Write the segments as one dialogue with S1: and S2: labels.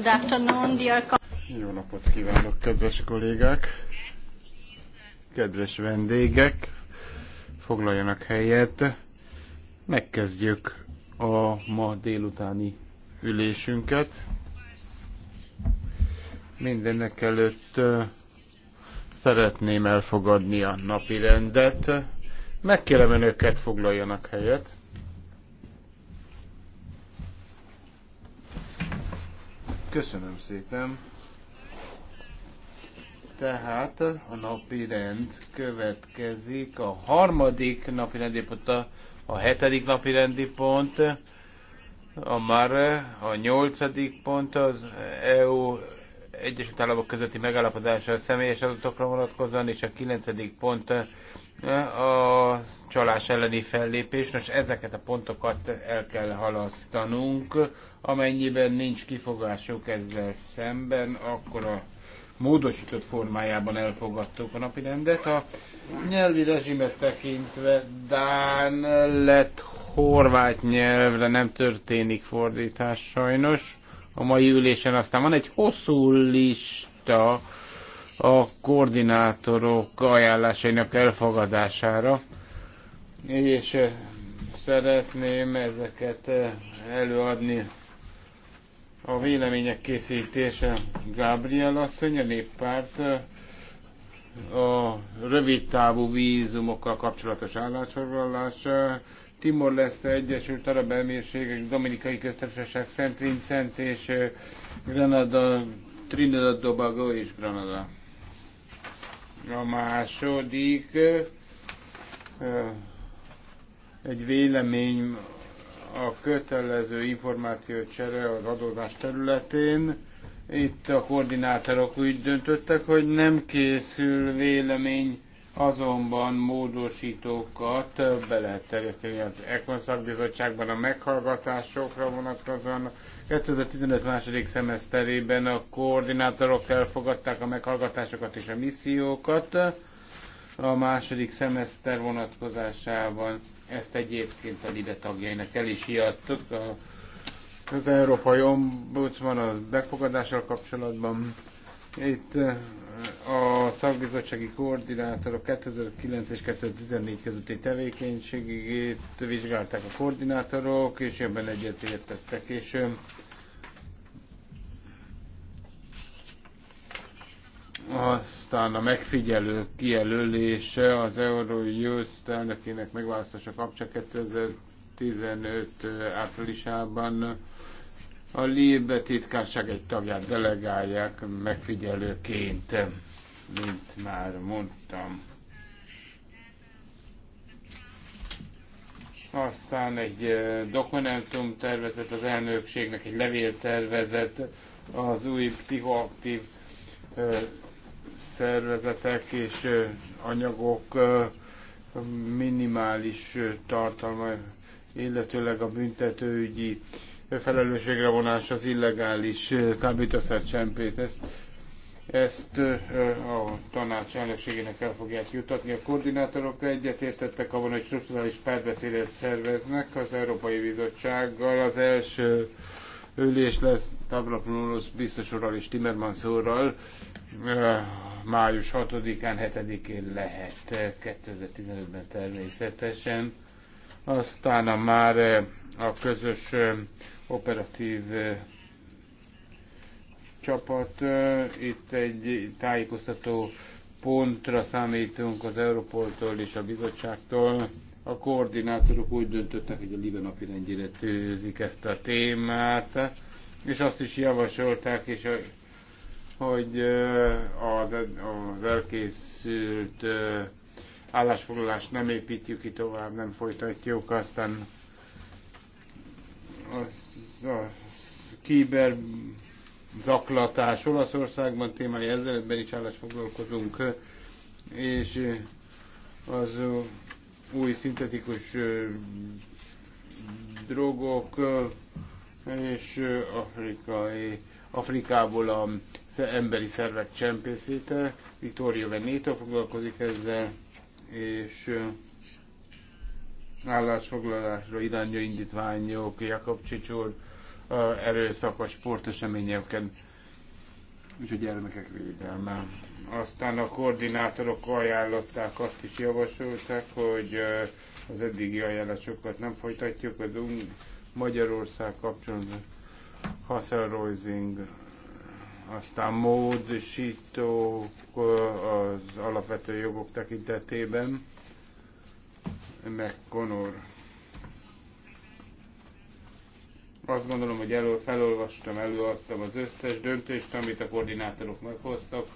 S1: Good afternoon, dear
S2: Jó napot kívánok, kedves kollégák, kedves vendégek, foglaljanak helyet. Megkezdjük a ma délutáni ülésünket. Mindennek előtt szeretném elfogadni a napi rendet. Megkérem önöket, foglaljanak helyet. Köszönöm szépen. Tehát a napi rend következik. A harmadik napi rendi pont, a, a hetedik napi rendi pont, a már a nyolcadik pont az EU Egyesült Államok közötti megállapodása a személyes adatokra vonatkozóan, és a kilencedik pont eh, a csalás elleni fellépés. Nos, ezeket a pontokat el kell halasztanunk. Amennyiben nincs kifogásuk ezzel szemben, akkor a módosított formájában elfogadtuk a napi rendet. A nyelvi rezsimet tekintve Dán lett horvát nyelvre nem történik fordítás sajnos a mai ülésen. Aztán van egy hosszú lista a koordinátorok ajánlásainak elfogadására, és eh, szeretném ezeket eh, előadni a vélemények készítése Gabriel asszony, a néppárt eh, a rövid távú vízumokkal kapcsolatos állásfoglalás, Timor Leste, Egyesült Arab Emírségek, Dominikai Köztársaság, Szent Vincent és Granada, Trinidad, Tobago és Granada. A második egy vélemény a kötelező információ csere az adózás területén. Itt a koordinátorok úgy döntöttek, hogy nem készül vélemény azonban módosítókat be lehet terjeszteni az ECMA szakbizottságban a meghallgatásokra vonatkozóan. 2015 második szemeszterében a koordinátorok elfogadták a meghallgatásokat és a missziókat a második szemeszter vonatkozásában. Ezt egyébként a LIBE tagjainak el is hiattuk. Az Európai Ombudsman a befogadással kapcsolatban itt a szakbizottsági koordinátorok 2009 és 2014 közötti tevékenységét vizsgálták a koordinátorok, és ebben egyetértettek, és aztán a megfigyelő kijelölése az Eurojust elnökének megválasztása kapcsán 2015 áprilisában a LIB titkárság egy tagját delegálják megfigyelőként, mint már mondtam. Aztán egy eh, dokumentum tervezett az elnökségnek, egy levél tervezett az új pszichoaktív eh, szervezetek és eh, anyagok minimális tartalma, illetőleg a büntetőügyi felelősségre vonás az illegális kábítószer csempét. Ezt, ezt a tanács elnökségének el fogják jutatni. A koordinátorok egyetértettek abban, hogy strukturális párbeszédet szerveznek az Európai Bizottsággal. Az első ülés lesz Tavlopoulos biztos urral és Timmermans úrral május 6-án, 7-én lehet 2015-ben természetesen. Aztán a már a közös operatív csapat. Itt egy tájékoztató pontra számítunk az Európoltól és a bizottságtól. A koordinátorok úgy döntöttek, hogy a Liga napi rendjére tűzik ezt a témát, és azt is javasolták, és a, hogy az, az elkészült állásfoglalást nem építjük ki tovább, nem folytatjuk, aztán az a kiber zaklatás Olaszországban témája, ezzel ebben is állás foglalkozunk, és az új szintetikus drogok és afrikai, Afrikából a emberi szervek csempészéte. Vittorio Veneto foglalkozik ezzel, és állásfoglalásra irányú indítványok, Jakab Csicsúr erőszakos sporteseményeken és a gyermekek védelme. Aztán a koordinátorok ajánlották, azt is javasolták, hogy az eddigi ajánlásokat nem folytatjuk, az Magyarország kapcsolatban Hasselroising, aztán módosítók az alapvető jogok tekintetében McConnor. Azt gondolom, hogy elő felolvastam, előadtam az összes döntést, amit a koordinátorok meghoztak.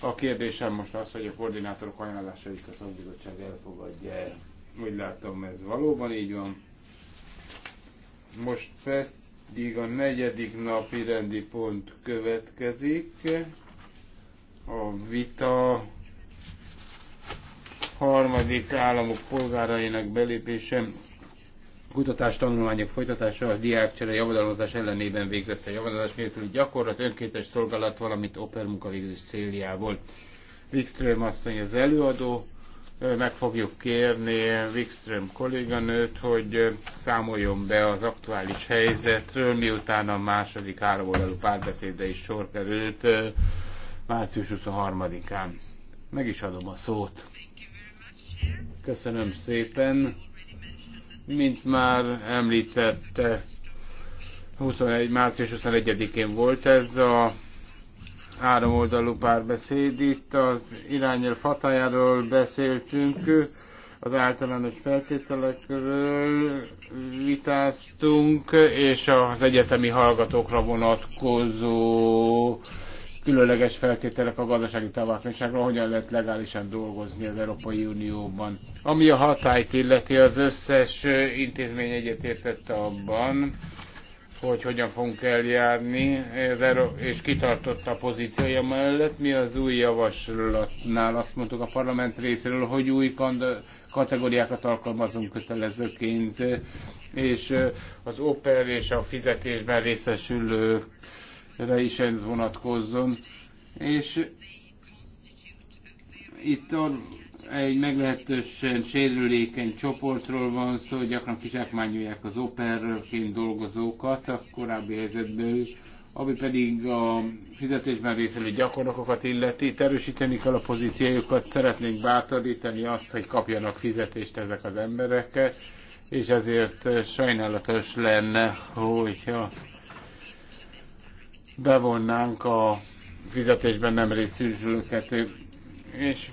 S2: A kérdésem most az, hogy a koordinátorok is a szakbizottság elfogadja -e. Úgy látom, ez valóban így van. Most pedig a negyedik napi rendi pont következik. A vita harmadik államok polgárainak belépése, kutatás, tanulmányok folytatása, a diákcsere javadalmazás ellenében végzett a javadalmazás nélküli gyakorlat, önkéntes szolgálat, valamint opermunkavégzés céljából. Wikström asszony az előadó, meg fogjuk kérni Wikström kolléganőt, hogy számoljon be az aktuális helyzetről, miután a második háromoldalú párbeszédre is sor került március 23-án. Meg is adom a szót. Köszönöm szépen. Mint már említette, 21, március 21-én volt ez a háromoldalú párbeszéd. Itt az irányel fatájáról beszéltünk, az általános feltételekről vitáztunk, és az egyetemi hallgatókra vonatkozó különleges feltételek a gazdasági tevékenységről, hogyan lehet legálisan dolgozni az Európai Unióban. Ami a hatályt illeti, az összes intézmény egyetértett abban, hogy hogyan fogunk eljárni, és kitartotta a pozíciója mellett. Mi az új javaslatnál azt mondtuk a parlament részéről, hogy új kategóriákat alkalmazunk kötelezőként, és az OPER és a fizetésben részesülők re is ez vonatkozzon. És itt egy meglehetősen sérülékeny csoportról van szó, gyakran kizsákmányolják az operként dolgozókat a korábbi helyzetből, ami pedig a fizetésben részelő gyakornokokat illeti, erősíteni kell a pozíciójukat, szeretnénk bátorítani azt, hogy kapjanak fizetést ezek az emberek, és ezért sajnálatos lenne, hogyha bevonnánk a fizetésben nem részűzőket, és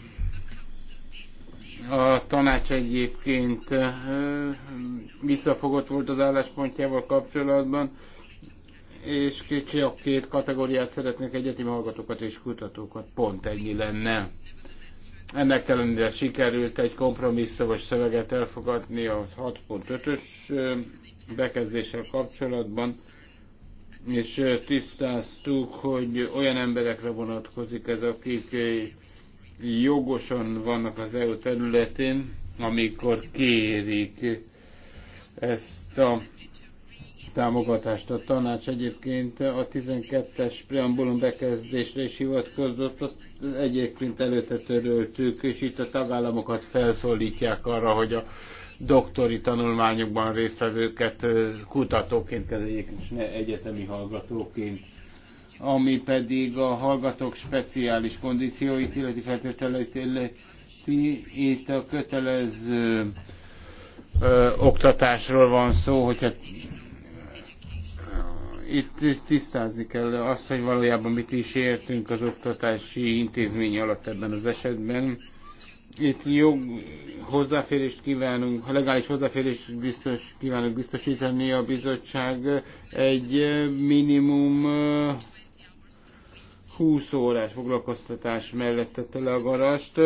S2: a tanács egyébként visszafogott volt az álláspontjával kapcsolatban, és kicsi a két kategóriát szeretnék, egyetemi hallgatókat és kutatókat, pont ennyi lenne. Ennek ellenére sikerült egy kompromisszumos szöveget elfogadni a 6.5-ös bekezdéssel kapcsolatban és tisztáztuk, hogy olyan emberekre vonatkozik ez, akik jogosan vannak az EU területén, amikor kérik ezt a támogatást. A tanács egyébként a 12-es preambulum bekezdésre is hivatkozott, ott egyébként előtte töröltük, és itt a tagállamokat felszólítják arra, hogy a doktori tanulmányokban résztvevőket kutatóként kezeljék, és ne egyetemi hallgatóként ami pedig a hallgatók speciális kondícióit, illeti feltételeit illeti, itt a kötelező ö, oktatásról van szó, hogyha itt tisztázni kell azt, hogy valójában mit is értünk az oktatási intézmény alatt ebben az esetben itt jog hozzáférést kívánunk, legális hozzáférést biztos, kívánunk biztosítani a bizottság egy minimum 20 órás foglalkoztatás mellett tette le a garast,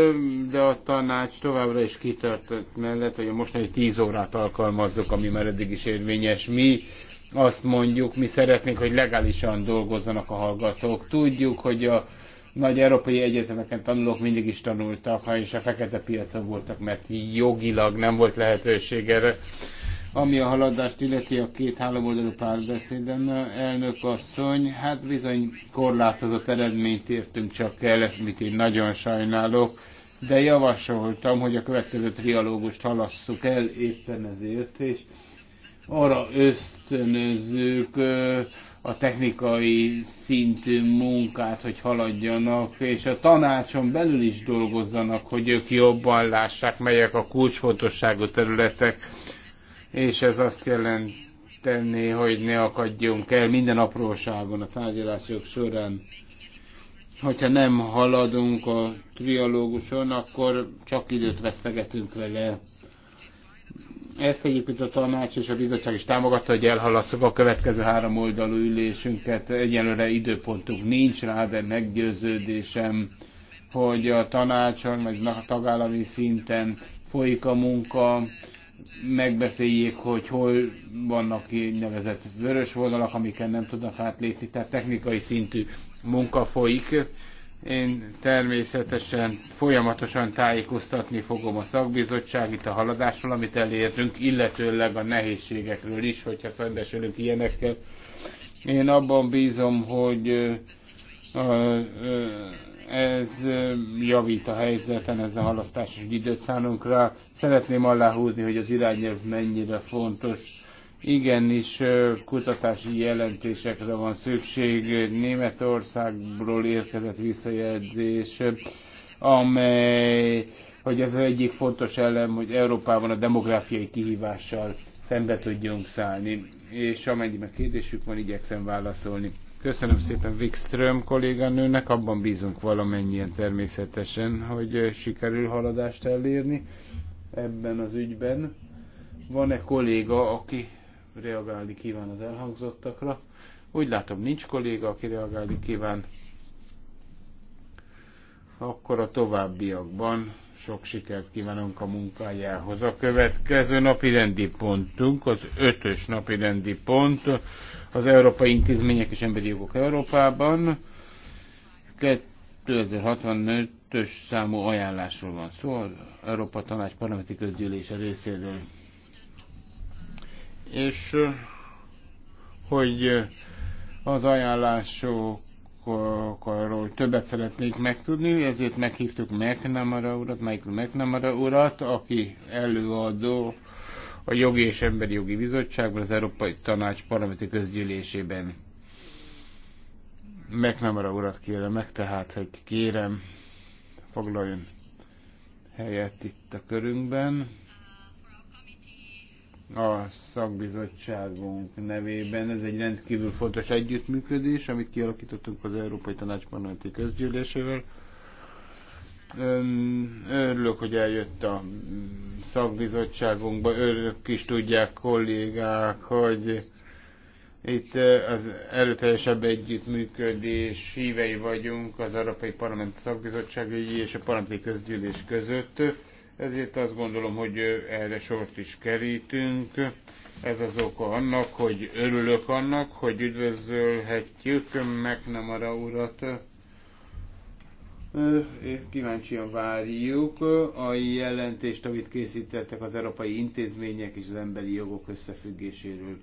S2: de a tanács továbbra is kitartott mellett, hogy most egy 10 órát alkalmazzuk, ami már eddig is érvényes. Mi azt mondjuk, mi szeretnénk, hogy legálisan dolgozzanak a hallgatók. Tudjuk, hogy a nagy európai egyetemeken tanulók mindig is tanultak, ha is a fekete piacon voltak, mert jogilag nem volt lehetőség erre. Ami a haladást illeti a két oldalú párbeszéden, elnök asszony, hát bizony korlátozott eredményt értünk csak el, ezt mit én nagyon sajnálok, de javasoltam, hogy a következő trialógust halasszuk el éppen ezért, és arra ösztönözzük, a technikai szintű munkát, hogy haladjanak, és a tanácson belül is dolgozzanak, hogy ők jobban lássák, melyek a kulcsfontosságú területek, és ez azt jelenteni, hogy ne akadjunk el minden apróságon a tárgyalások során. Hogyha nem haladunk a trialóguson, akkor csak időt vesztegetünk vele ezt egyébként a tanács és a bizottság is támogatta, hogy elhalasszuk a következő három oldalú ülésünket. Egyelőre időpontunk nincs rá, de meggyőződésem, hogy a tanácson vagy a tagállami szinten folyik a munka, megbeszéljék, hogy hol vannak nevezett vörös vonalak, amiken nem tudnak átlépni, tehát technikai szintű munka folyik én természetesen folyamatosan tájékoztatni fogom a szakbizottságit a haladásról, amit elértünk, illetőleg a nehézségekről is, hogyha szembesülünk ilyenekkel. Én abban bízom, hogy ez javít a helyzeten, ez a halasztásos időt szánunk rá. Szeretném aláhúzni, hogy az irányelv mennyire fontos Igenis, kutatási jelentésekre van szükség. Németországból érkezett visszajelzés, amely, hogy ez az egyik fontos elem, hogy Európában a demográfiai kihívással szembe tudjunk szállni. És amennyiben kérdésük van, igyekszem válaszolni. Köszönöm szépen Wikström kolléganőnek, abban bízunk valamennyien természetesen, hogy sikerül haladást elérni ebben az ügyben. Van-e kolléga, aki reagálni kíván az elhangzottakra. Úgy látom, nincs kolléga, aki reagálni kíván. Akkor a továbbiakban sok sikert kívánunk a munkájához. A következő napi rendi pontunk, az ötös napi rendi pont, az Európai Intézmények és Emberi Jogok Európában. 2065-ös számú ajánlásról van szó, az Európa Tanács Parlamenti Közgyűlése részéről és hogy az ajánlásokról többet szeretnék megtudni, ezért meghívtuk McNamara urat, Michael McNamara urat, aki előadó a Jogi és Emberi Jogi Bizottságban, az Európai Tanács Parlamenti Közgyűlésében. McNamara urat kérem meg, tehát, hogy kérem, foglaljon helyet itt a körünkben a szakbizottságunk nevében. Ez egy rendkívül fontos együttműködés, amit kialakítottunk az Európai Tanács Parlamenti Közgyűlésével. Örülök, hogy eljött a szakbizottságunkba. Örülök is tudják kollégák, hogy itt az erőteljesebb együttműködés hívei vagyunk az Európai Parlament szakbizottságügyi és a Parlamenti Közgyűlés között ezért azt gondolom, hogy erre sort is kerítünk. Ez az oka annak, hogy örülök annak, hogy üdvözölhetjük meg nem McNamara urat. Kíváncsian várjuk a jelentést, amit készítettek az európai intézmények és az emberi jogok összefüggéséről.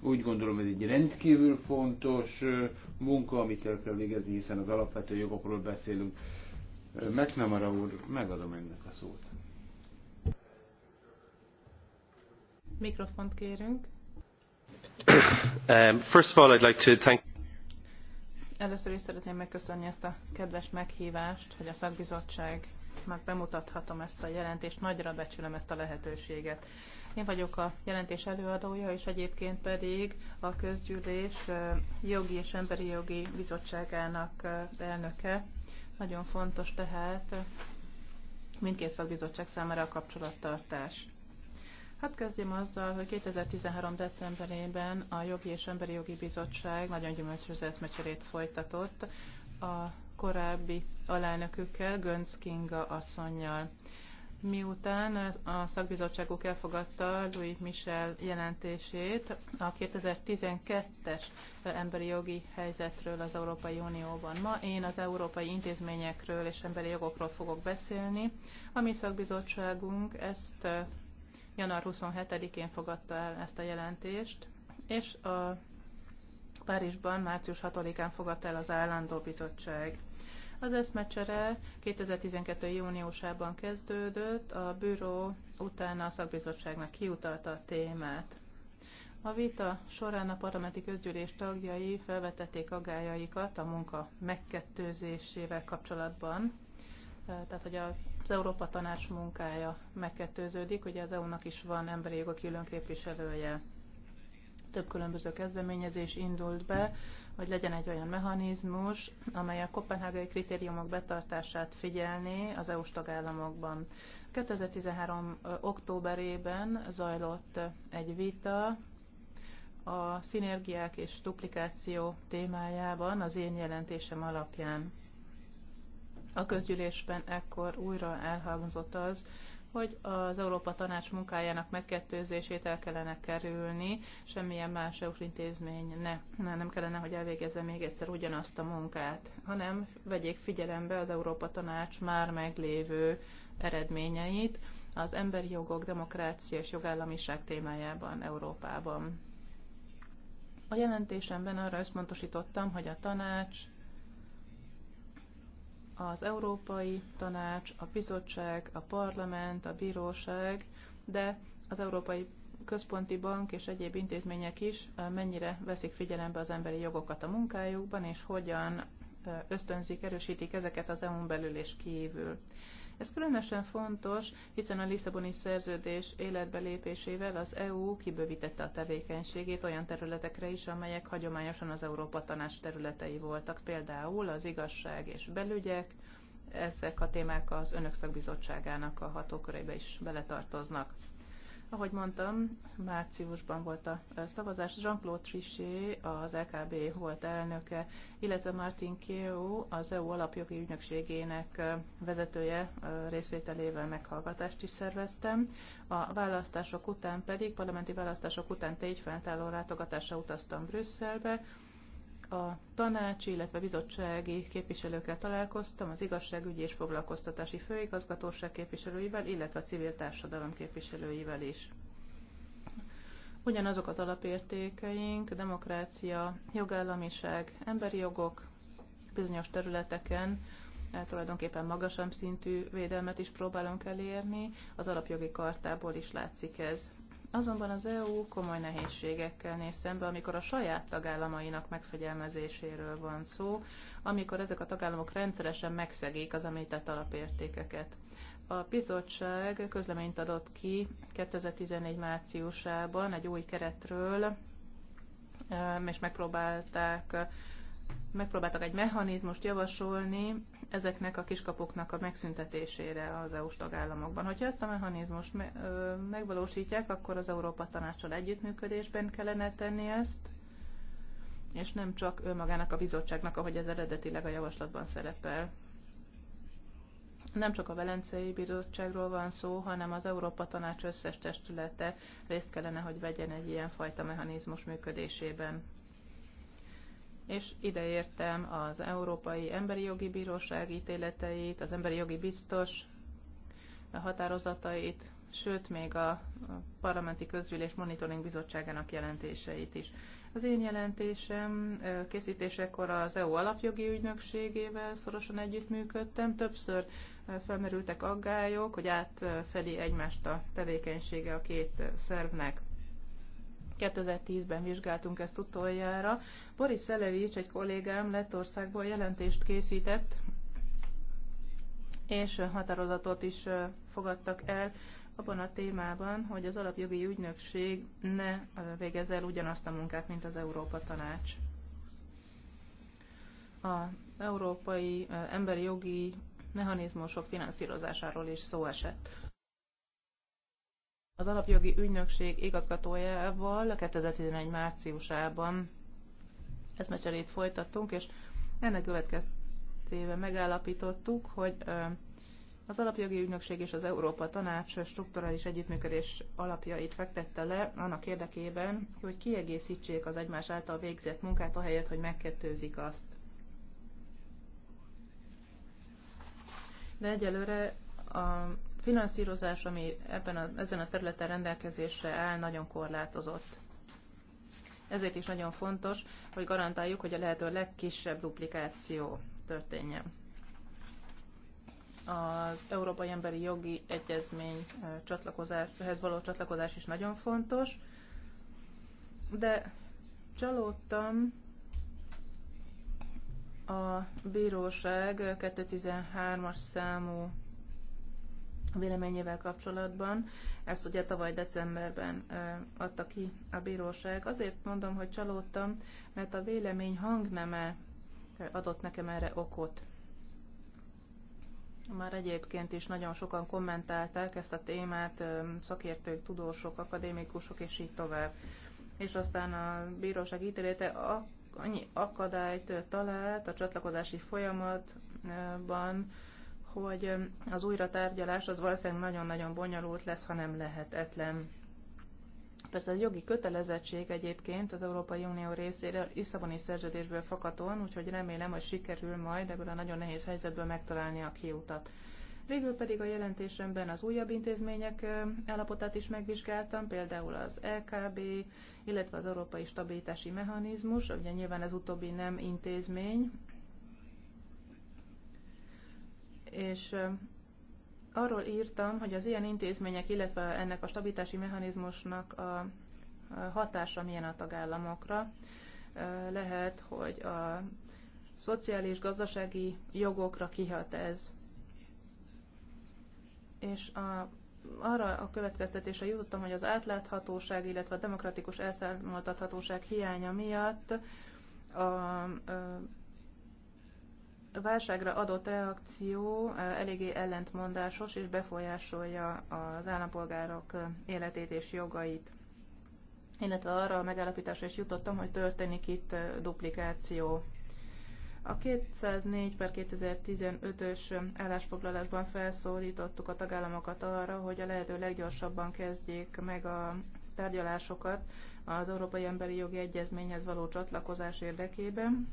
S2: Úgy gondolom, ez egy rendkívül fontos munka, amit el kell végezni, hiszen az alapvető jogokról beszélünk. Meg McNamara úr,
S1: megadom ennek a szót.
S3: Mikrofont kérünk.
S1: Um, first of all, I'd like to thank
S3: Először is szeretném megköszönni ezt a kedves meghívást, hogy a már bemutathatom ezt a jelentést, nagyra becsülöm ezt a lehetőséget. Én vagyok a jelentés előadója, és egyébként pedig a közgyűlés jogi és emberi jogi bizottságának elnöke. Nagyon fontos tehát mindkét szakbizottság számára a kapcsolattartás. Hát kezdjem azzal, hogy 2013. decemberében a Jogi és Emberi Jogi Bizottság nagyon gyümölcsöző eszmecserét folytatott a korábbi alelnökükkel, Gönc Kinga asszonynal. Miután a szakbizottságuk elfogadta Louis Michel jelentését a 2012-es emberi jogi helyzetről az Európai Unióban. Ma én az európai intézményekről és emberi jogokról fogok beszélni. A mi szakbizottságunk ezt január 27-én fogadta el ezt a jelentést, és a Párizsban március 6-án fogadta el az állandó bizottság. Az eszmecsere 2012. júniusában kezdődött, a bűró utána a szakbizottságnak kiutalta a témát. A vita során a parlamenti közgyűlés tagjai felvetették aggájaikat a munka megkettőzésével kapcsolatban, tehát hogy az Európa Tanács munkája megkettőződik, ugye az EU-nak is van emberi jogok külön képviselője. Több különböző kezdeményezés indult be, hogy legyen egy olyan mechanizmus, amely a kopenhágai kritériumok betartását figyelni az EU-s tagállamokban. 2013. októberében zajlott egy vita a szinergiák és duplikáció témájában az én jelentésem alapján. A közgyűlésben ekkor újra elhangzott az, hogy az Európa Tanács munkájának megkettőzését el kellene kerülni, semmilyen más EU intézmény ne, nem kellene, hogy elvégezze még egyszer ugyanazt a munkát, hanem vegyék figyelembe az Európa Tanács már meglévő eredményeit az emberi jogok, demokrácia és jogállamiság témájában Európában. A jelentésemben arra összpontosítottam, hogy a tanács az Európai Tanács, a Bizottság, a Parlament, a Bíróság, de az Európai Központi Bank és egyéb intézmények is eh, mennyire veszik figyelembe az emberi jogokat a munkájukban, és hogyan eh, ösztönzik, erősítik ezeket az EU-n belül és kívül. Ez különösen fontos, hiszen a Lisszaboni szerződés életbe lépésével az EU kibővítette a tevékenységét olyan területekre is, amelyek hagyományosan az Európa Tanács területei voltak, például az igazság és belügyek, ezek a témák az Önök Szakbizottságának a hatókörébe is beletartoznak. Ahogy mondtam, márciusban volt a szavazás. Jean-Claude Trichet, az LKB volt elnöke, illetve Martin Keo, az EU alapjogi ügynökségének vezetője részvételével meghallgatást is szerveztem. A választások után pedig, parlamenti választások után tégy feltálló látogatásra utaztam Brüsszelbe, a tanács, illetve bizottsági képviselőkkel találkoztam, az igazságügyi és foglalkoztatási főigazgatóság képviselőivel, illetve a civil társadalom képviselőivel is. Ugyanazok az alapértékeink, demokrácia, jogállamiság, emberi jogok bizonyos területeken e, tulajdonképpen magasabb szintű védelmet is próbálunk elérni, az alapjogi kartából is látszik ez. Azonban az EU komoly nehézségekkel néz szembe, amikor a saját tagállamainak megfegyelmezéséről van szó, amikor ezek a tagállamok rendszeresen megszegik az említett alapértékeket. A bizottság közleményt adott ki 2014 márciusában egy új keretről, és megpróbálták megpróbáltak egy mechanizmust javasolni, ezeknek a kiskapoknak a megszüntetésére az EU-s tagállamokban. Hogyha ezt a mechanizmust megvalósítják, akkor az Európa Tanácssal együttműködésben kellene tenni ezt, és nem csak önmagának a bizottságnak, ahogy ez eredetileg a javaslatban szerepel. Nem csak a Velencei Bizottságról van szó, hanem az Európa Tanács összes testülete részt kellene, hogy vegyen egy ilyen fajta mechanizmus működésében és ide értem az Európai Emberi Jogi Bíróság ítéleteit, az Emberi Jogi Biztos határozatait, sőt még a Parlamenti Közgyűlés Monitoring Bizottságának jelentéseit is. Az én jelentésem készítésekor az EU alapjogi ügynökségével szorosan együttműködtem. Többször felmerültek aggályok, hogy átfedi egymást a tevékenysége a két szervnek. 2010-ben vizsgáltunk ezt utoljára. Boris Szelevics, egy kollégám Lettországból jelentést készített, és határozatot is fogadtak el abban a témában, hogy az alapjogi ügynökség ne végez el ugyanazt a munkát, mint az Európa Tanács. A európai emberi jogi mechanizmusok finanszírozásáról is szó esett az alapjogi ügynökség igazgatójával 2011 márciusában eszmecserét folytattunk, és ennek következtében megállapítottuk, hogy az alapjogi ügynökség és az Európa Tanács strukturális együttműködés alapjait fektette le annak érdekében, hogy kiegészítsék az egymás által végzett munkát, ahelyett, hogy megkettőzik azt. De egyelőre a finanszírozás, ami ebben a, ezen a területen rendelkezésre áll, nagyon korlátozott. Ezért is nagyon fontos, hogy garantáljuk, hogy a lehető legkisebb duplikáció történjen. Az Európai Emberi Jogi Egyezmény csatlakozáshoz való csatlakozás is nagyon fontos, de csalódtam a bíróság 213-as számú véleményével kapcsolatban. Ezt ugye tavaly decemberben adta ki a bíróság. Azért mondom, hogy csalódtam, mert a vélemény hangneme adott nekem erre okot. Már egyébként is nagyon sokan kommentálták ezt a témát, szakértők, tudósok, akadémikusok és így tovább. És aztán a bíróság ítélete a, annyi akadályt talált a csatlakozási folyamatban, hogy az tárgyalás az valószínűleg nagyon-nagyon bonyolult lesz, ha nem lehetetlen. Persze ez jogi kötelezettség egyébként az Európai Unió részéről Iszaboni szerződésből fakaton, úgyhogy remélem, hogy sikerül majd ebből a nagyon nehéz helyzetből megtalálni a kiutat. Végül pedig a jelentésemben az újabb intézmények állapotát is megvizsgáltam, például az LKB, illetve az Európai Stabilitási Mechanizmus, ugye nyilván ez utóbbi nem intézmény, és arról írtam, hogy az ilyen intézmények, illetve ennek a stabilitási mechanizmusnak a hatása milyen a tagállamokra. Lehet, hogy a szociális, gazdasági jogokra kihat ez. És a, arra a következtetésre jutottam, hogy az átláthatóság, illetve a demokratikus elszámoltathatóság hiánya miatt a, a a válságra adott reakció eléggé ellentmondásos és befolyásolja az állampolgárok életét és jogait. Illetve arra a megállapításra is jutottam, hogy történik itt duplikáció. A 204 per 2015-ös állásfoglalásban felszólítottuk a tagállamokat arra, hogy a lehető leggyorsabban kezdjék meg a tárgyalásokat az Európai Emberi Jogi Egyezményhez való csatlakozás érdekében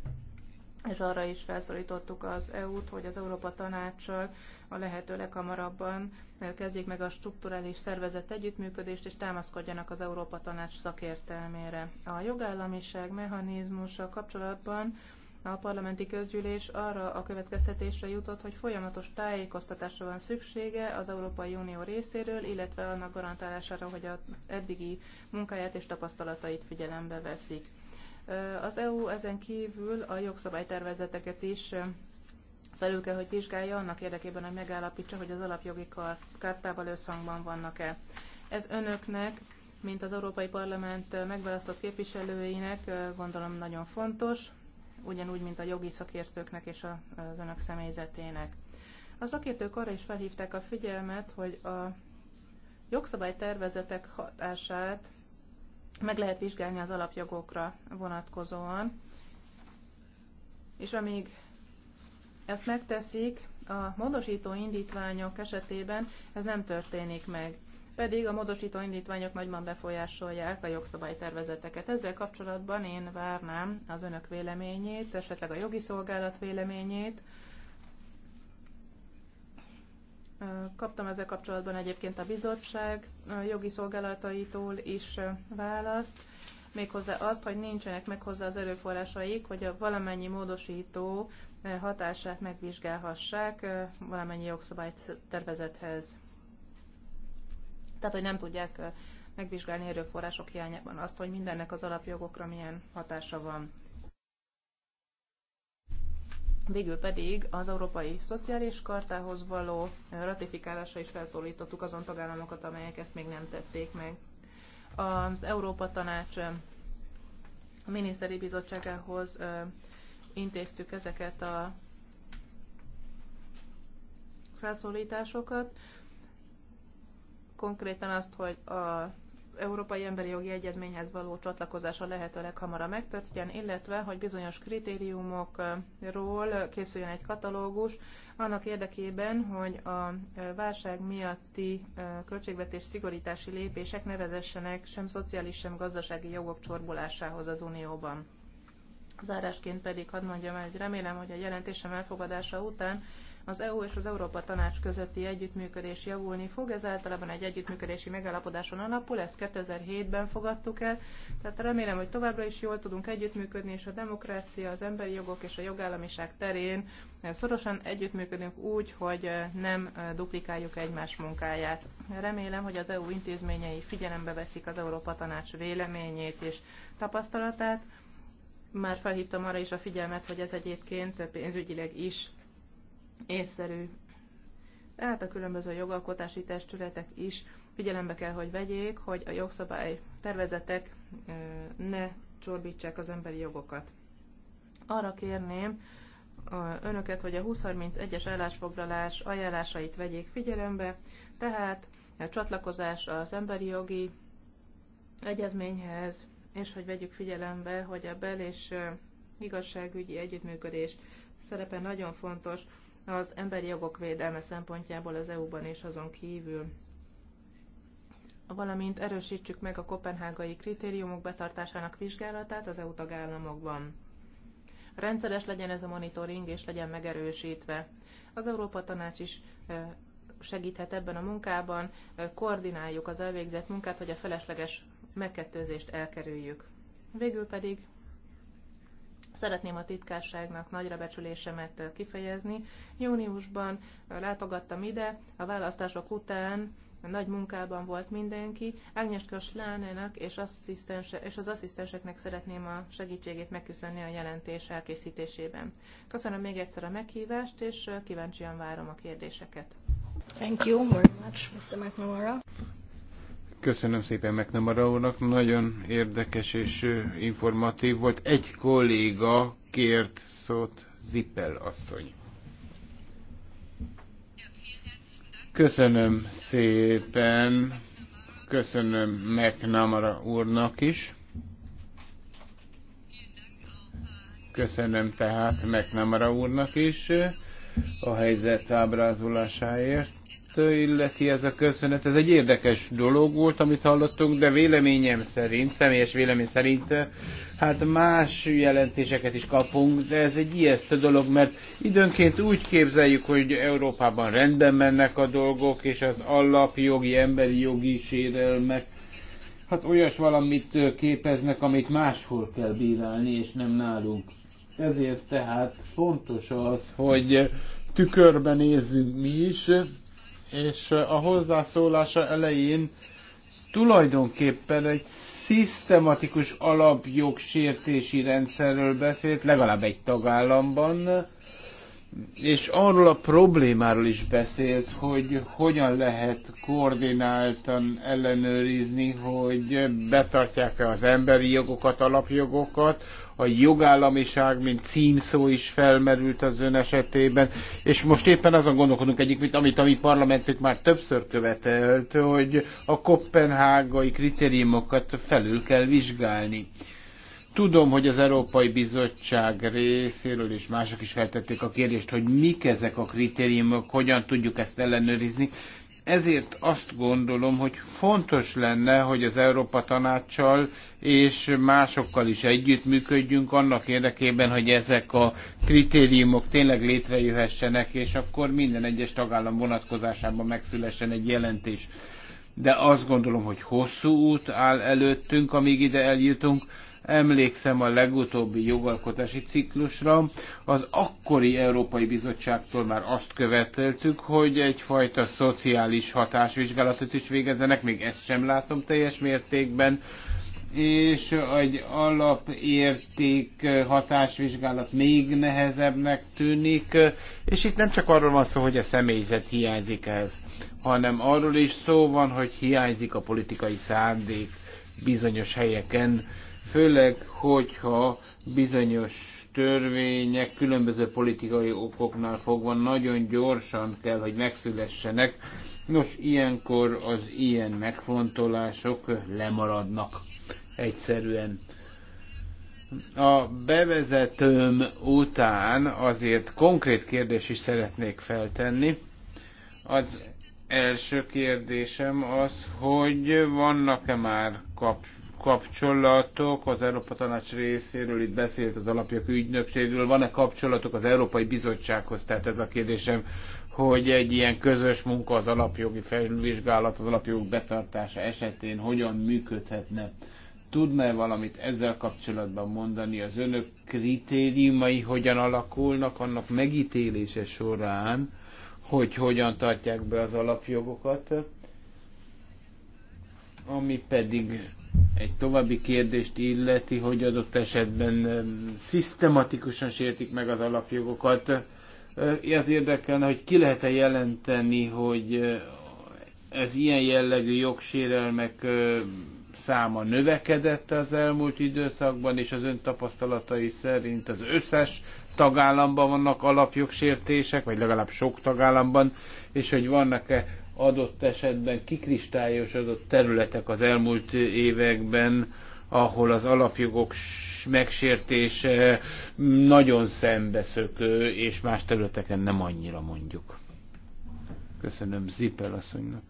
S3: és arra is felszólítottuk az EU-t, hogy az Európa Tanácssal a lehető leghamarabban eh, kezdjék meg a strukturális szervezet együttműködést, és támaszkodjanak az Európa Tanács szakértelmére. A jogállamiság mechanizmusa kapcsolatban a parlamenti közgyűlés arra a következtetésre jutott, hogy folyamatos tájékoztatásra van szüksége az Európai Unió részéről, illetve annak garantálására, hogy a eddigi munkáját és tapasztalatait figyelembe veszik. Az EU ezen kívül a jogszabálytervezeteket is felül kell, hogy vizsgálja annak érdekében, hogy megállapítsa, hogy az alapjogi kártával összhangban vannak-e. Ez önöknek, mint az Európai Parlament megválasztott képviselőinek gondolom nagyon fontos, ugyanúgy, mint a jogi szakértőknek és az önök személyzetének. A szakértők arra is felhívták a figyelmet, hogy a jogszabálytervezetek hatását meg lehet vizsgálni az alapjogokra vonatkozóan. És amíg ezt megteszik, a módosító indítványok esetében ez nem történik meg. Pedig a módosító indítványok nagyban befolyásolják a jogszabálytervezeteket. Ezzel kapcsolatban én várnám az önök véleményét, esetleg a jogi szolgálat véleményét, Kaptam ezzel kapcsolatban egyébként a bizottság jogi szolgálataitól is választ, méghozzá azt, hogy nincsenek meg hozzá az erőforrásaik, hogy a valamennyi módosító hatását megvizsgálhassák valamennyi jogszabályt tervezethez. Tehát, hogy nem tudják megvizsgálni erőforrások hiányában azt, hogy mindennek az alapjogokra milyen hatása van. Végül pedig az Európai Szociális Kartához való ratifikálásra is felszólítottuk azon tagállamokat, amelyek ezt még nem tették meg. Az Európa Tanács a miniszteri bizottságához intéztük ezeket a felszólításokat, konkrétan azt, hogy a Európai Emberi Jogi Egyezményhez való csatlakozása lehető leghamarabb megtörténjen, illetve hogy bizonyos kritériumokról készüljön egy katalógus, annak érdekében, hogy a válság miatti költségvetés szigorítási lépések ne vezessenek sem szociális, sem gazdasági jogok csorbulásához az Unióban. Zárásként pedig hadd mondjam el, hogy remélem, hogy a jelentésem elfogadása után az EU és az Európa Tanács közötti együttműködés javulni fog, ez általában egy együttműködési megállapodáson alapul, ezt 2007-ben fogadtuk el, tehát remélem, hogy továbbra is jól tudunk együttműködni, és a demokrácia, az emberi jogok és a jogállamiság terén szorosan együttműködünk úgy, hogy nem duplikáljuk egymás munkáját. Remélem, hogy az EU intézményei figyelembe veszik az Európa Tanács véleményét és tapasztalatát, már felhívtam arra is a figyelmet, hogy ez egyébként pénzügyileg is észszerű. Tehát a különböző jogalkotási testületek is figyelembe kell, hogy vegyék, hogy a jogszabály tervezetek ne csorbítsák az emberi jogokat. Arra kérném önöket, hogy a 2031-es állásfoglalás ajánlásait vegyék figyelembe, tehát a csatlakozás az emberi jogi egyezményhez, és hogy vegyük figyelembe, hogy a bel- és igazságügyi együttműködés szerepe nagyon fontos az emberi jogok védelme szempontjából az EU-ban és azon kívül valamint erősítsük meg a kopenhágai kritériumok betartásának vizsgálatát az EU tagállamokban. Rendszeres legyen ez a monitoring, és legyen megerősítve. Az Európa Tanács is segíthet ebben a munkában, koordináljuk az elvégzett munkát, hogy a felesleges megkettőzést elkerüljük. Végül pedig Szeretném a titkárságnak nagyra becsülésemet kifejezni. Júniusban látogattam ide, a választások után nagy munkában volt mindenki. Ágneska Slánának és, és az asszisztenseknek szeretném a segítségét megköszönni a jelentés elkészítésében. Köszönöm még egyszer a meghívást, és kíváncsian várom a kérdéseket.
S1: Thank you very much, Mr. McNamara.
S2: Köszönöm szépen McNamara úrnak, nagyon érdekes és informatív volt. Egy kolléga kért szót, Zippel asszony. Köszönöm szépen, köszönöm McNamara úrnak is. Köszönöm tehát McNamara úrnak is a helyzet ábrázolásáért illeti ez a köszönet, ez egy érdekes dolog volt, amit hallottunk, de véleményem szerint, személyes vélemény szerint, hát más jelentéseket is kapunk, de ez egy ijesztő dolog, mert időnként úgy képzeljük, hogy Európában rendben mennek a dolgok, és az alapjogi, emberi jogi sérelmek, hát olyas valamit képeznek, amit máshol kell bírálni, és nem nálunk. Ezért tehát fontos az, hogy tükörben nézzünk mi is, és eh, a hozzászólása elején tulajdonképpen egy szisztematikus alapjogsértési rendszerről beszélt, legalább egy tagállamban, és arról a problémáról is beszélt, hogy hogyan lehet koordináltan ellenőrizni, hogy betartják-e az emberi jogokat, alapjogokat, a jogállamiság, mint címszó is felmerült az ön esetében, és most éppen azon gondolkodunk egyik, mint amit a mi parlamentünk már többször követelt, hogy a kopenhágai kritériumokat felül kell vizsgálni. Tudom, hogy az Európai Bizottság részéről és mások is feltették a kérdést, hogy mik ezek a kritériumok, hogyan tudjuk ezt ellenőrizni, ezért azt gondolom, hogy fontos lenne, hogy az Európa Tanácssal és másokkal is együttműködjünk annak érdekében, hogy ezek a kritériumok tényleg létrejöhessenek, és akkor minden egyes tagállam vonatkozásában megszülessen egy jelentés. De azt gondolom, hogy hosszú út áll előttünk, amíg ide eljutunk Emlékszem a legutóbbi jogalkotási ciklusra, az akkori Európai Bizottságtól már azt követeltük, hogy egyfajta szociális hatásvizsgálatot is végezzenek, még ezt sem látom teljes mértékben, és egy alapérték hatásvizsgálat még nehezebbnek tűnik, és itt nem csak arról van szó, hogy a személyzet hiányzik ehhez, hanem arról is szó van, hogy hiányzik a politikai szándék bizonyos helyeken főleg, hogyha bizonyos törvények különböző politikai okoknál fogva nagyon gyorsan kell, hogy megszülessenek. Nos, ilyenkor az ilyen megfontolások lemaradnak egyszerűen. A bevezetőm után azért konkrét kérdés is szeretnék feltenni. Az első kérdésem az, hogy vannak-e már kap kapcsolatok az Európa Tanács részéről, itt beszélt az alapjak ügynökségről, van-e kapcsolatok az Európai Bizottsághoz? Tehát ez a kérdésem, hogy egy ilyen közös munka az alapjogi felvizsgálat, az alapjogok betartása esetén hogyan működhetne? Tudná e valamit ezzel kapcsolatban mondani? Az önök kritériumai hogyan alakulnak annak megítélése során, hogy hogyan tartják be az alapjogokat? Ami pedig egy további kérdést illeti, hogy adott esetben szisztematikusan sértik meg az alapjogokat. Az érdekelne, hogy ki lehet-e jelenteni, hogy ez ilyen jellegű jogsérelmek száma növekedett az elmúlt időszakban, és az ön tapasztalatai szerint az összes tagállamban vannak alapjogsértések, vagy legalább sok tagállamban, és hogy vannak-e adott esetben kikristályosodott területek az elmúlt években, ahol az alapjogok megsértése nagyon szembeszökő, és más területeken nem annyira mondjuk. Köszönöm Zipel asszonynak.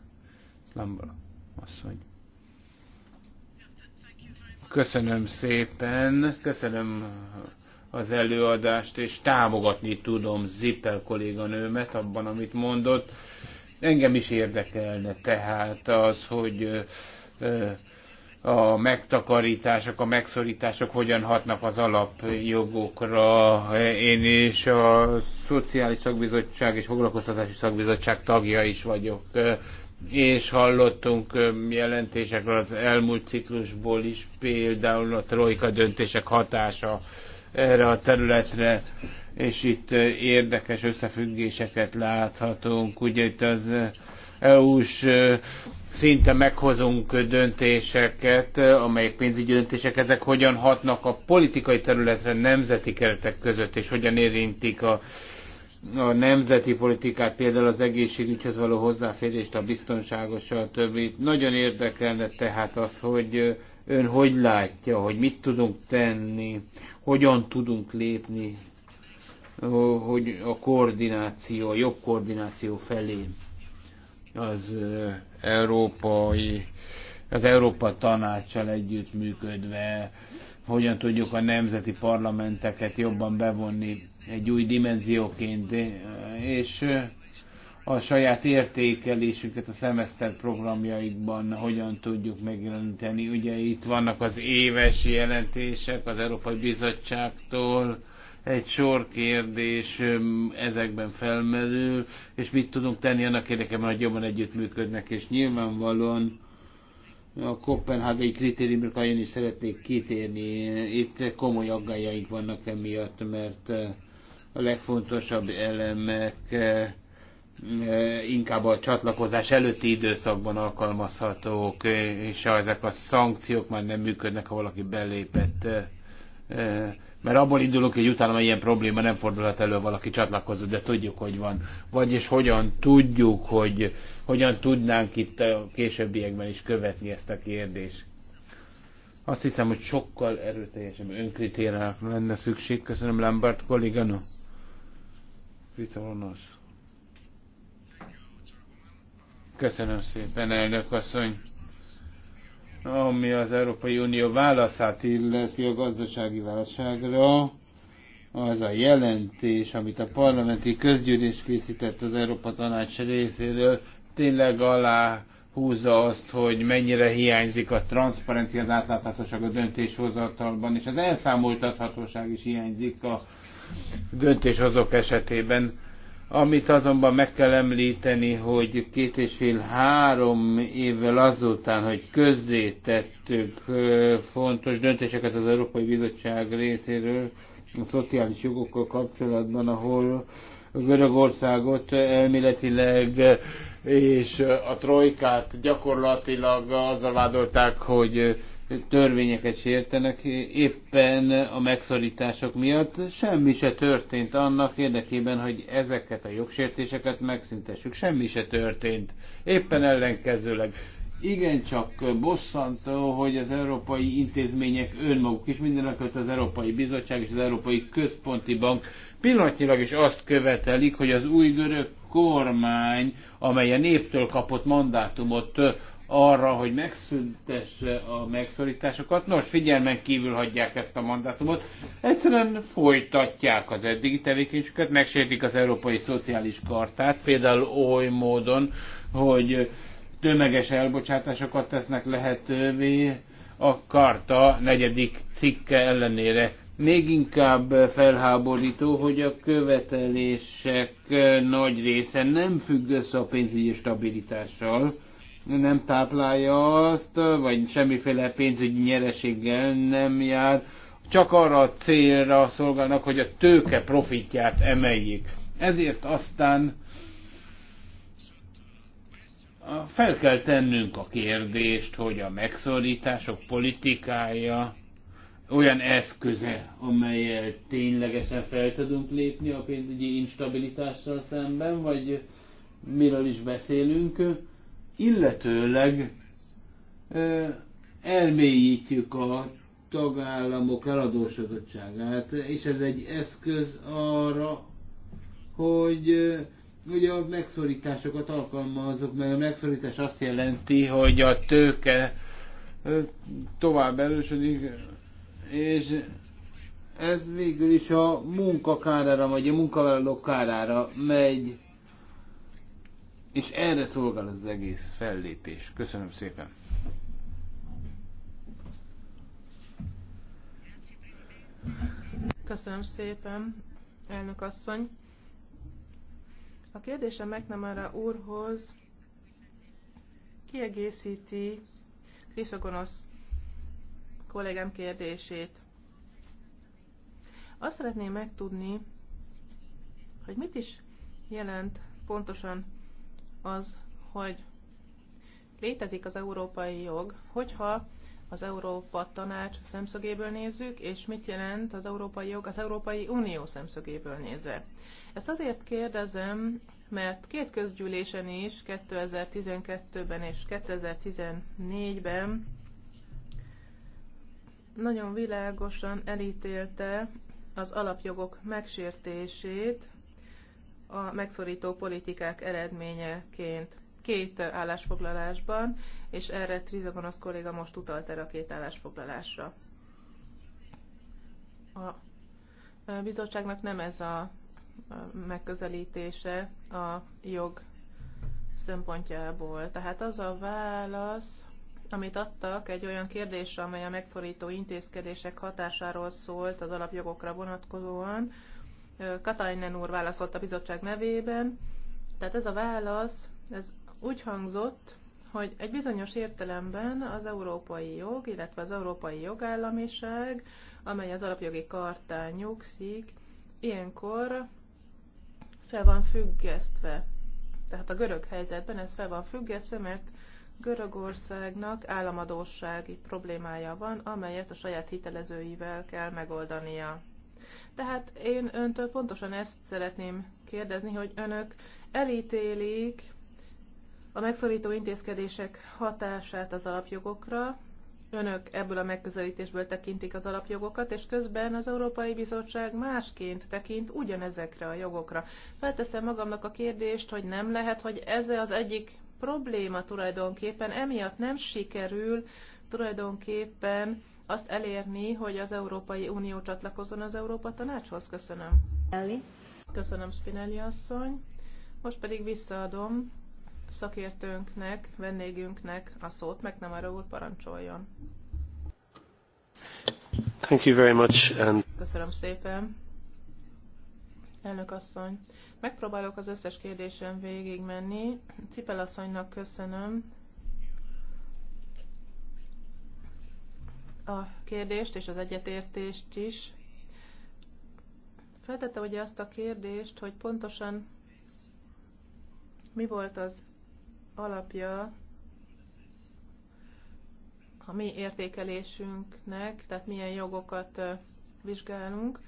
S2: Szlambala asszony. Köszönöm szépen, köszönöm az előadást, és támogatni tudom Zippel kolléganőmet abban, amit mondott Engem is érdekelne tehát az, hogy a megtakarítások, a megszorítások hogyan hatnak az alapjogokra. Én is a Szociális Szakbizottság és Foglalkoztatási Szakbizottság tagja is vagyok, és hallottunk jelentésekről az elmúlt ciklusból is, például a trojka döntések hatása erre a területre és itt érdekes összefüggéseket láthatunk. Ugye itt az EU-s szinte meghozunk döntéseket, amelyek pénzügyi döntések, ezek hogyan hatnak a politikai területre nemzeti keretek között, és hogyan érintik a, a nemzeti politikát, például az egészségügyhöz való hozzáférést, a biztonságos, a többi. Nagyon érdekelne tehát az, hogy ön hogy látja, hogy mit tudunk tenni, hogyan tudunk lépni hogy a koordináció, a jobb koordináció felé az európai, az Európa tanácsal együttműködve, hogyan tudjuk a nemzeti parlamenteket jobban bevonni egy új dimenzióként, és a saját értékelésünket a szemeszter programjaikban hogyan tudjuk megjeleníteni. Ugye itt vannak az éves jelentések az Európai Bizottságtól, egy sor kérdés ezekben felmerül, és mit tudunk tenni annak érdekében, hogy jobban együttműködnek, és nyilvánvalóan a kopenhágai kritériumokra én is szeretnék kitérni. Itt komoly aggájaink vannak emiatt, mert a legfontosabb elemek inkább a csatlakozás előtti időszakban alkalmazhatók, és ezek a szankciók már nem működnek, ha valaki belépett mert abból indulok, hogy utána ilyen probléma nem fordulhat elő, valaki csatlakozott, de tudjuk, hogy van. Vagyis hogyan tudjuk, hogy hogyan tudnánk itt a későbbiekben is követni ezt a kérdést. Azt hiszem, hogy sokkal erőteljesebb önkritérákra lenne szükség. Köszönöm, Lambert kollégano. Vitalonos. Köszönöm szépen, elnök asszony ami az Európai Unió válaszát illeti a gazdasági válságra, az a jelentés, amit a parlamenti közgyűlés készített az Európa Tanács részéről, tényleg alá húzza azt, hogy mennyire hiányzik a transzparencia, az átláthatóság a döntéshozatalban, és az elszámoltathatóság is hiányzik a döntéshozók esetében amit azonban meg kell említeni, hogy két és fél-három évvel azután, hogy közzétettük fontos döntéseket az Európai Bizottság részéről, a szociális jogokkal kapcsolatban, ahol Görögországot elméletileg és a trojkát gyakorlatilag azzal vádolták, hogy törvényeket sértenek, éppen a megszorítások miatt semmi se történt annak érdekében, hogy ezeket a jogsértéseket megszüntessük. Semmi se történt. Éppen ellenkezőleg. Igen, csak bosszantó, hogy az európai intézmények önmaguk is, mindenekült az Európai Bizottság és az Európai Központi Bank pillanatnyilag is azt követelik, hogy az új görög kormány, amely a néptől kapott mandátumot arra, hogy megszüntesse a megszorításokat. Nos, figyelmen kívül hagyják ezt a mandátumot. Egyszerűen folytatják az eddigi tevékenységüket, megsértik az Európai Szociális Kartát, például oly módon, hogy tömeges elbocsátásokat tesznek lehetővé a karta negyedik cikke ellenére. Még inkább felháborító, hogy a követelések nagy része nem függ össze a pénzügyi stabilitással, nem táplálja azt, vagy semmiféle pénzügyi nyereséggel nem jár, csak arra a célra szolgálnak, hogy a tőke profitját emeljék. Ezért aztán fel kell tennünk a kérdést, hogy a megszorítások politikája olyan eszköze, amelyel ténylegesen fel tudunk lépni a pénzügyi instabilitással szemben, vagy miről is beszélünk illetőleg elmélyítjük a tagállamok eladósodottságát, és ez egy eszköz arra, hogy ugye a megszorításokat alkalmazok, mert a megszorítás azt jelenti, hogy a tőke tovább erősödik, és ez végül is a munkakárára, vagy a munkavállalók kárára megy. És erre szolgál az egész fellépés. Köszönöm szépen.
S3: Köszönöm szépen, elnök asszony. A kérdésem McNamara úrhoz kiegészíti Kriszogonosz kollégám kérdését. Azt szeretném megtudni, hogy mit is jelent pontosan az, hogy létezik az európai jog, hogyha az Európa Tanács szemszögéből nézzük, és mit jelent az európai jog az Európai Unió szemszögéből nézve. Ezt azért kérdezem, mert két közgyűlésen is, 2012-ben és 2014-ben nagyon világosan elítélte az alapjogok megsértését, a megszorító politikák eredményeként két állásfoglalásban, és erre Trizagonosz kolléga most utalt erre a két állásfoglalásra. A bizottságnak nem ez a megközelítése a jog szempontjából. Tehát az a válasz, amit adtak egy olyan kérdésre, amely a megszorító intézkedések hatásáról szólt az alapjogokra vonatkozóan, Katalinen úr válaszolt a bizottság nevében. Tehát ez a válasz, ez úgy hangzott, hogy egy bizonyos értelemben az európai jog, illetve az európai jogállamiság, amely az alapjogi kartán nyugszik, ilyenkor fel van függesztve. Tehát a görög helyzetben ez fel van függesztve, mert Görögországnak államadósági problémája van, amelyet a saját hitelezőivel kell megoldania. Tehát én öntől pontosan ezt szeretném kérdezni, hogy önök elítélik a megszorító intézkedések hatását az alapjogokra, önök ebből a megközelítésből tekintik az alapjogokat, és közben az Európai Bizottság másként tekint ugyanezekre a jogokra. Felteszem magamnak a kérdést, hogy nem lehet, hogy ez az egyik probléma tulajdonképpen, emiatt nem sikerül tulajdonképpen azt elérni, hogy az Európai Unió csatlakozzon az Európa Tanácshoz? Köszönöm. Eli. Köszönöm, Spinelli asszony. Most pedig visszaadom szakértőnknek, vendégünknek a szót, meg nem arra úr parancsoljon.
S1: Thank you very much. And...
S3: Köszönöm szépen. Elnök asszony, megpróbálok az összes kérdésen végigmenni. Cipel asszonynak köszönöm a kérdést és az egyetértést is. Feltette ugye azt a kérdést, hogy pontosan mi volt az alapja a mi értékelésünknek, tehát milyen jogokat vizsgálunk.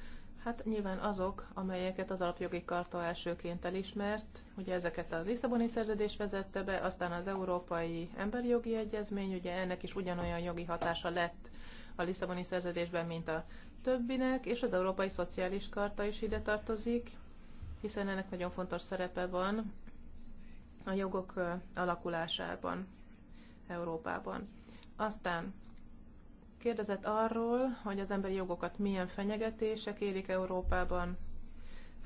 S3: Hát nyilván azok, amelyeket az alapjogi karta elsőként elismert, ugye ezeket a Lisszaboni szerződés vezette be, aztán az Európai Emberi Jogi Egyezmény, ugye ennek is ugyanolyan jogi hatása lett, a Lisszaboni szerződésben, mint a többinek, és az Európai Szociális Karta is ide tartozik, hiszen ennek nagyon fontos szerepe van a jogok alakulásában Európában. Aztán kérdezett arról, hogy az emberi jogokat milyen fenyegetések érik Európában.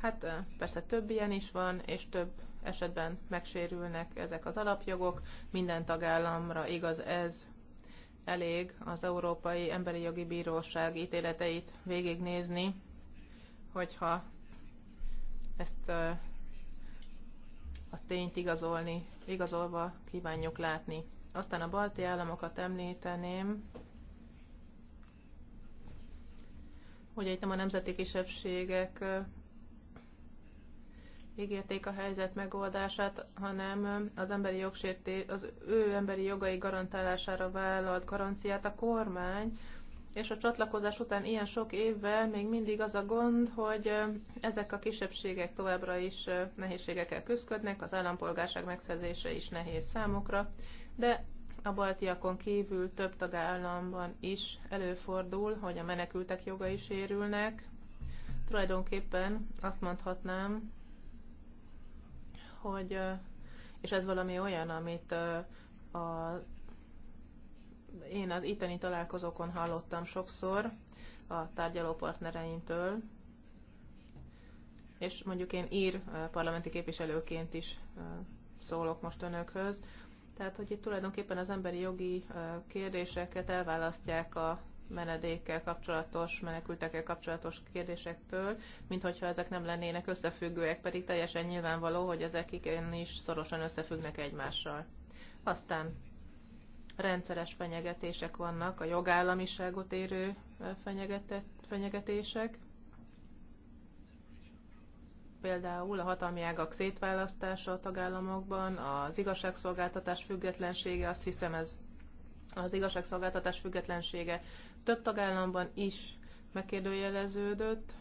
S3: Hát persze több ilyen is van, és több esetben megsérülnek ezek az alapjogok. Minden tagállamra igaz ez, elég az Európai Emberi Jogi Bíróság ítéleteit végignézni, hogyha ezt a tényt igazolni, igazolva kívánjuk látni. Aztán a balti államokat említeném, Ugye itt nem a nemzeti kisebbségek ígérték a helyzet megoldását, hanem az, emberi jogsérté, az ő emberi jogai garantálására vállalt garanciát a kormány, és a csatlakozás után ilyen sok évvel még mindig az a gond, hogy ezek a kisebbségek továbbra is nehézségekkel küzdködnek, az állampolgárság megszerzése is nehéz számukra, de a baltiakon kívül több tagállamban is előfordul, hogy a menekültek jogai sérülnek. Tulajdonképpen azt mondhatnám, hogy, és ez valami olyan, amit a, én az itteni találkozókon hallottam sokszor a tárgyaló partnereimtől, és mondjuk én ír parlamenti képviselőként is szólok most önökhöz. Tehát, hogy itt tulajdonképpen az emberi jogi kérdéseket elválasztják a menedékkel kapcsolatos, menekültekkel kapcsolatos kérdésektől, mint hogyha ezek nem lennének összefüggőek, pedig teljesen nyilvánvaló, hogy ezek is szorosan összefüggnek egymással. Aztán rendszeres fenyegetések vannak, a jogállamiságot érő fenyegetések, például a hatalmi ágak szétválasztása a tagállamokban, az igazságszolgáltatás függetlensége, azt hiszem ez az igazságszolgáltatás függetlensége több tagállamban is megkérdőjeleződött,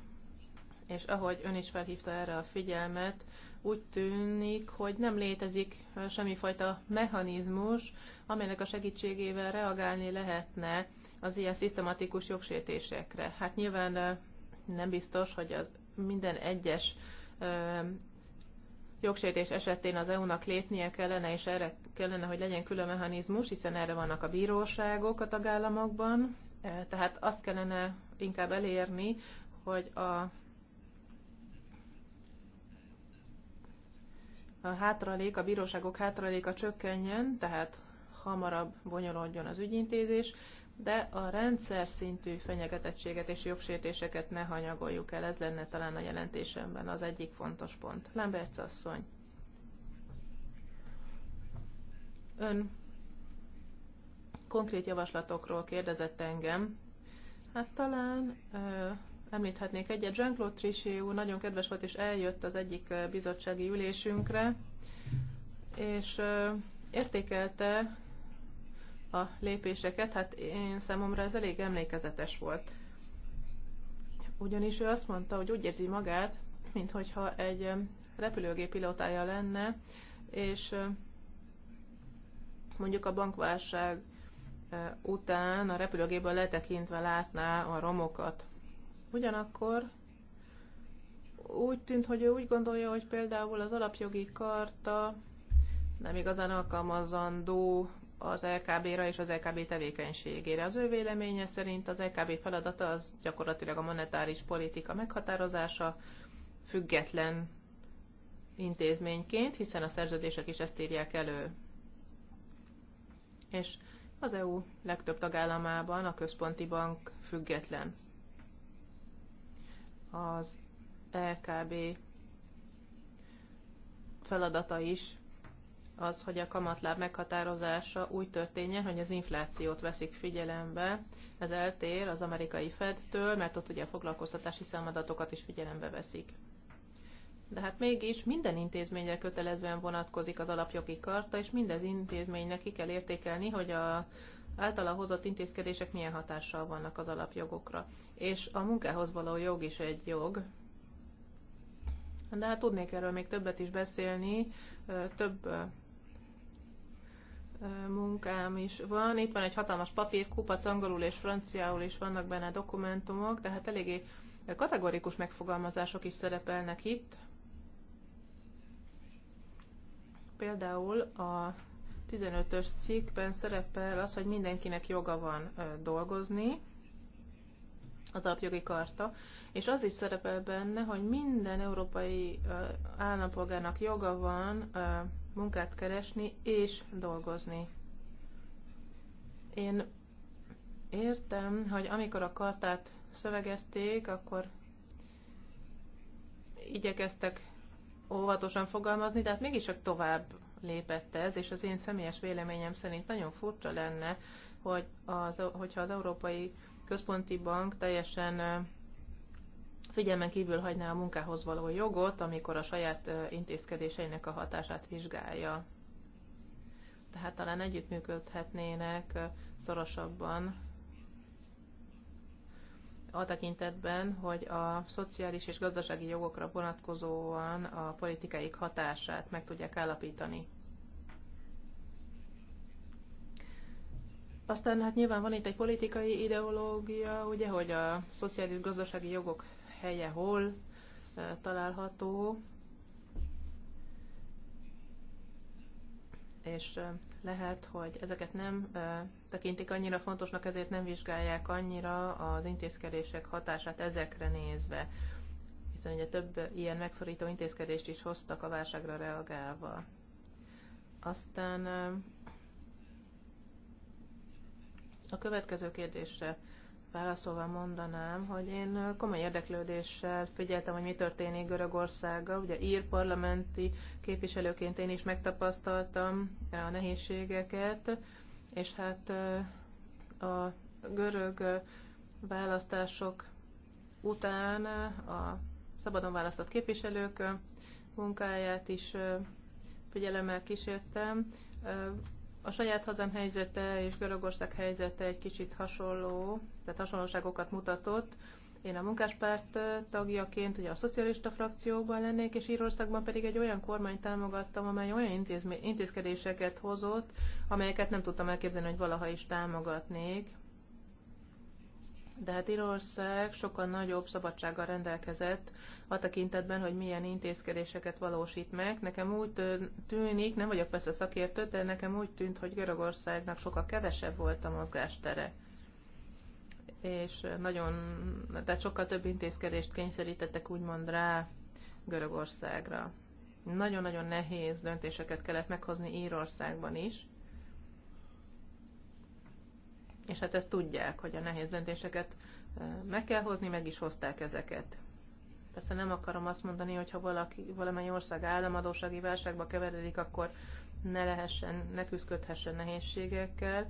S3: és ahogy ön is felhívta erre a figyelmet, úgy tűnik, hogy nem létezik semmifajta mechanizmus, amelynek a segítségével reagálni lehetne az ilyen szisztematikus jogsértésekre. Hát nyilván nem biztos, hogy az minden egyes jogsértés esetén az EU-nak lépnie kellene, és erre kellene, hogy legyen külön mechanizmus, hiszen erre vannak a bíróságok a tagállamokban, tehát azt kellene inkább elérni, hogy a a hátralék, a bíróságok hátraléka csökkenjen, tehát hamarabb bonyolódjon az ügyintézés, de a rendszer szintű fenyegetettséget és jogsértéseket ne hanyagoljuk el, ez lenne talán a jelentésemben az egyik fontos pont. Lemberc asszony. Ön konkrét javaslatokról kérdezett engem. Hát talán ö, említhetnék egyet. Jean-Claude Trichet úr nagyon kedves volt, és eljött az egyik bizottsági ülésünkre, és ö, értékelte a lépéseket. Hát én számomra ez elég emlékezetes volt. Ugyanis ő azt mondta, hogy úgy érzi magát, mintha egy repülőgép pilótája lenne, és mondjuk a bankválság után a repülőgéből letekintve látná a romokat. Ugyanakkor úgy tűnt, hogy ő úgy gondolja, hogy például az alapjogi karta nem igazán alkalmazandó az LKB-ra és az LKB tevékenységére. Az ő véleménye szerint az LKB feladata az gyakorlatilag a monetáris politika meghatározása független intézményként, hiszen a szerződések is ezt írják elő. És az EU legtöbb tagállamában a központi bank független. Az LKB e feladata is az, hogy a kamatláb meghatározása úgy történjen, hogy az inflációt veszik figyelembe. Ez eltér az amerikai Fedtől, mert ott ugye a foglalkoztatási számadatokat is figyelembe veszik de hát mégis minden intézményre kötelezően vonatkozik az alapjogi karta, és minden intézménynek ki kell értékelni, hogy a általa hozott intézkedések milyen hatással vannak az alapjogokra. És a munkához való jog is egy jog, de hát tudnék erről még többet is beszélni, több munkám is van. Itt van egy hatalmas papír, kupac angolul és franciául is vannak benne dokumentumok, tehát eléggé kategorikus megfogalmazások is szerepelnek itt. Például a 15-ös cikkben szerepel az, hogy mindenkinek joga van dolgozni, az alapjogi karta, és az is szerepel benne, hogy minden európai állampolgárnak joga van munkát keresni és dolgozni. Én értem, hogy amikor a kartát szövegezték, akkor igyekeztek óvatosan fogalmazni, tehát mégiscsak tovább lépett ez, és az én személyes véleményem szerint nagyon furcsa lenne, hogy az, hogyha az Európai Központi Bank teljesen figyelmen kívül hagyná a munkához való jogot, amikor a saját intézkedéseinek a hatását vizsgálja. Tehát talán együttműködhetnének szorosabban a tekintetben, hogy a szociális és gazdasági jogokra vonatkozóan a politikai hatását meg tudják állapítani. Aztán hát nyilván van itt egy politikai ideológia, ugye, hogy a szociális gazdasági jogok helye hol e, található, és lehet, hogy ezeket nem tekintik annyira fontosnak, ezért nem vizsgálják annyira az intézkedések hatását ezekre nézve, hiszen ugye több ilyen megszorító intézkedést is hoztak a válságra reagálva. Aztán a következő kérdésre válaszolva mondanám, hogy én komoly érdeklődéssel figyeltem, hogy mi történik Görögországgal. Ugye ír parlamenti képviselőként én is megtapasztaltam a nehézségeket, és hát a görög választások után a szabadon választott képviselők munkáját is figyelemmel kísértem. A saját hazám helyzete és Görögország helyzete egy kicsit hasonló, tehát hasonlóságokat mutatott. Én a munkáspárt tagjaként ugye a szocialista frakcióban lennék, és Írországban pedig egy olyan kormányt támogattam, amely olyan intézkedéseket hozott, amelyeket nem tudtam elképzelni, hogy valaha is támogatnék. De hát Írország sokkal nagyobb szabadsággal rendelkezett a tekintetben, hogy milyen intézkedéseket valósít meg. Nekem úgy tűnik, nem vagyok persze szakértő, de nekem úgy tűnt, hogy Görögországnak sokkal kevesebb volt a mozgástere és nagyon, tehát sokkal több intézkedést kényszerítettek úgymond rá Görögországra. Nagyon-nagyon nehéz döntéseket kellett meghozni Írországban is, és hát ezt tudják, hogy a nehéz döntéseket meg kell hozni, meg is hozták ezeket. Persze nem akarom azt mondani, hogy ha valaki, valamely ország államadósági válságba keveredik, akkor ne lehessen, ne küzdködhessen nehézségekkel.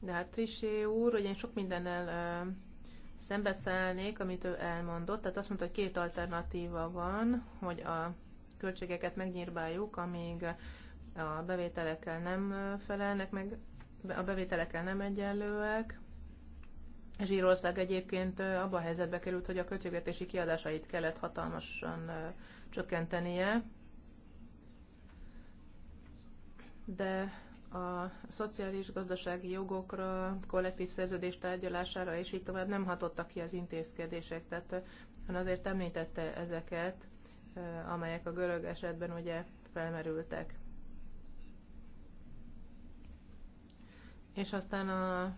S3: De hát Trisé úr, hogy én sok mindennel ö, szembeszállnék, amit ő elmondott. Tehát azt mondta, hogy két alternatíva van, hogy a költségeket megnyírbáljuk, amíg a bevételekkel nem felelnek meg a bevételekkel nem egyenlőek. Zsírország egyébként abba a helyzetbe került, hogy a költségvetési kiadásait kellett hatalmasan csökkentenie, de a szociális gazdasági jogokra, kollektív szerződés tárgyalására és így tovább nem hatottak ki az intézkedések, tehát ön azért említette ezeket, amelyek a görög esetben ugye felmerültek. És aztán a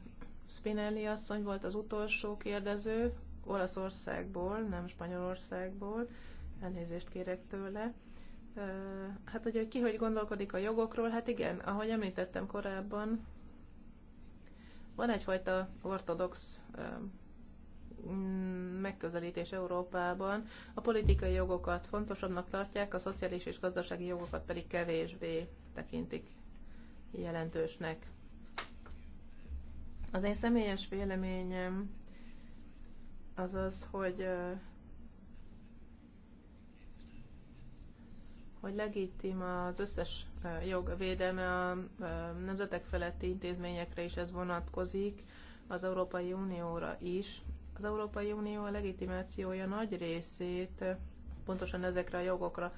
S3: Spinelli asszony volt az utolsó kérdező, Olaszországból, nem Spanyolországból, elnézést kérek tőle. Hát, hogy ki hogy gondolkodik a jogokról, hát igen, ahogy említettem korábban, van egyfajta ortodox megközelítés Európában. A politikai jogokat fontosabbnak tartják, a szociális és gazdasági jogokat pedig kevésbé tekintik jelentősnek. Az én személyes véleményem az az, hogy hogy legitim az összes jogvédelme a nemzetek feletti intézményekre is ez vonatkozik, az Európai Unióra is. Az Európai Unió a legitimációja nagy részét pontosan ezekre a jogokra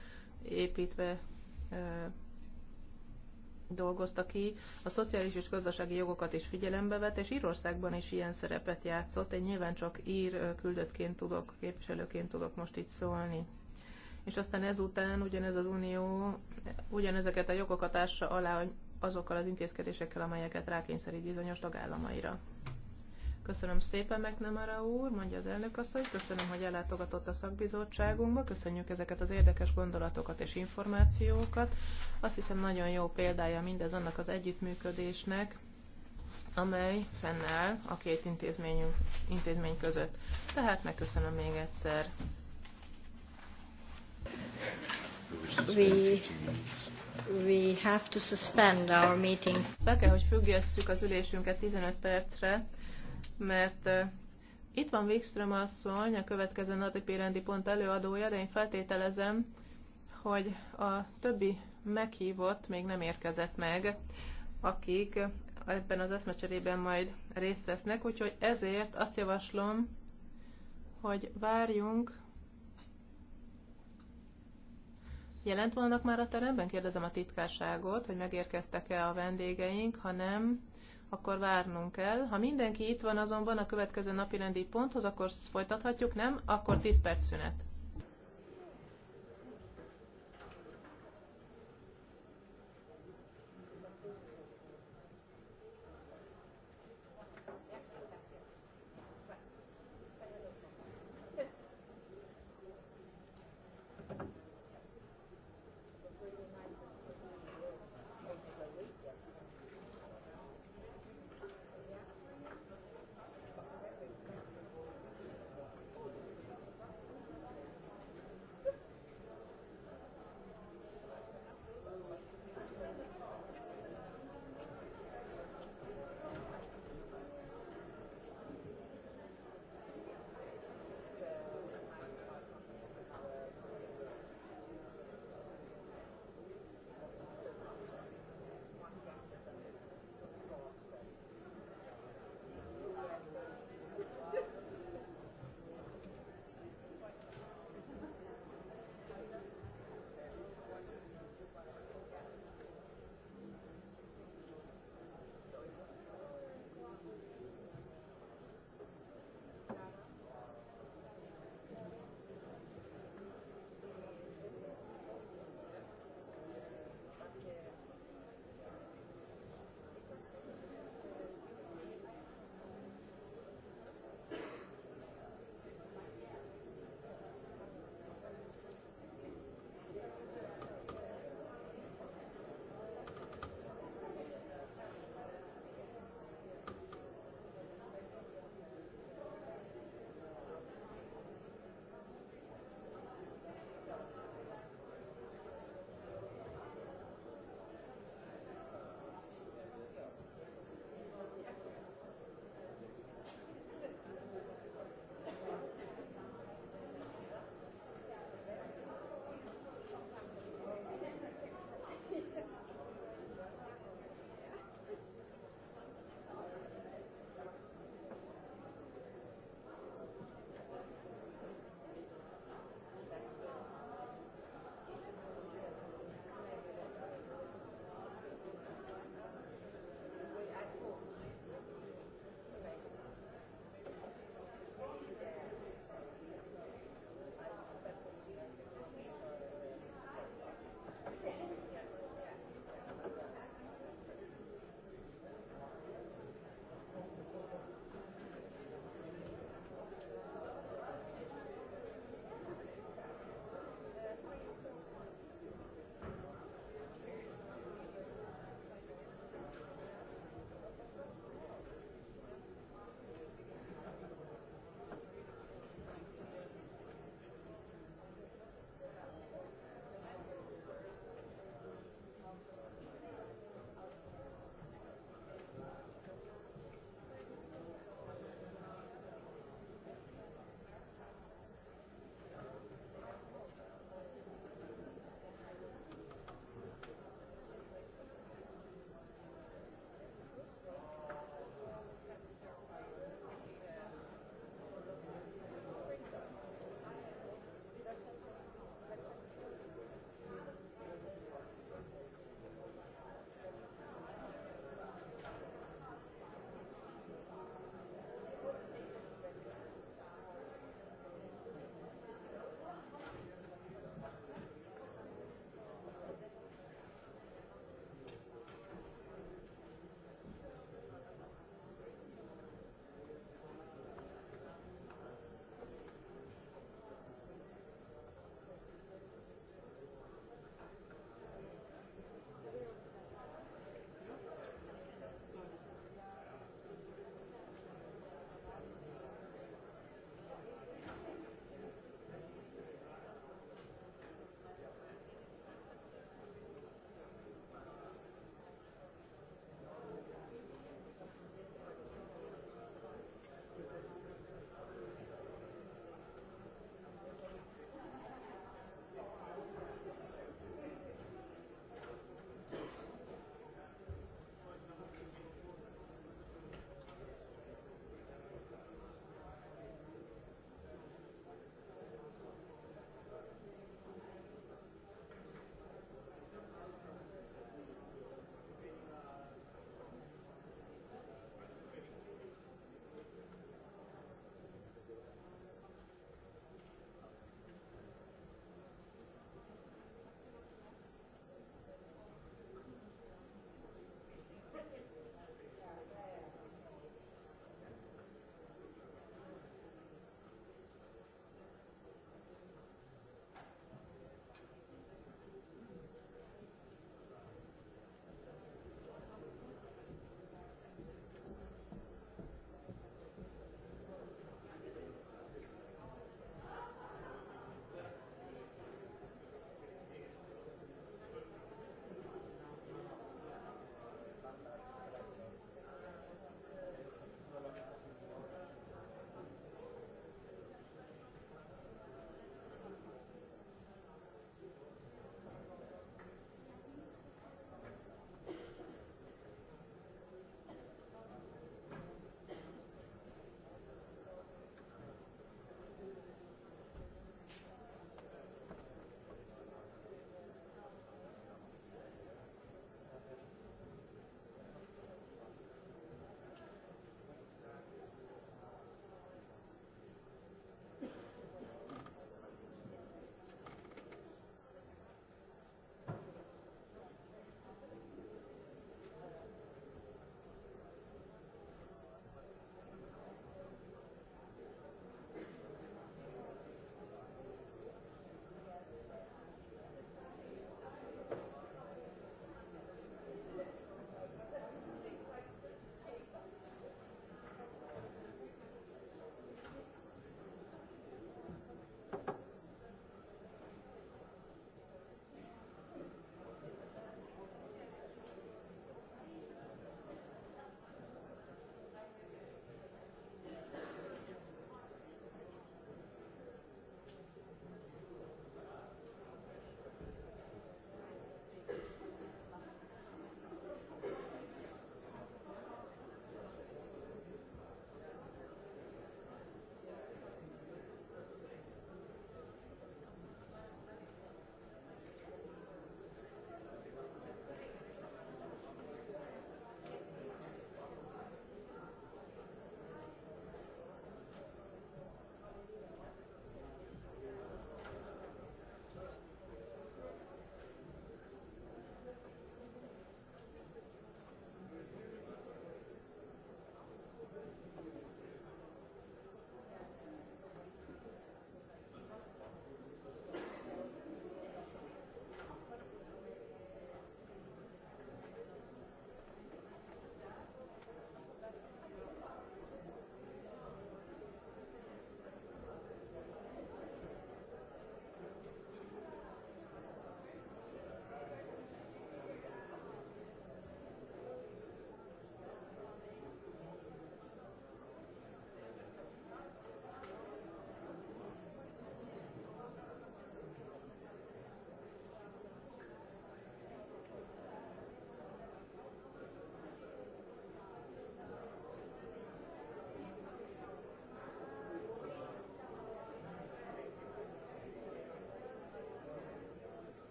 S3: építve dolgozta ki, a szociális és gazdasági jogokat is figyelembe vett, és Írországban is ilyen szerepet játszott. Én nyilván csak ír küldöttként tudok, képviselőként tudok most itt szólni. És aztán ezután ugyanez az unió ugyanezeket a jogokat ássa alá azokkal az intézkedésekkel, amelyeket rákényszerít bizonyos tagállamaira. Köszönöm szépen, Megnemara úr, mondja az elnök asszony. Köszönöm, hogy ellátogatott a szakbizottságunkba. Köszönjük ezeket az érdekes gondolatokat és információkat. Azt hiszem nagyon jó példája mindez annak az együttműködésnek, amely fennáll a két intézményünk, intézmény között. Tehát megköszönöm még egyszer. We, we have to suspend our meeting. Be kell, hogy függesszük az ülésünket 15 percre mert itt van Wikström asszony, a következő napi rendi pont előadója, de én feltételezem, hogy a többi meghívott még nem érkezett meg, akik ebben az eszmecserében majd részt vesznek, úgyhogy ezért azt javaslom, hogy várjunk. Jelent volnak már a teremben? Kérdezem a titkárságot, hogy megérkeztek-e a vendégeink, ha nem, akkor várnunk kell. Ha mindenki itt van azonban a következő napi rendi ponthoz, akkor folytathatjuk, nem? Akkor 10 perc szünet.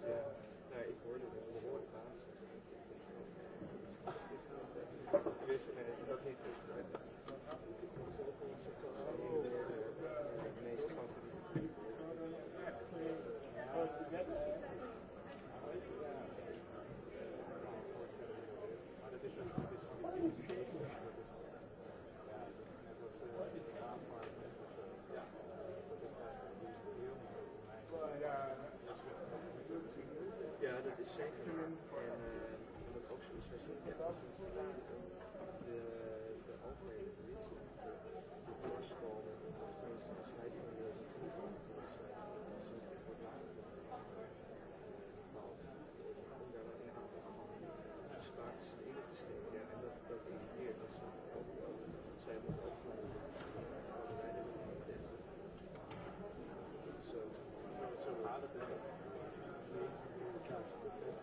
S1: Dus ja, nou, ik hoorde dus behoorlijk baas. Tenminste, dat niet is.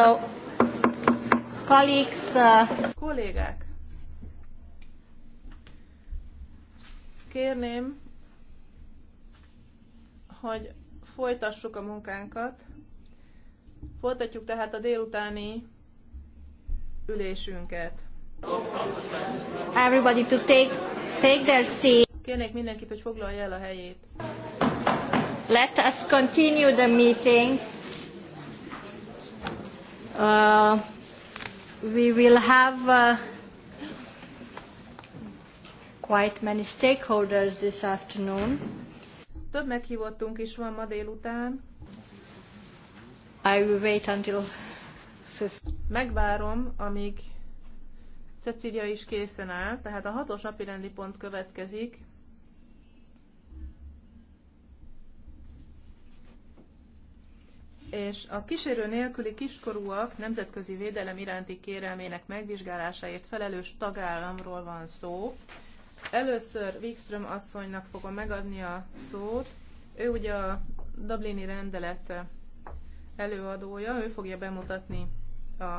S1: So, colleagues, uh,
S3: Kollégák, kérném, hogy folytassuk a munkánkat. Folytatjuk tehát a délutáni ülésünket. Everybody to take, take their seat. Kérnék mindenkit, hogy foglalja el a helyét. Let us continue the meeting. Uh, we will have
S1: uh, quite many stakeholders this afternoon.
S3: Több meghívottunk is van ma délután. I will wait until Megvárom, amíg Cecilia is készen áll, tehát a hatos napi rendi pont következik, és a kísérő nélküli kiskorúak nemzetközi védelem iránti kérelmének megvizsgálásáért felelős tagállamról van szó. Először Wikström asszonynak fogom megadni a szót. Ő ugye a Dublini rendelet előadója, ő fogja bemutatni a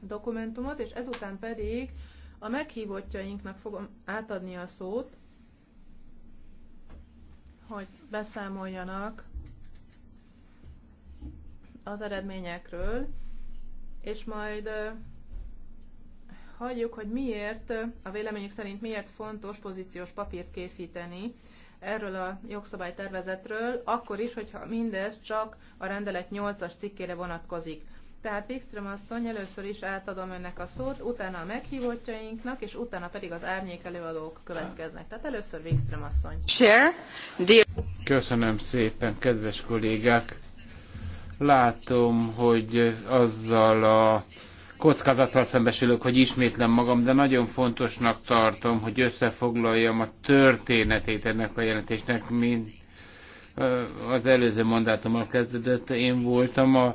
S3: dokumentumot, és ezután pedig a meghívottjainknak fogom átadni a szót, hogy beszámoljanak az eredményekről, és majd halljuk, hogy miért, a véleményük szerint miért fontos pozíciós papírt készíteni erről a jogszabálytervezetről, akkor is, hogyha mindez csak a rendelet 8-as cikkére vonatkozik. Tehát Wikström asszony, először is átadom önnek a szót, utána a meghívottjainknak, és utána pedig az árnyék előadók következnek. Tehát először Wikström asszony.
S2: Köszönöm szépen, kedves kollégák! Látom, hogy azzal a kockázattal szembesülök, hogy ismétlem magam, de nagyon fontosnak tartom, hogy összefoglaljam a történetét ennek a jelentésnek, mint az előző mandátommal kezdődött. Én voltam a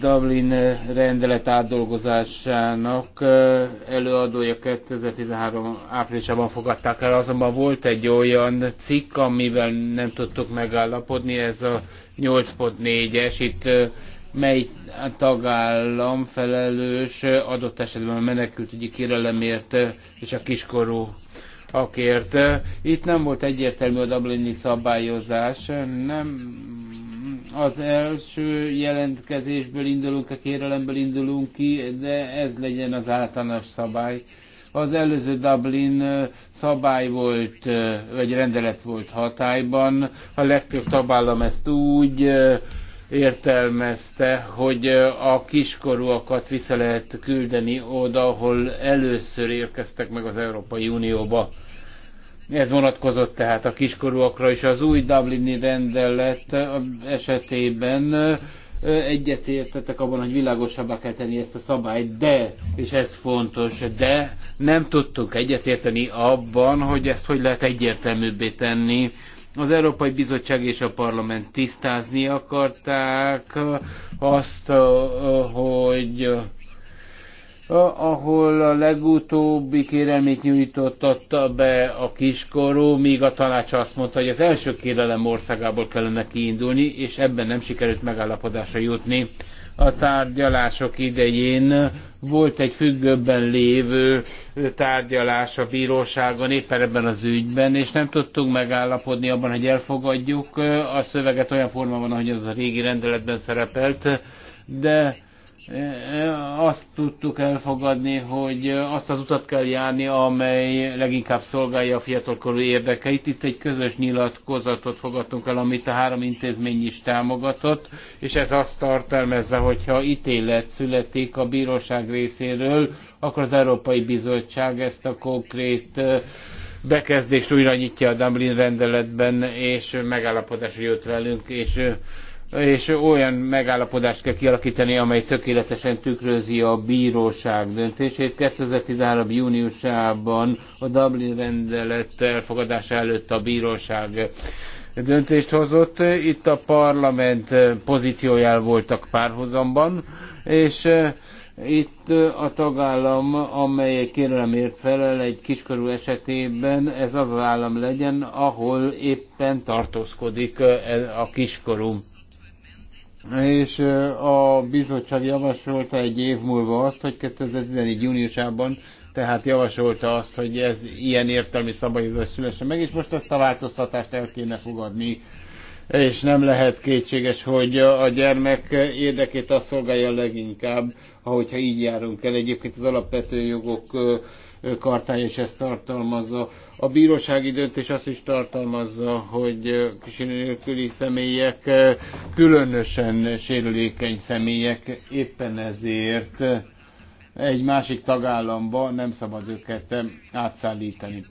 S2: Dublin rendelet átdolgozásának előadója 2013 áprilisában fogadták el, azonban volt egy olyan cikk, amivel nem tudtuk megállapodni, ez a 8.4-es, itt mely tagállam felelős adott esetben a menekültügyi kérelemért és a kiskorú akért. Itt nem volt egyértelmű a Dublini szabályozás, nem az első jelentkezésből indulunk, a kérelemből indulunk ki, de ez legyen az általános szabály. Az előző Dublin szabály volt, vagy rendelet volt hatályban, a legtöbb tagállam ezt úgy értelmezte, hogy a kiskorúakat vissza lehet küldeni oda, ahol először érkeztek meg az Európai Unióba. Ez vonatkozott tehát a kiskorúakra is. Az új Dublini rendelet esetében egyetértetek abban, hogy világosabbá kell tenni ezt a szabályt, de, és ez fontos, de nem tudtunk egyetérteni abban, hogy ezt hogy lehet egyértelműbbé tenni az Európai Bizottság és a Parlament tisztázni akarták azt, hogy ahol a legutóbbi kérelmét nyújtotta be a kiskorú, míg a tanács azt mondta, hogy az első kérelem országából kellene kiindulni, és ebben nem sikerült megállapodásra jutni a tárgyalások idején volt egy függőben lévő tárgyalás a bíróságon éppen ebben az ügyben, és nem tudtunk megállapodni abban, hogy elfogadjuk. A szöveget olyan formában, ahogy az a régi rendeletben szerepelt, de azt tudtuk elfogadni, hogy azt az utat kell járni, amely leginkább szolgálja a fiatalkorú érdekeit. Itt egy közös nyilatkozatot fogadtunk el, amit a három intézmény is támogatott, és ez azt tartalmazza, hogyha ítélet születik a bíróság részéről, akkor az Európai Bizottság ezt a konkrét bekezdést újra nyitja a Dublin rendeletben, és megállapodásra jött velünk, és és olyan megállapodást kell kialakítani, amely tökéletesen tükrözi a bíróság döntését. 2013. júniusában a Dublin rendelet elfogadása előtt a bíróság döntést hozott. Itt a parlament pozíciójával voltak párhuzamban, és eh, itt eh, a tagállam, amely kérelemért felel egy kiskorú esetében, ez az az állam legyen, ahol éppen tartózkodik eh, a kiskorú és a bizottság javasolta egy év múlva azt, hogy 2014. júniusában tehát javasolta azt, hogy ez ilyen értelmi szabályozás szülesen meg, és most ezt a változtatást el kéne fogadni, és nem lehet kétséges, hogy a gyermek érdekét azt szolgálja leginkább, ahogyha így járunk el. Egyébként az alapvető jogok kartája is ezt tartalmazza. A bírósági döntés azt is tartalmazza, hogy kísérő személyek eh, különösen sérülékeny személyek, éppen ezért egy másik tagállamba nem szabad őket eh, átszállítani.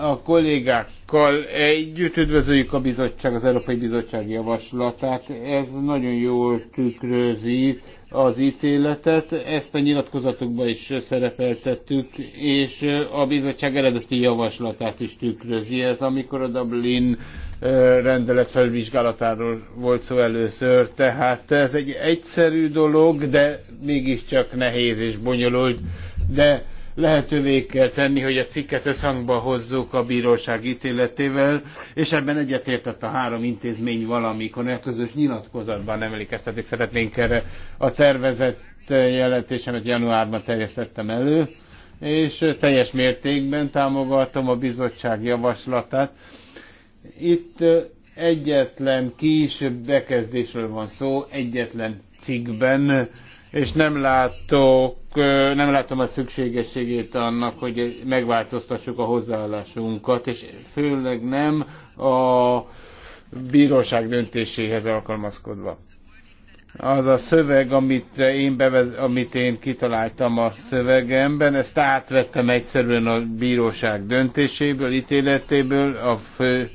S2: A kollégákkal együtt üdvözöljük a bizottság, az Európai Bizottság javaslatát. Ez nagyon jól tükrözi az ítéletet, ezt a nyilatkozatokban is szerepeltettük, és a bizottság eredeti javaslatát is tükrözi. Ez amikor a Dublin rendelet felvizsgálatáról volt szó először, tehát ez egy egyszerű dolog, de mégiscsak nehéz és bonyolult, de lehetővé kell tenni, hogy a cikket összhangba hozzuk a bíróság ítéletével, és ebben egyetértett a három intézmény valamikor, a közös nyilatkozatban emlékeztetni szeretnénk erre. A tervezett jelentésemet januárban terjesztettem elő, és teljes mértékben támogatom a bizottság javaslatát. Itt egyetlen kis bekezdésről van szó, egyetlen cikkben, és nem látok, nem látom a szükségességét annak, hogy megváltoztassuk a hozzáállásunkat, és főleg nem a bíróság döntéséhez alkalmazkodva. Az a szöveg, amit én, bevez, amit én kitaláltam a szövegemben, ezt átvettem egyszerűen a bíróság döntéséből, ítéletéből, a fő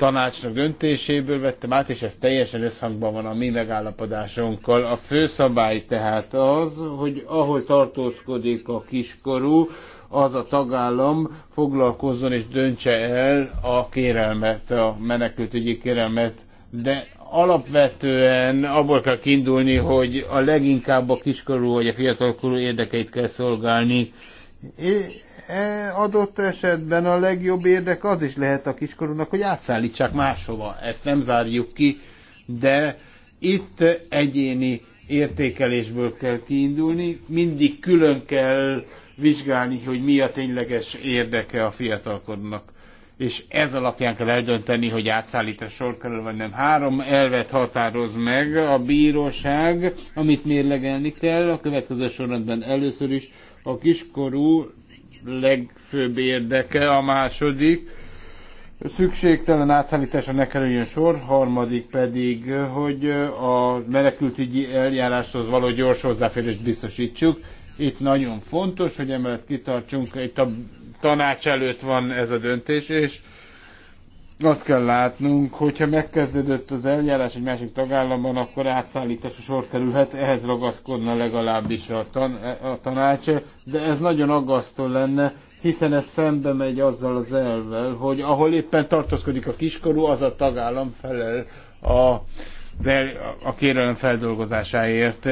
S2: tanácsnak döntéséből vettem át, és ez teljesen összhangban van a mi megállapodásunkkal. A főszabály tehát az, hogy ahol tartózkodik a kiskorú, az a tagállam foglalkozzon és döntse el a kérelmet, a menekültügyi kérelmet, de alapvetően abból kell kiindulni, hogy a leginkább a kiskorú vagy a fiatalkorú érdekeit kell szolgálni E, adott esetben a legjobb érdek az is lehet a kiskorúnak, hogy átszállítsák máshova. Ezt nem zárjuk ki, de itt egyéni értékelésből kell kiindulni, mindig külön kell vizsgálni, hogy mi a tényleges érdeke a fiatalkornak. És ez alapján kell eldönteni, hogy a sor kerül, vagy nem. Három elvet határoz meg a bíróság, amit mérlegelni kell. A következő sorrendben először is a kiskorú legfőbb érdeke, a második, szükségtelen átszállításra ne kerüljön sor, harmadik pedig, hogy a menekültügyi eljáráshoz való gyors hozzáférést biztosítsuk. Itt nagyon fontos, hogy emellett kitartsunk, itt a tanács előtt van ez a döntés, és azt kell látnunk, hogyha megkezdődött az eljárás egy másik tagállamban, akkor átszállításra sor kerülhet, ehhez ragaszkodna legalábbis a, tan a tanács, de ez nagyon aggasztó lenne, hiszen ez szembe megy azzal az elvvel, hogy ahol éppen tartózkodik a kiskorú, az a tagállam felel a, a kérelem feldolgozásáért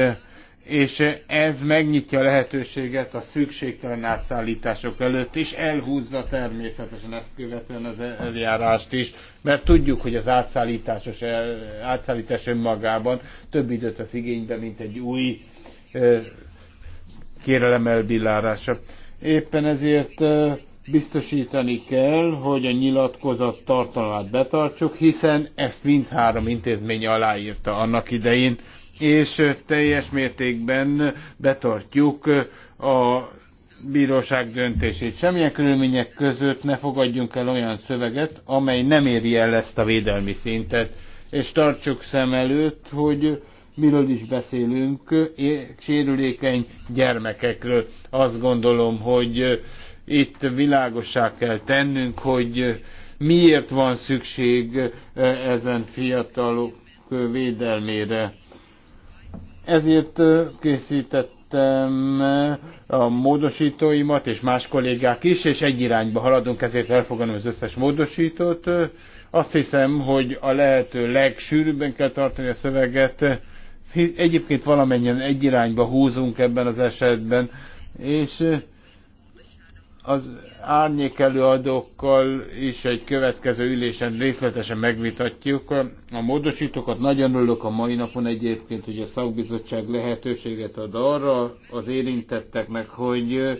S2: és ez megnyitja a lehetőséget a szükségtelen átszállítások előtt, és elhúzza természetesen ezt követően az eljárást is, mert tudjuk, hogy az átszállításos, átszállítás önmagában több időt vesz igénybe, mint egy új kérelem elbillárása. Éppen ezért biztosítani kell, hogy a nyilatkozat tartalmát betartsuk, hiszen ezt mindhárom intézmény aláírta annak idején, és teljes mértékben betartjuk a bíróság döntését. Semmilyen körülmények között ne fogadjunk el olyan szöveget, amely nem éri el ezt a védelmi szintet. És tartsuk szem előtt, hogy miről is beszélünk, sérülékeny gyermekekről. Azt gondolom, hogy itt világossá kell tennünk, hogy miért van szükség eh, ezen fiatalok eh, védelmére ezért készítettem a módosítóimat, és más kollégák is, és egy irányba haladunk, ezért elfogadom az összes módosítót. Azt hiszem, hogy a lehető legsűrűbben kell tartani a szöveget. Egyébként valamennyien egy irányba húzunk ebben az esetben, és az árnyék előadókkal is egy következő ülésen részletesen megvitatjuk. A módosítókat nagyon örülök a mai napon egyébként, hogy a szakbizottság lehetőséget ad arra az érintetteknek, hogy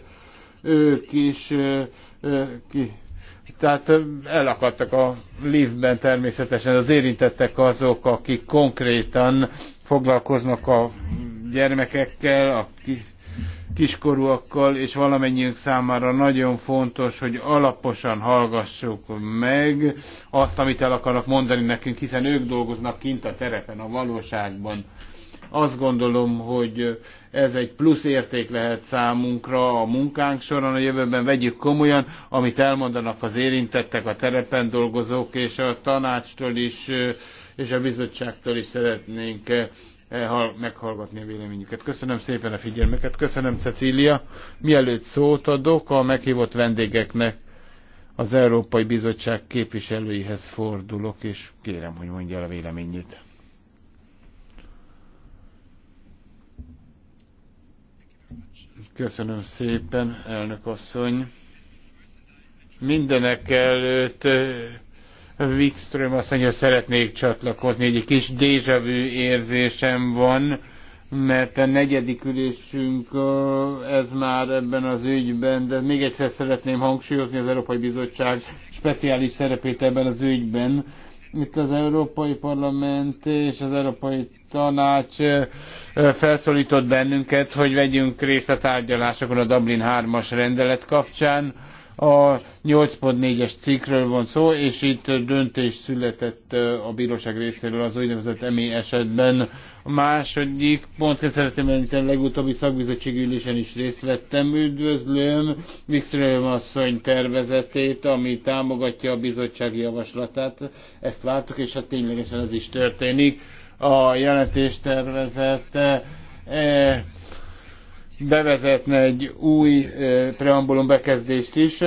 S2: ők is ki, tehát elakadtak a liftben természetesen az érintettek azok, akik konkrétan foglalkoznak a gyermekekkel, akik kiskorúakkal, és valamennyiünk számára nagyon fontos, hogy alaposan hallgassuk meg azt, amit el akarnak mondani nekünk, hiszen ők dolgoznak kint a terepen, a valóságban. Azt gondolom, hogy ez egy plusz érték lehet számunkra a munkánk során, a jövőben vegyük komolyan, amit elmondanak az érintettek, a terepen dolgozók, és a tanácstól is és a bizottságtól is szeretnénk meghallgatni a véleményüket. Köszönöm szépen a figyelmeket, köszönöm Cecília. Mielőtt szót adok a meghívott vendégeknek, az Európai Bizottság képviselőihez fordulok, és kérem, hogy mondja el a véleményét. Köszönöm szépen, elnök asszony. Mindenek előtt Wikström mondja, szeretnék csatlakozni, egy kis vu érzésem van, mert a negyedik ülésünk ez már ebben az ügyben, de még egyszer szeretném hangsúlyozni az Európai Bizottság speciális szerepét ebben az ügyben. Itt az Európai Parlament és az Európai Tanács felszólított bennünket, hogy vegyünk részt a tárgyalásokon a Dublin 3-as rendelet kapcsán a 8.4-es cikkről van szó, és itt döntés született a bíróság részéről az úgynevezett emi esetben. A második pont, szeretném említeni, legutóbbi szakbizottsági ülésen is részt vettem. Üdvözlöm Wikström asszony tervezetét, ami támogatja a bizottság javaslatát. Ezt vártuk, és hát ténylegesen ez is történik. A jelentéstervezet e, bevezetne egy új preambulum bekezdést is,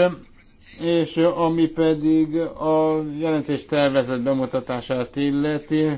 S2: és ami pedig a jelentés tervezett bemutatását illeti,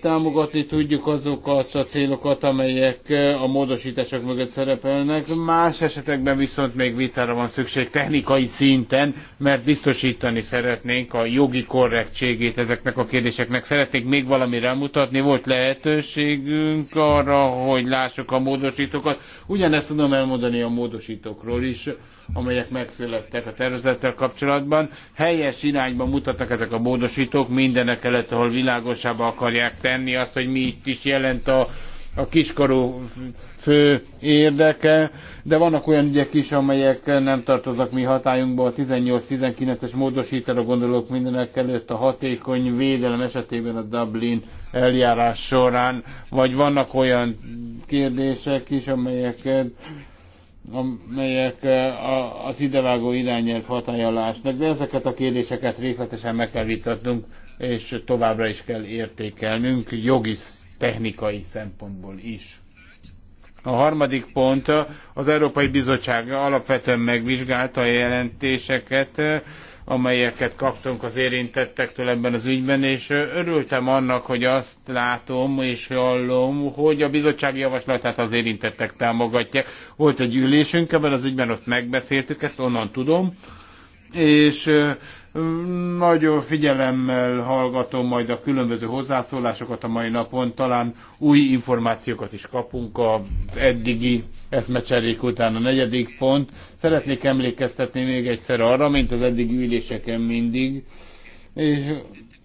S2: támogatni tudjuk azokat a célokat, amelyek eh, a módosítások mögött szerepelnek. Más esetekben viszont még vitára van szükség technikai szinten, mert biztosítani szeretnénk a jogi korrektségét ezeknek a kérdéseknek. Szeretnék még valami rámutatni, volt lehetőségünk arra, hogy lássuk a módosítókat. Ugyanezt tudom elmondani a módosítókról is amelyek megszülettek a tervezettel kapcsolatban. Helyes irányba mutatnak ezek a módosítók mindenek előtt, ahol világosába akarják tenni azt, hogy mi itt is jelent a a kiskorú fő érdeke, de vannak olyan ügyek is, amelyek nem tartoznak mi hatályunkba. A 18-19-es módosítára gondolok mindenek előtt a hatékony védelem esetében a Dublin eljárás során, vagy vannak olyan kérdések is, amelyeket amelyek eh, az idevágó irányelv hatájára ásnak, de ezeket a kérdéseket részletesen meg kell vitatnunk, és továbbra is kell értékelnünk jogi technikai szempontból is. A harmadik pont, az Európai Bizottság alapvetően megvizsgálta a jelentéseket, amelyeket kaptunk az érintettektől ebben az ügyben, és örültem annak, hogy azt látom és hallom, hogy a bizottsági javaslatát az érintettek támogatják. Volt egy ülésünk ebben az ügyben, ott megbeszéltük, ezt onnan tudom, és nagyon figyelemmel hallgatom majd a különböző hozzászólásokat a mai napon, talán új információkat is kapunk az eddigi eszmecserék után. A negyedik pont, szeretnék emlékeztetni még egyszer arra, mint az eddigi üléseken mindig,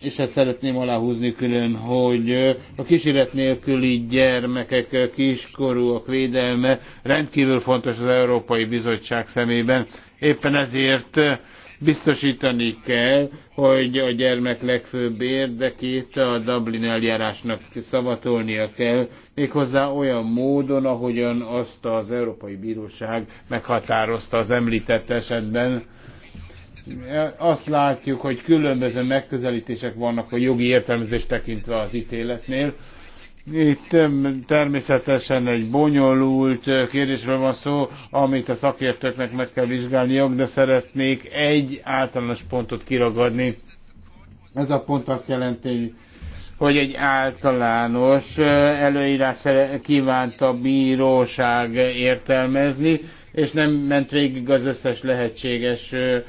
S2: és ezt szeretném aláhúzni külön, hogy a kísérlet nélküli gyermekek, kiskorúak védelme rendkívül fontos az Európai Bizottság szemében. Éppen ezért Biztosítani kell, hogy a gyermek legfőbb érdekét a Dublin eljárásnak szavatolnia kell, méghozzá olyan módon, ahogyan azt az Európai Bíróság meghatározta az említett esetben azt látjuk, hogy különböző megközelítések vannak a jogi értelmezést tekintve az ítéletnél, itt természetesen egy bonyolult eh, kérdésről van szó, amit a szakértőknek meg kell vizsgálniuk, de szeretnék egy általános pontot kiragadni. Ez a pont azt jelenti, hogy egy általános eh, előírás kívánt a bíróság értelmezni, és nem ment végig az összes lehetséges eh,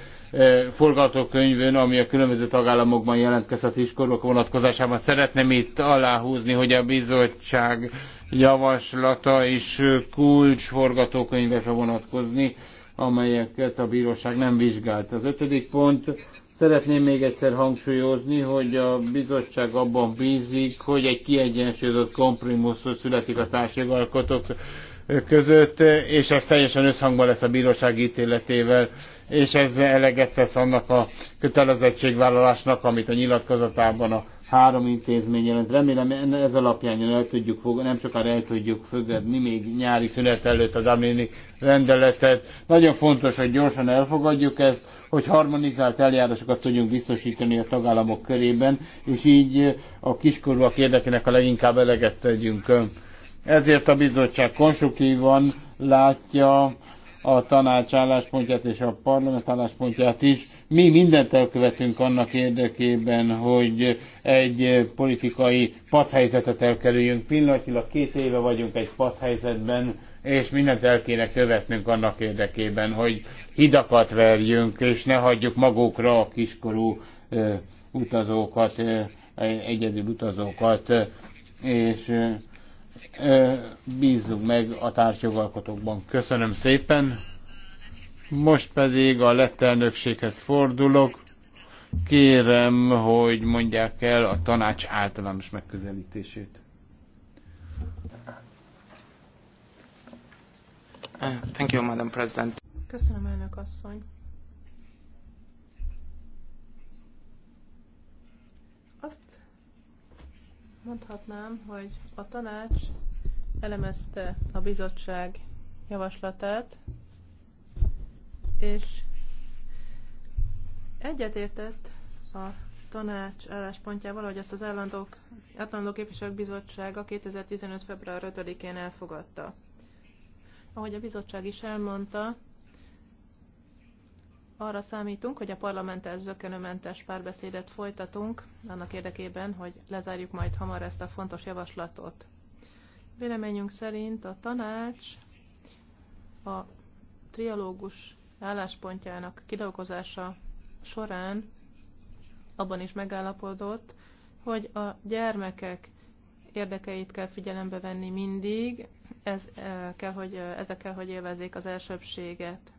S2: forgatókönyvön, ami a különböző tagállamokban jelentkezhet iskolok vonatkozásában. Szeretném itt aláhúzni, hogy a bizottság javaslata is kulcs forgatókönyvekre vonatkozni, amelyeket a bíróság nem vizsgált. Az ötödik pont, szeretném még egyszer hangsúlyozni, hogy a bizottság abban bízik, hogy egy kiegyensúlyozott kompromisszum születik a társjogalkotók között, és ez teljesen összhangban lesz a bíróság ítéletével, és ez eleget tesz annak a kötelezettségvállalásnak, amit a nyilatkozatában a három intézmény jelent. Remélem ez alapján el tudjuk fog, nem sokára el tudjuk fogadni még nyári szünet előtt az Amini rendeletet. Nagyon fontos, hogy gyorsan elfogadjuk ezt, hogy harmonizált eljárásokat tudjunk biztosítani a tagállamok körében, és így a kiskorúak érdekének a leginkább eleget tegyünk. Ezért a bizottság konstruktívan látja a tanács álláspontját és a parlament álláspontját is. Mi mindent elkövetünk annak érdekében, hogy egy politikai padhelyzetet elkerüljünk. Pillanatilag két éve vagyunk egy padhelyzetben, és mindent el kéne követnünk annak érdekében, hogy hidakat verjünk, és ne hagyjuk magukra a kiskorú utazókat, egyedül utazókat, és bízzunk meg a tárgyjogalkotókban. Köszönöm szépen. Most pedig a lett elnökséghez fordulok. Kérem, hogy mondják el a tanács általános megközelítését. Thank
S3: you, Madam President. Köszönöm, elnök asszony. Mondhatnám, hogy a tanács elemezte a bizottság javaslatát, és egyetértett a tanács álláspontjával, hogy ezt az állandók, állandó képviselők bizottsága 2015. február 5-én elfogadta. Ahogy a bizottság is elmondta, arra számítunk, hogy a parlamenttel zökenőmentes párbeszédet folytatunk, annak érdekében, hogy lezárjuk majd hamar ezt a fontos javaslatot. Véleményünk szerint a tanács a trialógus álláspontjának kidolgozása során abban is megállapodott, hogy a gyermekek érdekeit kell figyelembe venni mindig, ez eh, kell, hogy, eh, ezek kell, hogy élvezzék az elsőbséget.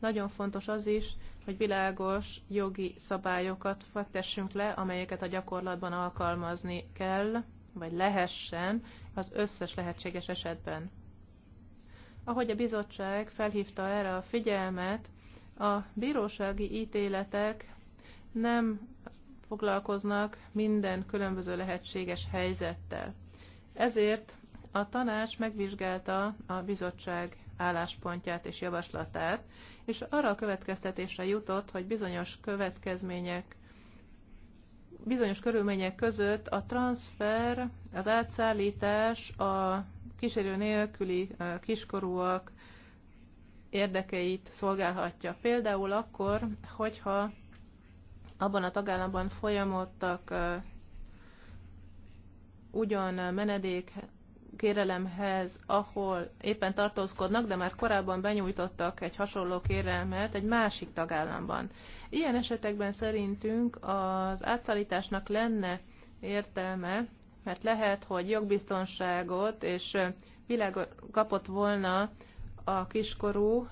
S3: Nagyon fontos az is, hogy világos jogi szabályokat fektessünk le, amelyeket a gyakorlatban alkalmazni kell, vagy lehessen az összes lehetséges esetben. Ahogy a bizottság felhívta erre a figyelmet, a bírósági ítéletek nem foglalkoznak minden különböző lehetséges helyzettel. Ezért a tanács megvizsgálta a bizottság álláspontját és javaslatát, és arra a következtetésre jutott, hogy bizonyos következmények bizonyos körülmények között a transfer, az átszállítás a kísérő nélküli kiskorúak érdekeit szolgálhatja. Például akkor, hogyha abban a tagállamban folyamodtak ugyan menedék kérelemhez, ahol éppen tartózkodnak, de már korábban benyújtottak egy hasonló kérelmet egy másik tagállamban. Ilyen esetekben szerintünk az átszállításnak lenne értelme, mert lehet, hogy jogbiztonságot és világot kapott volna a kiskorú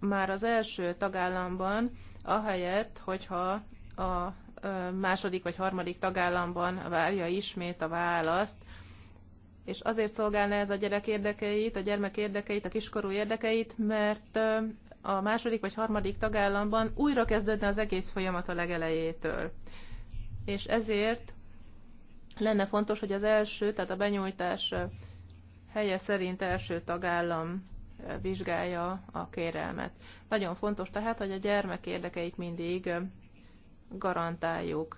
S3: már az első tagállamban, ahelyett, hogyha a második vagy harmadik tagállamban várja ismét a választ, és azért szolgálna ez a gyerek érdekeit, a gyermek érdekeit, a kiskorú érdekeit, mert a második vagy harmadik tagállamban újra kezdődne az egész folyamat a legelejétől. És ezért lenne fontos, hogy az első, tehát a benyújtás helye szerint első tagállam vizsgálja a kérelmet. Nagyon fontos tehát, hogy a gyermek érdekeit mindig garantáljuk.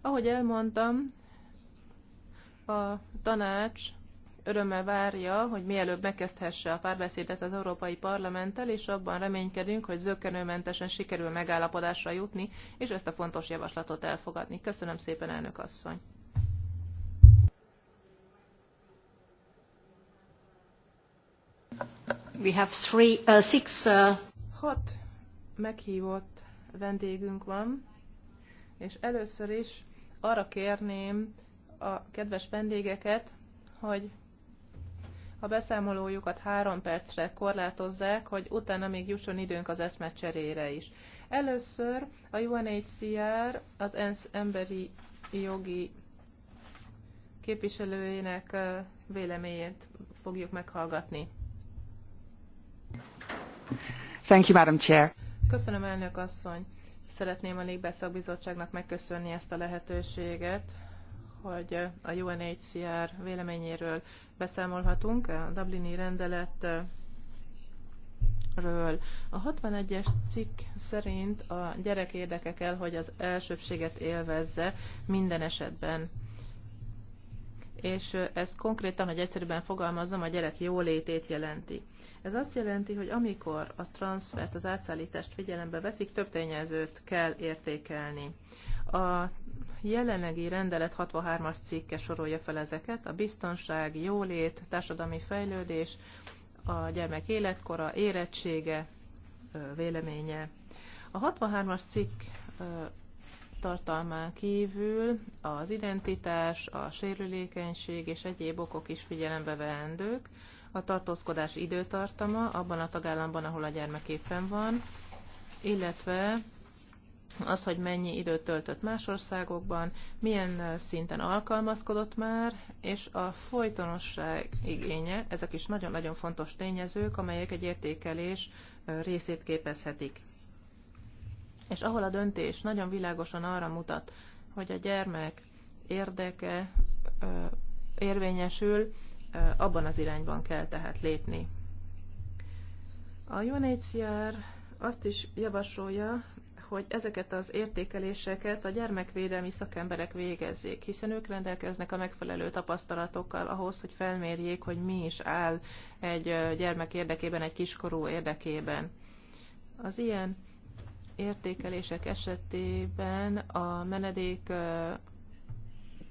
S3: Ahogy elmondtam, a tanács örömmel várja, hogy mielőbb megkezdhesse a párbeszédet az Európai Parlamenttel, és abban reménykedünk, hogy zöggenőmentesen sikerül megállapodásra jutni, és ezt a fontos javaslatot elfogadni. Köszönöm szépen, elnök asszony! We
S1: have three, uh, six, uh...
S3: Hat meghívott vendégünk van, és először is arra kérném a kedves vendégeket, hogy a beszámolójukat három percre korlátozzák, hogy utána még jusson időnk az cserére is. Először a UNHCR, az ENSZ emberi jogi képviselőjének véleményét fogjuk meghallgatni. Thank you, Madam Chair. Köszönöm, elnök asszony. Szeretném a Légbeszakbizottságnak megköszönni ezt a lehetőséget, hogy a UNHCR véleményéről beszámolhatunk, a Dublini rendeletről. A 61-es cikk szerint a gyerek érdeke kell, hogy az elsőbséget élvezze minden esetben és ez konkrétan, hogy egyszerűen fogalmazom, a gyerek jólétét jelenti. Ez azt jelenti, hogy amikor a transfert, az átszállítást figyelembe veszik, több tényezőt kell értékelni. A jelenlegi rendelet 63-as cikke sorolja fel ezeket, a biztonság, jólét, társadalmi fejlődés, a gyermek életkora, érettsége, véleménye. A 63-as cikk tartalmán kívül az identitás, a sérülékenység és egyéb okok is figyelembe veendők, a tartózkodás időtartama abban a tagállamban, ahol a gyermek éppen van, illetve az, hogy mennyi időt töltött más országokban, milyen szinten alkalmazkodott már, és a folytonosság igénye, ezek is nagyon-nagyon fontos tényezők, amelyek egy értékelés részét képezhetik és ahol a döntés nagyon világosan arra mutat, hogy a gyermek érdeke érvényesül, abban az irányban kell tehát lépni. A UNHCR azt is javasolja, hogy ezeket az értékeléseket a gyermekvédelmi szakemberek végezzék, hiszen ők rendelkeznek a megfelelő tapasztalatokkal ahhoz, hogy felmérjék, hogy mi is áll egy gyermek érdekében, egy kiskorú érdekében. Az ilyen értékelések esetében a menedék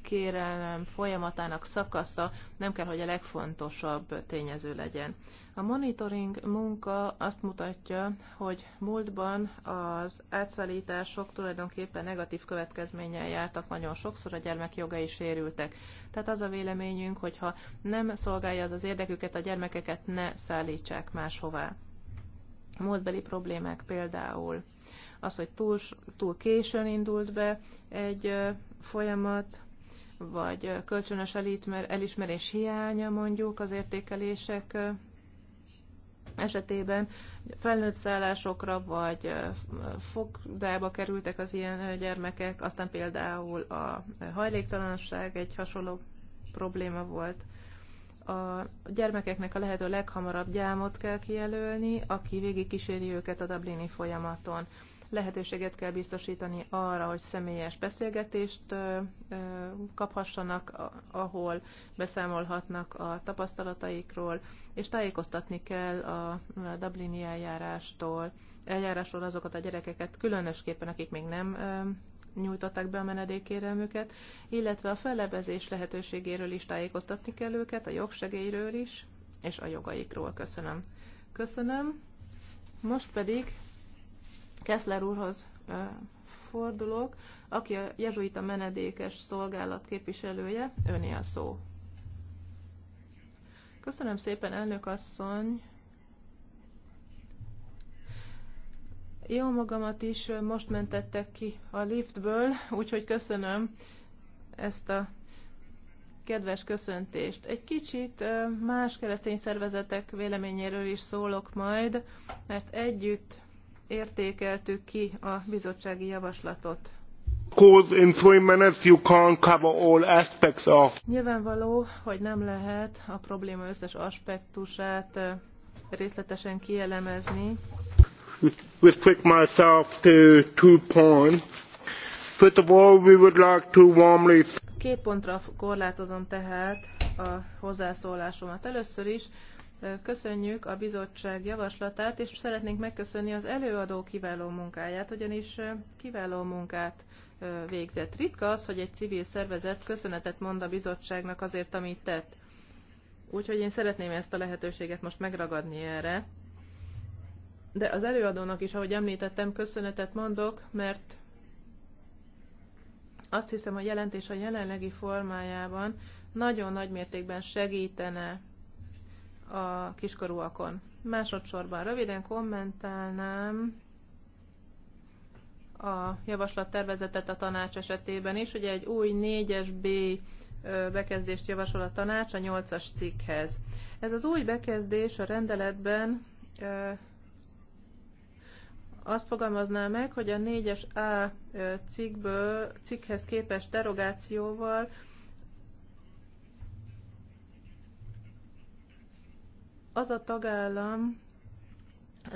S3: kérelem folyamatának szakasza nem kell, hogy a legfontosabb tényező legyen. A monitoring munka azt mutatja, hogy múltban az átszállítások tulajdonképpen negatív következménnyel jártak, nagyon sokszor a gyermek jogai sérültek. Tehát az a véleményünk, hogyha nem szolgálja az az érdeküket, a gyermekeket ne szállítsák máshová. Múltbeli problémák például az, hogy túl, túl későn indult be egy folyamat, vagy kölcsönös elismerés hiánya mondjuk az értékelések esetében felnőtt szállásokra vagy fogdába kerültek az ilyen gyermekek, aztán például a hajléktalanság egy hasonló probléma volt. A gyermekeknek a lehető leghamarabb gyámot kell kijelölni, aki végigkíséri őket a Dublini folyamaton lehetőséget kell biztosítani arra, hogy személyes beszélgetést kaphassanak, ahol beszámolhatnak a tapasztalataikról, és tájékoztatni kell a Dublini eljárástól, eljárásról azokat a gyerekeket, különösképpen akik még nem nyújtották be a menedékkérelmüket, illetve a fellebezés lehetőségéről is tájékoztatni kell őket, a jogsegélyről is, és a jogaikról. Köszönöm. Köszönöm. Most pedig Kessler úrhoz fordulok, aki a jezsuita menedékes szolgálat képviselője, öné a szó. Köszönöm szépen, elnök asszony! Jó magamat is most mentettek ki a liftből, úgyhogy köszönöm ezt a kedves köszöntést. Egy kicsit más keresztény szervezetek véleményéről is szólok majd, mert együtt értékeltük ki a bizottsági javaslatot. Nyilvánvaló, hogy nem lehet a probléma összes aspektusát részletesen kielemezni.
S2: Restrict myself to two points. First of all, we would like to warmly...
S3: Két pontra korlátozom tehát a hozzászólásomat. Először is köszönjük a bizottság javaslatát, és szeretnénk megköszönni az előadó kiváló munkáját, ugyanis kiváló munkát végzett. Ritka az, hogy egy civil szervezet köszönetet mond a bizottságnak azért, amit tett. Úgyhogy én szeretném ezt a lehetőséget most megragadni erre. De az előadónak is, ahogy említettem, köszönetet mondok, mert azt hiszem a jelentés a jelenlegi formájában nagyon nagy mértékben segítene a kiskorúakon. Másodszorban röviden kommentálnám a javaslattervezetet a tanács esetében is. Ugye egy új 4-es B bekezdést javasol a tanács a 8-as cikkhez. Ez az új bekezdés a rendeletben azt fogalmazná meg, hogy a 4-es A cikkből, cikkhez képest derogációval az a tagállam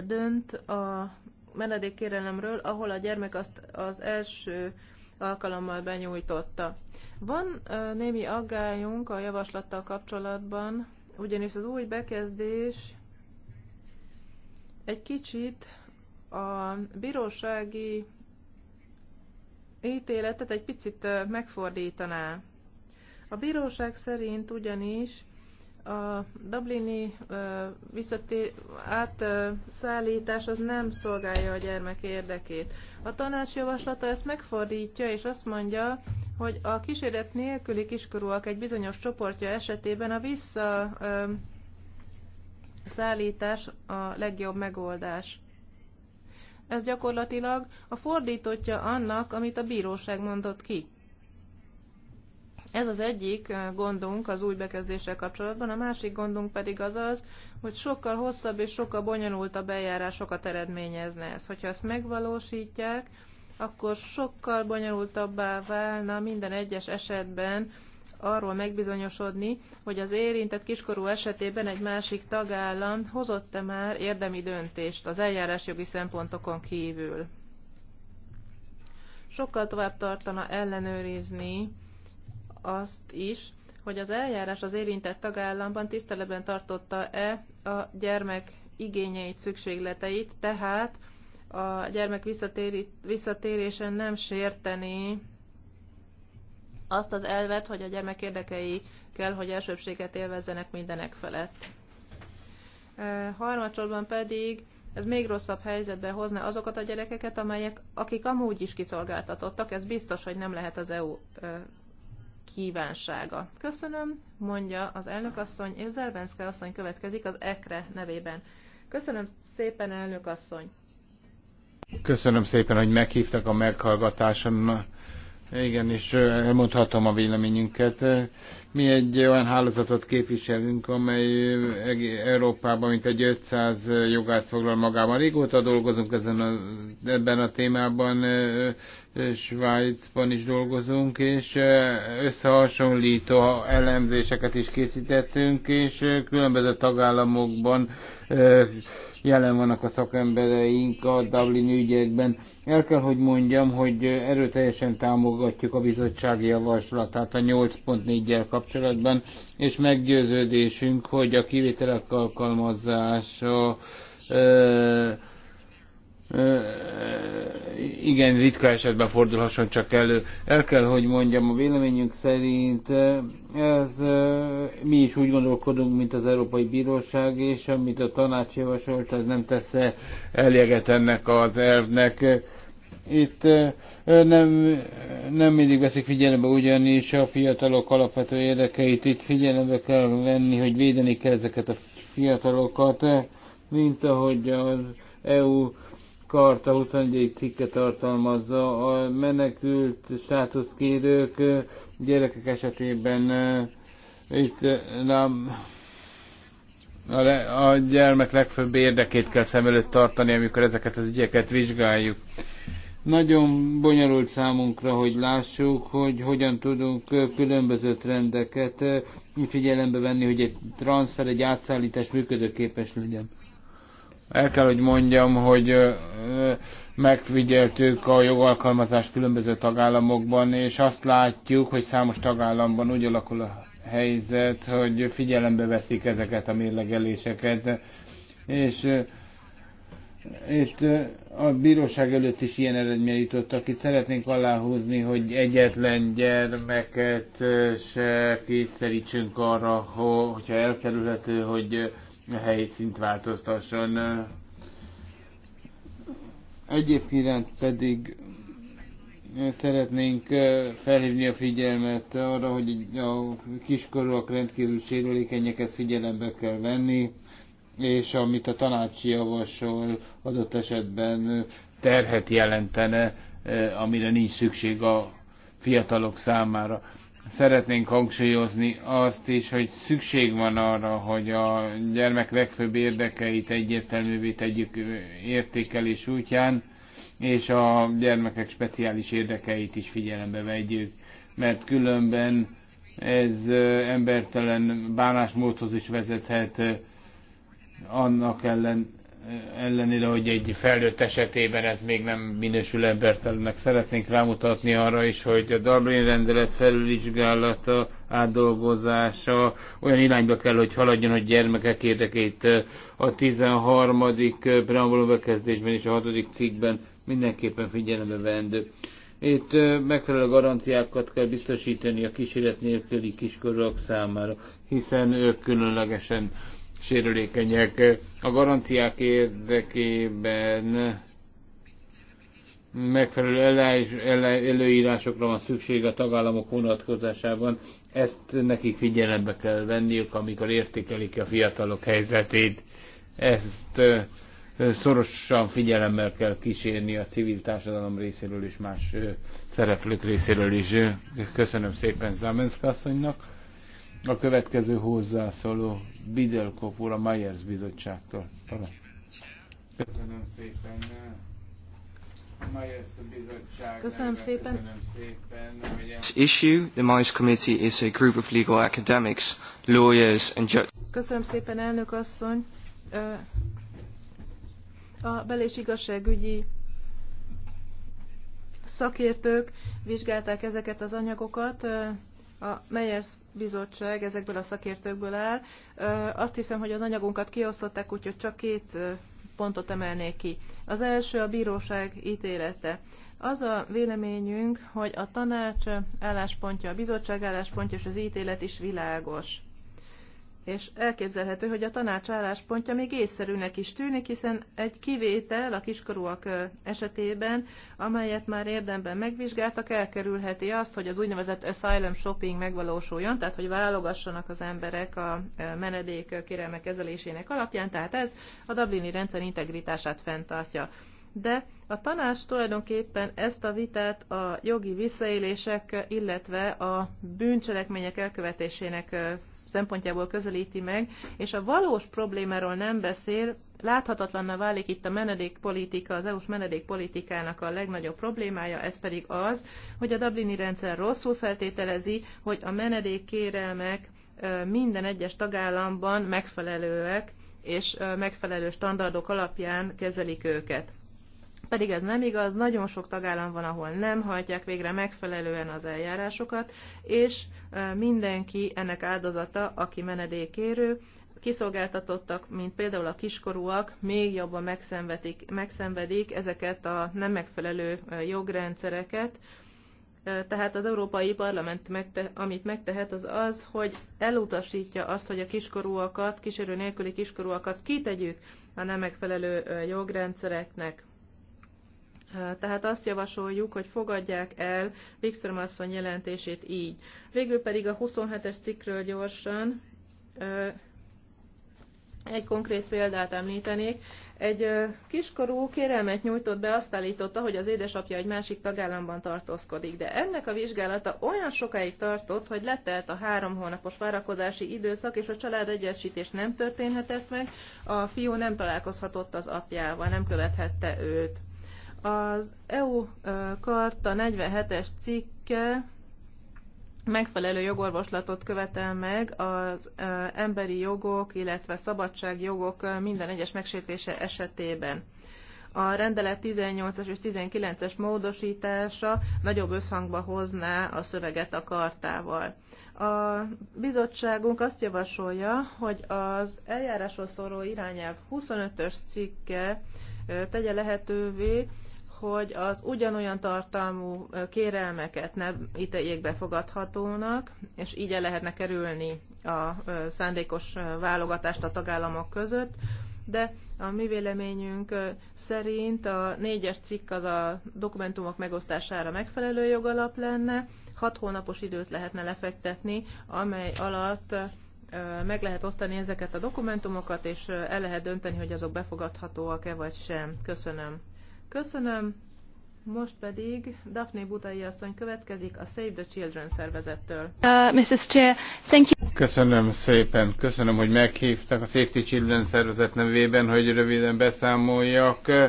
S3: dönt a menedékkérelemről, ahol a gyermek azt az első alkalommal benyújtotta. Van némi aggályunk a javaslattal kapcsolatban, ugyanis az új bekezdés egy kicsit a bírósági ítéletet egy picit megfordítaná. A bíróság szerint ugyanis a dublini visszatér, átszállítás az nem szolgálja a gyermek érdekét. A tanács javaslata ezt megfordítja, és azt mondja, hogy a kísérlet nélküli kiskorúak egy bizonyos csoportja esetében a visszaszállítás a legjobb megoldás. Ez gyakorlatilag a fordítotja annak, amit a bíróság mondott ki. Ez az egyik gondunk az új bekezdéssel kapcsolatban, a másik gondunk pedig az az, hogy sokkal hosszabb és sokkal bonyolultabb eljárásokat eredményezne ez. Hogyha ezt megvalósítják, akkor sokkal bonyolultabbá válna minden egyes esetben arról megbizonyosodni, hogy az érintett kiskorú esetében egy másik tagállam hozott-e már érdemi döntést az eljárásjogi szempontokon kívül. Sokkal tovább tartana ellenőrizni azt is, hogy az eljárás az érintett tagállamban tiszteletben tartotta-e a gyermek igényeit, szükségleteit, tehát a gyermek visszatérésen nem sérteni azt az elvet, hogy a gyermek érdekei kell, hogy elsőbséget élvezzenek mindenek felett. Harmadsorban pedig ez még rosszabb helyzetbe hozna azokat a gyerekeket, amelyek, akik amúgy is kiszolgáltatottak, ez biztos, hogy nem lehet az EU kívánsága. Köszönöm, mondja az elnökasszony, és Zelvenszke asszony következik az EKRE nevében. Köszönöm szépen, elnökasszony!
S2: asszony! Köszönöm szépen, hogy meghívtak a meghallgatáson. Igen, és elmondhatom a véleményünket. Mi egy olyan hálózatot képviselünk, amely Európában mint egy 500 jogát foglal magában. Régóta dolgozunk ezen a, ebben a témában, Svájcban is dolgozunk, és összehasonlító elemzéseket is készítettünk, és különböző tagállamokban jelen vannak a szakembereink a Dublin ügyekben. El kell, hogy mondjam, hogy erőteljesen támogatjuk a bizottsági javaslatát a 8.4-jel kapcsolatban, és meggyőződésünk, hogy a kivételek alkalmazása ö, igen ritka esetben fordulhasson csak elő. El kell, hogy mondjam, a véleményünk szerint ez mi is úgy gondolkodunk, mint az Európai Bíróság, és amit a tanács javasolt, az nem tesz -e eljeget ennek az elvnek. Itt nem, nem mindig veszik figyelembe ugyanis a fiatalok alapvető érdekeit. Itt figyelembe kell venni, hogy védeni kell ezeket a fiatalokat, mint ahogy az EU karta 24 cikke tartalmazza. A menekült státusz kérők gyerekek esetében itt nem, a, le, a gyermek legfőbb érdekét kell szem előtt tartani, amikor ezeket az ügyeket vizsgáljuk. Nagyon bonyolult számunkra, hogy lássuk, hogy hogyan tudunk különböző trendeket figyelembe venni, hogy egy transfer, egy átszállítás működőképes legyen. El kell, hogy mondjam, hogy megfigyeltük a jogalkalmazást különböző tagállamokban, és azt látjuk, hogy számos tagállamban úgy alakul a helyzet, hogy figyelembe veszik ezeket a mérlegeléseket, és itt a bíróság előtt is ilyen eredmény jutottak. Itt szeretnénk aláhúzni, hogy egyetlen gyermeket se kényszerítsünk arra, hogyha elkerülhető, hogy a szint változtasson. Egyéb iránt pedig szeretnénk felhívni a figyelmet arra, hogy a kiskorúak rendkívül ezt figyelembe kell venni, és amit a tanács javasol, adott esetben terhet jelentene, amire nincs szükség a fiatalok számára szeretnénk hangsúlyozni azt is, hogy szükség van arra, hogy a gyermek legfőbb érdekeit egyértelművé tegyük értékelés útján, és a gyermekek speciális érdekeit is figyelembe vegyük, mert különben ez embertelen bánásmódhoz is vezethet annak ellen, ellenére, hogy egy felnőtt esetében ez még nem minősül embertelenek. Szeretnénk rámutatni arra is, hogy a Dublin rendelet felülvizsgálata, átdolgozása olyan irányba kell, hogy haladjon, hogy gyermekek érdekét a 13. preambuló bekezdésben és a 6. cikkben mindenképpen figyelembe vendő. Itt megfelelő garanciákat kell biztosítani a kísérlet nélküli kiskorúak számára, hiszen ők különlegesen sérülékenyek. A garanciák érdekében megfelelő előírásokra van szükség a tagállamok vonatkozásában. Ezt nekik figyelembe kell venniük, amikor értékelik a fiatalok helyzetét. Ezt szorosan figyelemmel kell kísérni a civil társadalom részéről és más szereplők részéről is. Köszönöm szépen Zámenszka asszonynak. A következő hozzászóló Bidelkov úr a Myers bizottságtól. Köszönöm szépen.
S3: Köszönöm szépen.
S1: Issue, the Mayer's Committee is a group of legal academics, lawyers and judges.
S3: Köszönöm szépen, elnök asszony. A bel- és igazságügyi szakértők vizsgálták ezeket az anyagokat. A Meyers bizottság ezekből a szakértőkből áll. Azt hiszem, hogy az anyagunkat kiosztották, úgyhogy csak két pontot emelnék ki. Az első a bíróság ítélete. Az a véleményünk, hogy a tanács álláspontja, a bizottság álláspontja és az ítélet is világos és elképzelhető, hogy a tanács álláspontja még észszerűnek is tűnik, hiszen egy kivétel a kiskorúak esetében, amelyet már érdemben megvizsgáltak, elkerülheti azt, hogy az úgynevezett asylum shopping megvalósuljon, tehát hogy válogassanak az emberek a menedék kérelme kezelésének alapján, tehát ez a Dublini rendszer integritását fenntartja de a tanács tulajdonképpen ezt a vitát a jogi visszaélések, illetve a bűncselekmények elkövetésének szempontjából közelíti meg, és a valós problémáról nem beszél, láthatatlanná válik itt a menedékpolitika, az EU-s menedékpolitikának a legnagyobb problémája, ez pedig az, hogy a Dublini rendszer rosszul feltételezi, hogy a menedékkérelmek minden egyes tagállamban megfelelőek, és megfelelő standardok alapján kezelik őket. Pedig ez nem igaz, nagyon sok tagállam van, ahol nem hajtják végre megfelelően az eljárásokat, és mindenki ennek áldozata, aki menedékérő, kiszolgáltatottak, mint például a kiskorúak, még jobban megszenvedik, megszenvedik ezeket a nem megfelelő jogrendszereket. Tehát az Európai Parlament, megte, amit megtehet, az az, hogy elutasítja azt, hogy a kiskorúakat, kísérő nélküli kiskorúakat kitegyük a nem megfelelő jogrendszereknek tehát azt javasoljuk, hogy fogadják el Wikström asszony jelentését így. Végül pedig a 27-es cikkről gyorsan egy konkrét példát említenék. Egy kiskorú kérelmet nyújtott be, azt állította, hogy az édesapja egy másik tagállamban tartózkodik, de ennek a vizsgálata olyan sokáig tartott, hogy letelt a három hónapos várakozási időszak, és a család egyesítés nem történhetett meg, a fiú nem találkozhatott az apjával, nem követhette őt. Az EU karta 47-es cikke megfelelő jogorvoslatot követel meg az emberi jogok, illetve szabadságjogok minden egyes megsértése esetében. A rendelet 18-as és 19-es módosítása nagyobb összhangba hozná a szöveget a kartával. A bizottságunk azt javasolja, hogy az eljárásról szóló irányelv 25-ös cikke tegye lehetővé, hogy az ugyanolyan tartalmú kérelmeket ne ítéljék befogadhatónak, és így el lehetne kerülni a szándékos válogatást a tagállamok között, de a mi véleményünk szerint a négyes cikk az a dokumentumok megosztására megfelelő jogalap lenne, hat hónapos időt lehetne lefektetni, amely alatt meg lehet osztani ezeket a dokumentumokat, és el lehet dönteni, hogy azok befogadhatóak-e vagy sem. Köszönöm. Köszönöm. Most pedig Daphne Budai asszony következik a Save the Children szervezettől.
S1: Uh, Mrs. Chair, thank you.
S2: Köszönöm szépen, köszönöm, hogy meghívtak a Save the Children szervezet nevében, hogy röviden beszámoljak uh,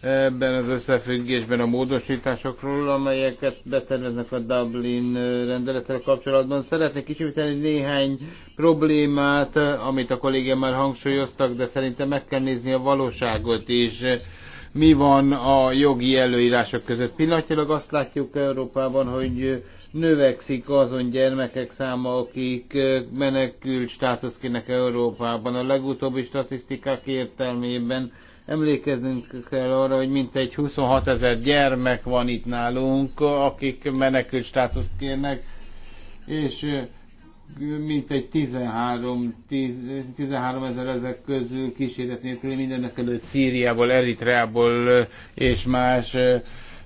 S2: ebben az összefüggésben a módosításokról, amelyeket beterveznek a Dublin uh, rendelettel kapcsolatban. Szeretnék kicsivíteni néhány problémát, uh, amit a kollégám már hangsúlyoztak, de szerintem meg kell nézni a valóságot is mi van a jogi előírások között. Pillanatilag azt látjuk Európában, hogy növekszik azon gyermekek száma, akik menekült státuszkének Európában. A legutóbbi statisztikák értelmében emlékeznünk kell arra, hogy mintegy 26 ezer gyermek van itt nálunk, akik menekült státuszt kérnek, és mintegy 13, 10, 13 ezer ezek közül kíséret nélkül mindenek előtt Szíriából, Eritreából és más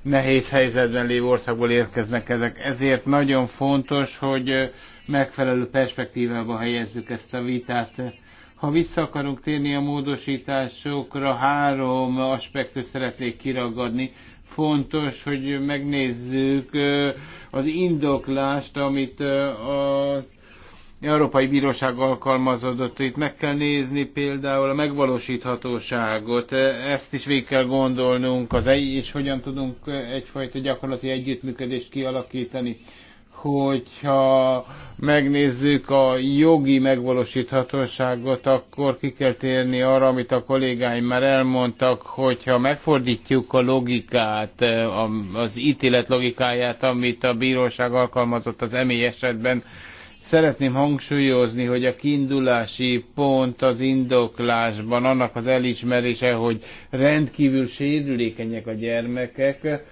S2: nehéz helyzetben lévő országból érkeznek ezek. Ezért nagyon fontos, hogy megfelelő perspektívába helyezzük ezt a vitát. Ha vissza akarunk térni a módosításokra, három aspektust szeretnék kiragadni. Fontos, hogy megnézzük az indoklást, amit az Európai Bíróság alkalmazódott, itt meg kell nézni például a megvalósíthatóságot, ezt is végig kell gondolnunk, az egy, és hogyan tudunk egyfajta gyakorlati együttműködést kialakítani. Hogyha megnézzük a jogi megvalósíthatóságot, akkor ki kell térni arra, amit a kollégáim már elmondtak, hogyha megfordítjuk a logikát, az ítélet logikáját, amit a bíróság alkalmazott az emély esetben, Szeretném hangsúlyozni, hogy a kiindulási pont az indoklásban annak az elismerése, hogy rendkívül sérülékenyek a gyermekek,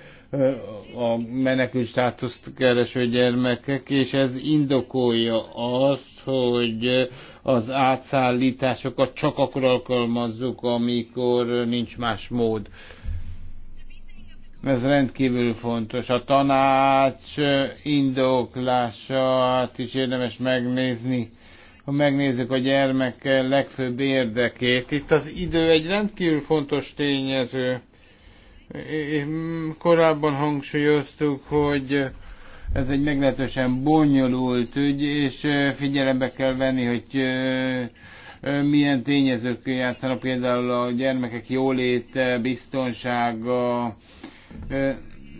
S2: a menekült státuszt kereső gyermekek, és ez indokolja azt, hogy az átszállításokat csak akkor alkalmazzuk, amikor nincs más mód ez rendkívül fontos. A tanács indoklását is érdemes megnézni, ha megnézzük a gyermek legfőbb érdekét. Itt az idő egy rendkívül fontos tényező. Korábban hangsúlyoztuk, hogy ez egy meglehetősen bonyolult ügy, és figyelembe kell venni, hogy milyen tényezők játszanak, például a gyermekek jólét, biztonsága,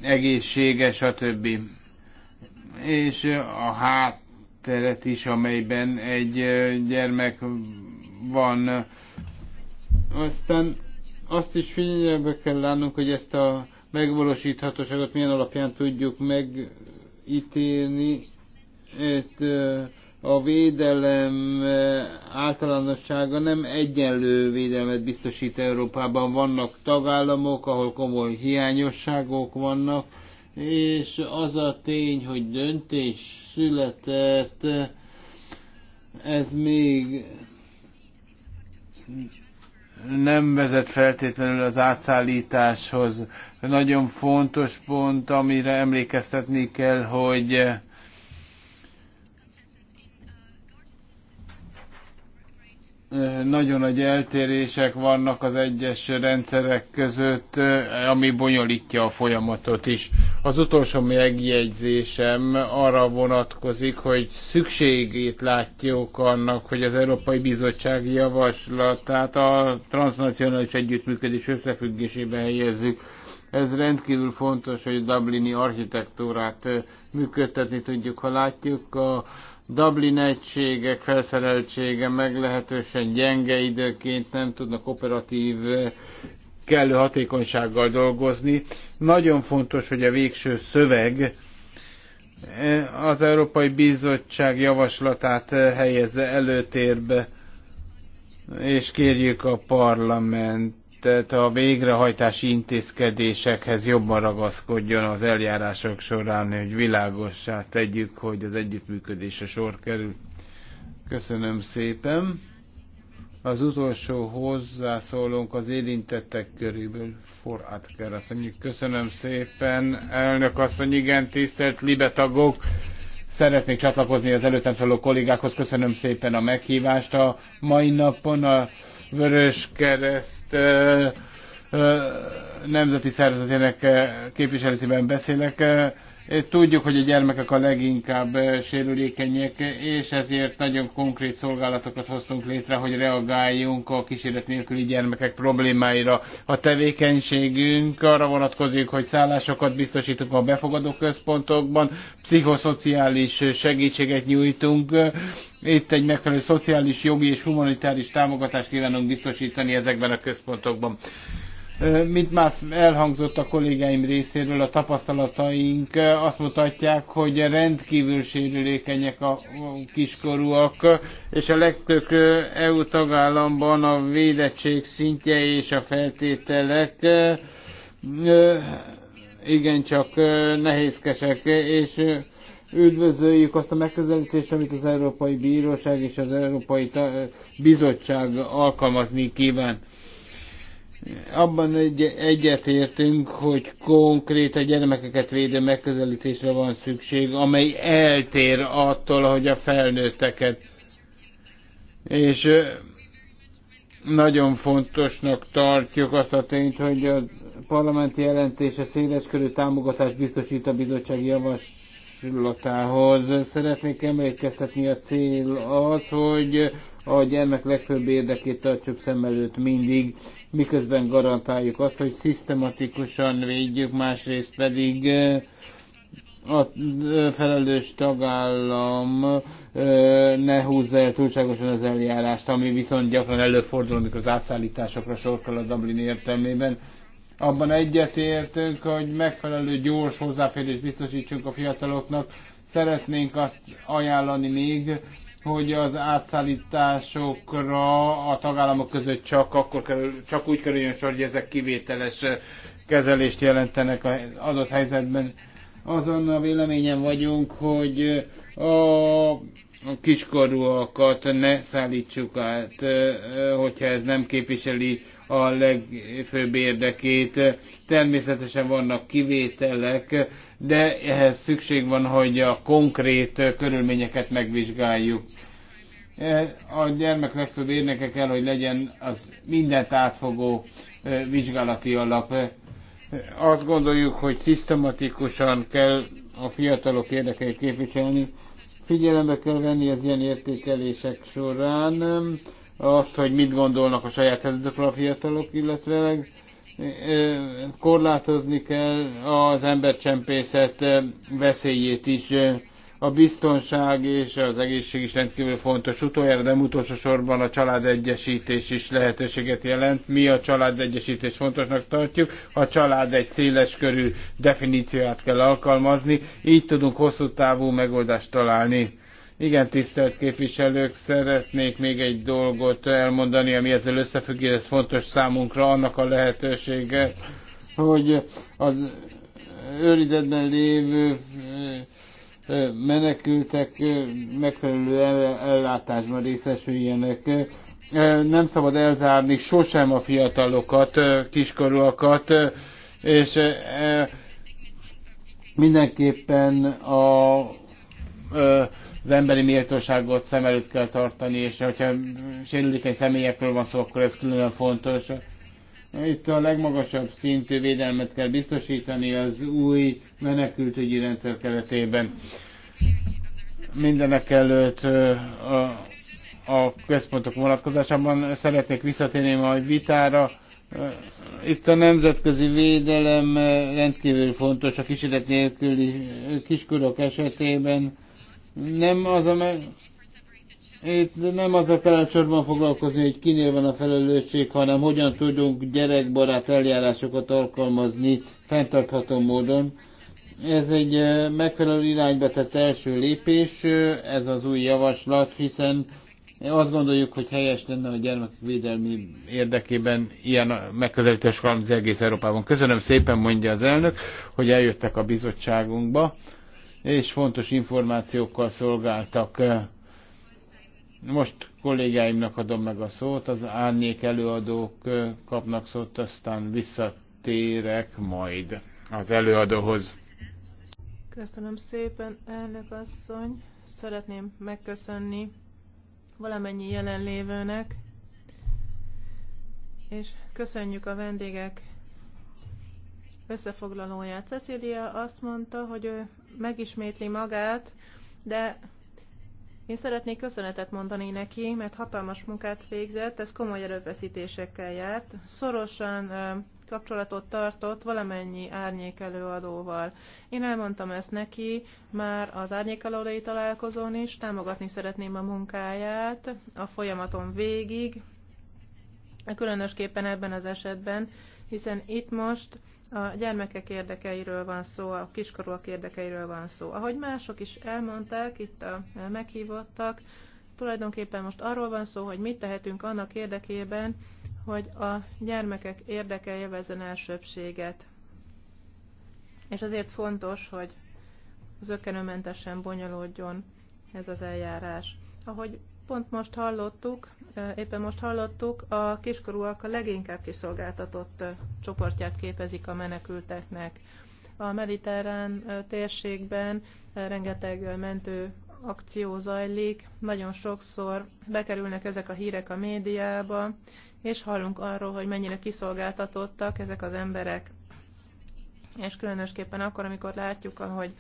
S2: egészséges, stb. És a hátteret is, amelyben egy gyermek van. Aztán azt is figyelembe kell látnunk, hogy ezt a megvalósíthatóságot milyen alapján tudjuk megítélni. Itt, a védelem eh, általánossága nem egyenlő védelmet biztosít Európában. Vannak tagállamok, ahol komoly hiányosságok vannak, és az a tény, hogy döntés született, ez még nem vezet feltétlenül az átszállításhoz. Nagyon fontos pont, amire emlékeztetni kell, hogy nagyon nagy eltérések vannak az egyes rendszerek között, ami bonyolítja a folyamatot is. Az utolsó megjegyzésem arra vonatkozik, hogy szükségét látjuk annak, hogy az Európai Bizottság javaslatát a transnacionális együttműködés összefüggésébe helyezzük. Ez rendkívül fontos, hogy a Dublini architektúrát működtetni tudjuk, ha látjuk a Dublin egységek felszereltsége meglehetősen gyenge időként, nem tudnak operatív eh, kellő hatékonysággal dolgozni. Nagyon fontos, hogy a végső szöveg eh, az Európai Bizottság javaslatát eh, helyezze előtérbe, és kérjük a parlament tehát a végrehajtási intézkedésekhez jobban ragaszkodjon az eljárások során, hogy világossá tegyük, hogy az együttműködésre sor kerül. Köszönöm szépen. Az utolsó hozzászólónk az érintettek köréből, Forátker asszony. Köszönöm szépen, elnök asszony, igen, tisztelt libetagok. Szeretnék csatlakozni az előttem szóló kollégákhoz. Köszönöm szépen a meghívást. A mai napon a Vörös Kereszt nemzeti szervezetének képviseletében beszélek. Tudjuk, hogy a gyermekek a leginkább eh, sérülékenyek, és ezért nagyon konkrét szolgálatokat hoztunk létre, hogy reagáljunk a kísérlet nélküli gyermekek problémáira. A tevékenységünk arra vonatkozik, hogy szállásokat biztosítunk a befogadó központokban, pszichoszociális segítséget nyújtunk, itt egy megfelelő szociális, jogi és humanitáris támogatást kívánunk biztosítani ezekben a központokban. Mint már elhangzott a kollégáim részéről, a tapasztalataink azt mutatják, hogy rendkívül sérülékenyek a kiskorúak, és a legtöbb EU tagállamban a védettség szintje és a feltételek igencsak nehézkesek, és üdvözöljük azt a megközelítést, amit az Európai Bíróság és az Európai Bizottság alkalmazni kíván abban egy, egyetértünk, hogy konkrét a gyermekeket védő megközelítésre van szükség, amely eltér attól, hogy a felnőtteket. És nagyon fontosnak tartjuk azt a tényt, hogy a parlamenti jelentése széleskörű támogatást biztosít a bizottság javaslatához. Szeretnék emlékeztetni, a cél az, hogy a gyermek legfőbb érdekét tartsuk szem előtt mindig, miközben garantáljuk azt, hogy szisztematikusan védjük, másrészt pedig a felelős tagállam ne húzza el túlságosan az eljárást, ami viszont gyakran előfordul, amikor az átszállításokra sor kell a Dublin értelmében. Abban egyetértünk, hogy megfelelő gyors hozzáférés biztosítsunk a fiataloknak. Szeretnénk azt ajánlani még, hogy az átszállításokra a tagállamok között csak, akkor kerül, csak úgy kerüljön sor, hogy ezek kivételes kezelést jelentenek az adott helyzetben. Azon a véleményen vagyunk, hogy a kiskorúakat ne szállítsuk át, hogyha ez nem képviseli a legfőbb érdekét. Természetesen vannak kivételek, de ehhez szükség van, hogy a konkrét körülményeket megvizsgáljuk. E, a gyermek legtöbb érneke kell, hogy legyen az mindent átfogó vizsgálati alap. E, azt gondoljuk, hogy szisztematikusan kell a fiatalok érdekeit képviselni. Figyelembe kell venni az ilyen értékelések során azt, hogy mit gondolnak a saját helyzetekről a fiatalok, illetve korlátozni kell az embercsempészet veszélyét is. A biztonság és az egészség is rendkívül fontos. Utoljára, de utolsó sorban a családegyesítés is lehetőséget jelent. Mi a családegyesítés fontosnak tartjuk. A család egy széles körű definícióját kell alkalmazni. Így tudunk hosszú távú megoldást találni igen, tisztelt képviselők, szeretnék még egy dolgot elmondani, ami ezzel összefüggés, ez fontos számunkra, annak a lehetősége, hogy az őrizetben lévő eh, eh, menekültek eh, megfelelő ellátásban részesüljenek. Nem szabad elzárni sosem a fiatalokat, kiskorúakat, és mindenképpen a az emberi méltóságot szem előtt kell tartani, és hogyha sérülékeny személyekről van szó, akkor ez különösen fontos. Itt a legmagasabb szintű védelmet kell biztosítani az új menekültügyi rendszer keretében. Mindenek előtt a, a központok vonatkozásában szeretnék visszatérni a vitára. Itt a nemzetközi védelem rendkívül fontos a kísérlet nélküli kiskorok esetében nem az a Itt nem az a elsősorban foglalkozni, hogy kinél van a felelősség, hanem hogyan tudunk gyerekbarát eljárásokat alkalmazni fenntartható módon. Ez egy megfelelő irányba tett első lépés, ez az új javaslat, hiszen azt gondoljuk, hogy helyes lenne a gyermekek védelmi érdekében ilyen megközelítés az egész Európában. Köszönöm szépen, mondja az elnök, hogy eljöttek a bizottságunkba és fontos információkkal szolgáltak. Most kollégáimnak adom meg a szót, az árnyék előadók kapnak szót, aztán visszatérek majd az előadóhoz.
S3: Köszönöm szépen, elnök asszony. Szeretném megköszönni valamennyi jelenlévőnek, és köszönjük a vendégek összefoglalóját. Cecilia azt mondta, hogy ő megismétli magát, de én szeretnék köszönetet mondani neki, mert hatalmas munkát végzett, ez komoly erőfeszítésekkel járt. Szorosan kapcsolatot tartott valamennyi árnyék előadóval. Én elmondtam ezt neki, már az árnyék előadói találkozón is, támogatni szeretném a munkáját a folyamaton végig, különösképpen ebben az esetben, hiszen itt most a gyermekek érdekeiről van szó, a kiskorúak érdekeiről van szó. Ahogy mások is elmondták, itt a meghívottak, tulajdonképpen most arról van szó, hogy mit tehetünk annak érdekében, hogy a gyermekek érdeke élvezzen elsőbséget. És azért fontos, hogy zökkenőmentesen bonyolódjon ez az eljárás. Ahogy Pont most hallottuk, éppen most hallottuk, a kiskorúak a leginkább kiszolgáltatott csoportját képezik a menekülteknek. A mediterrán térségben rengeteg mentő akció zajlik, nagyon sokszor bekerülnek ezek a hírek a médiába, és hallunk arról, hogy mennyire kiszolgáltatottak ezek az emberek. És különösképpen akkor, amikor látjuk, ahogy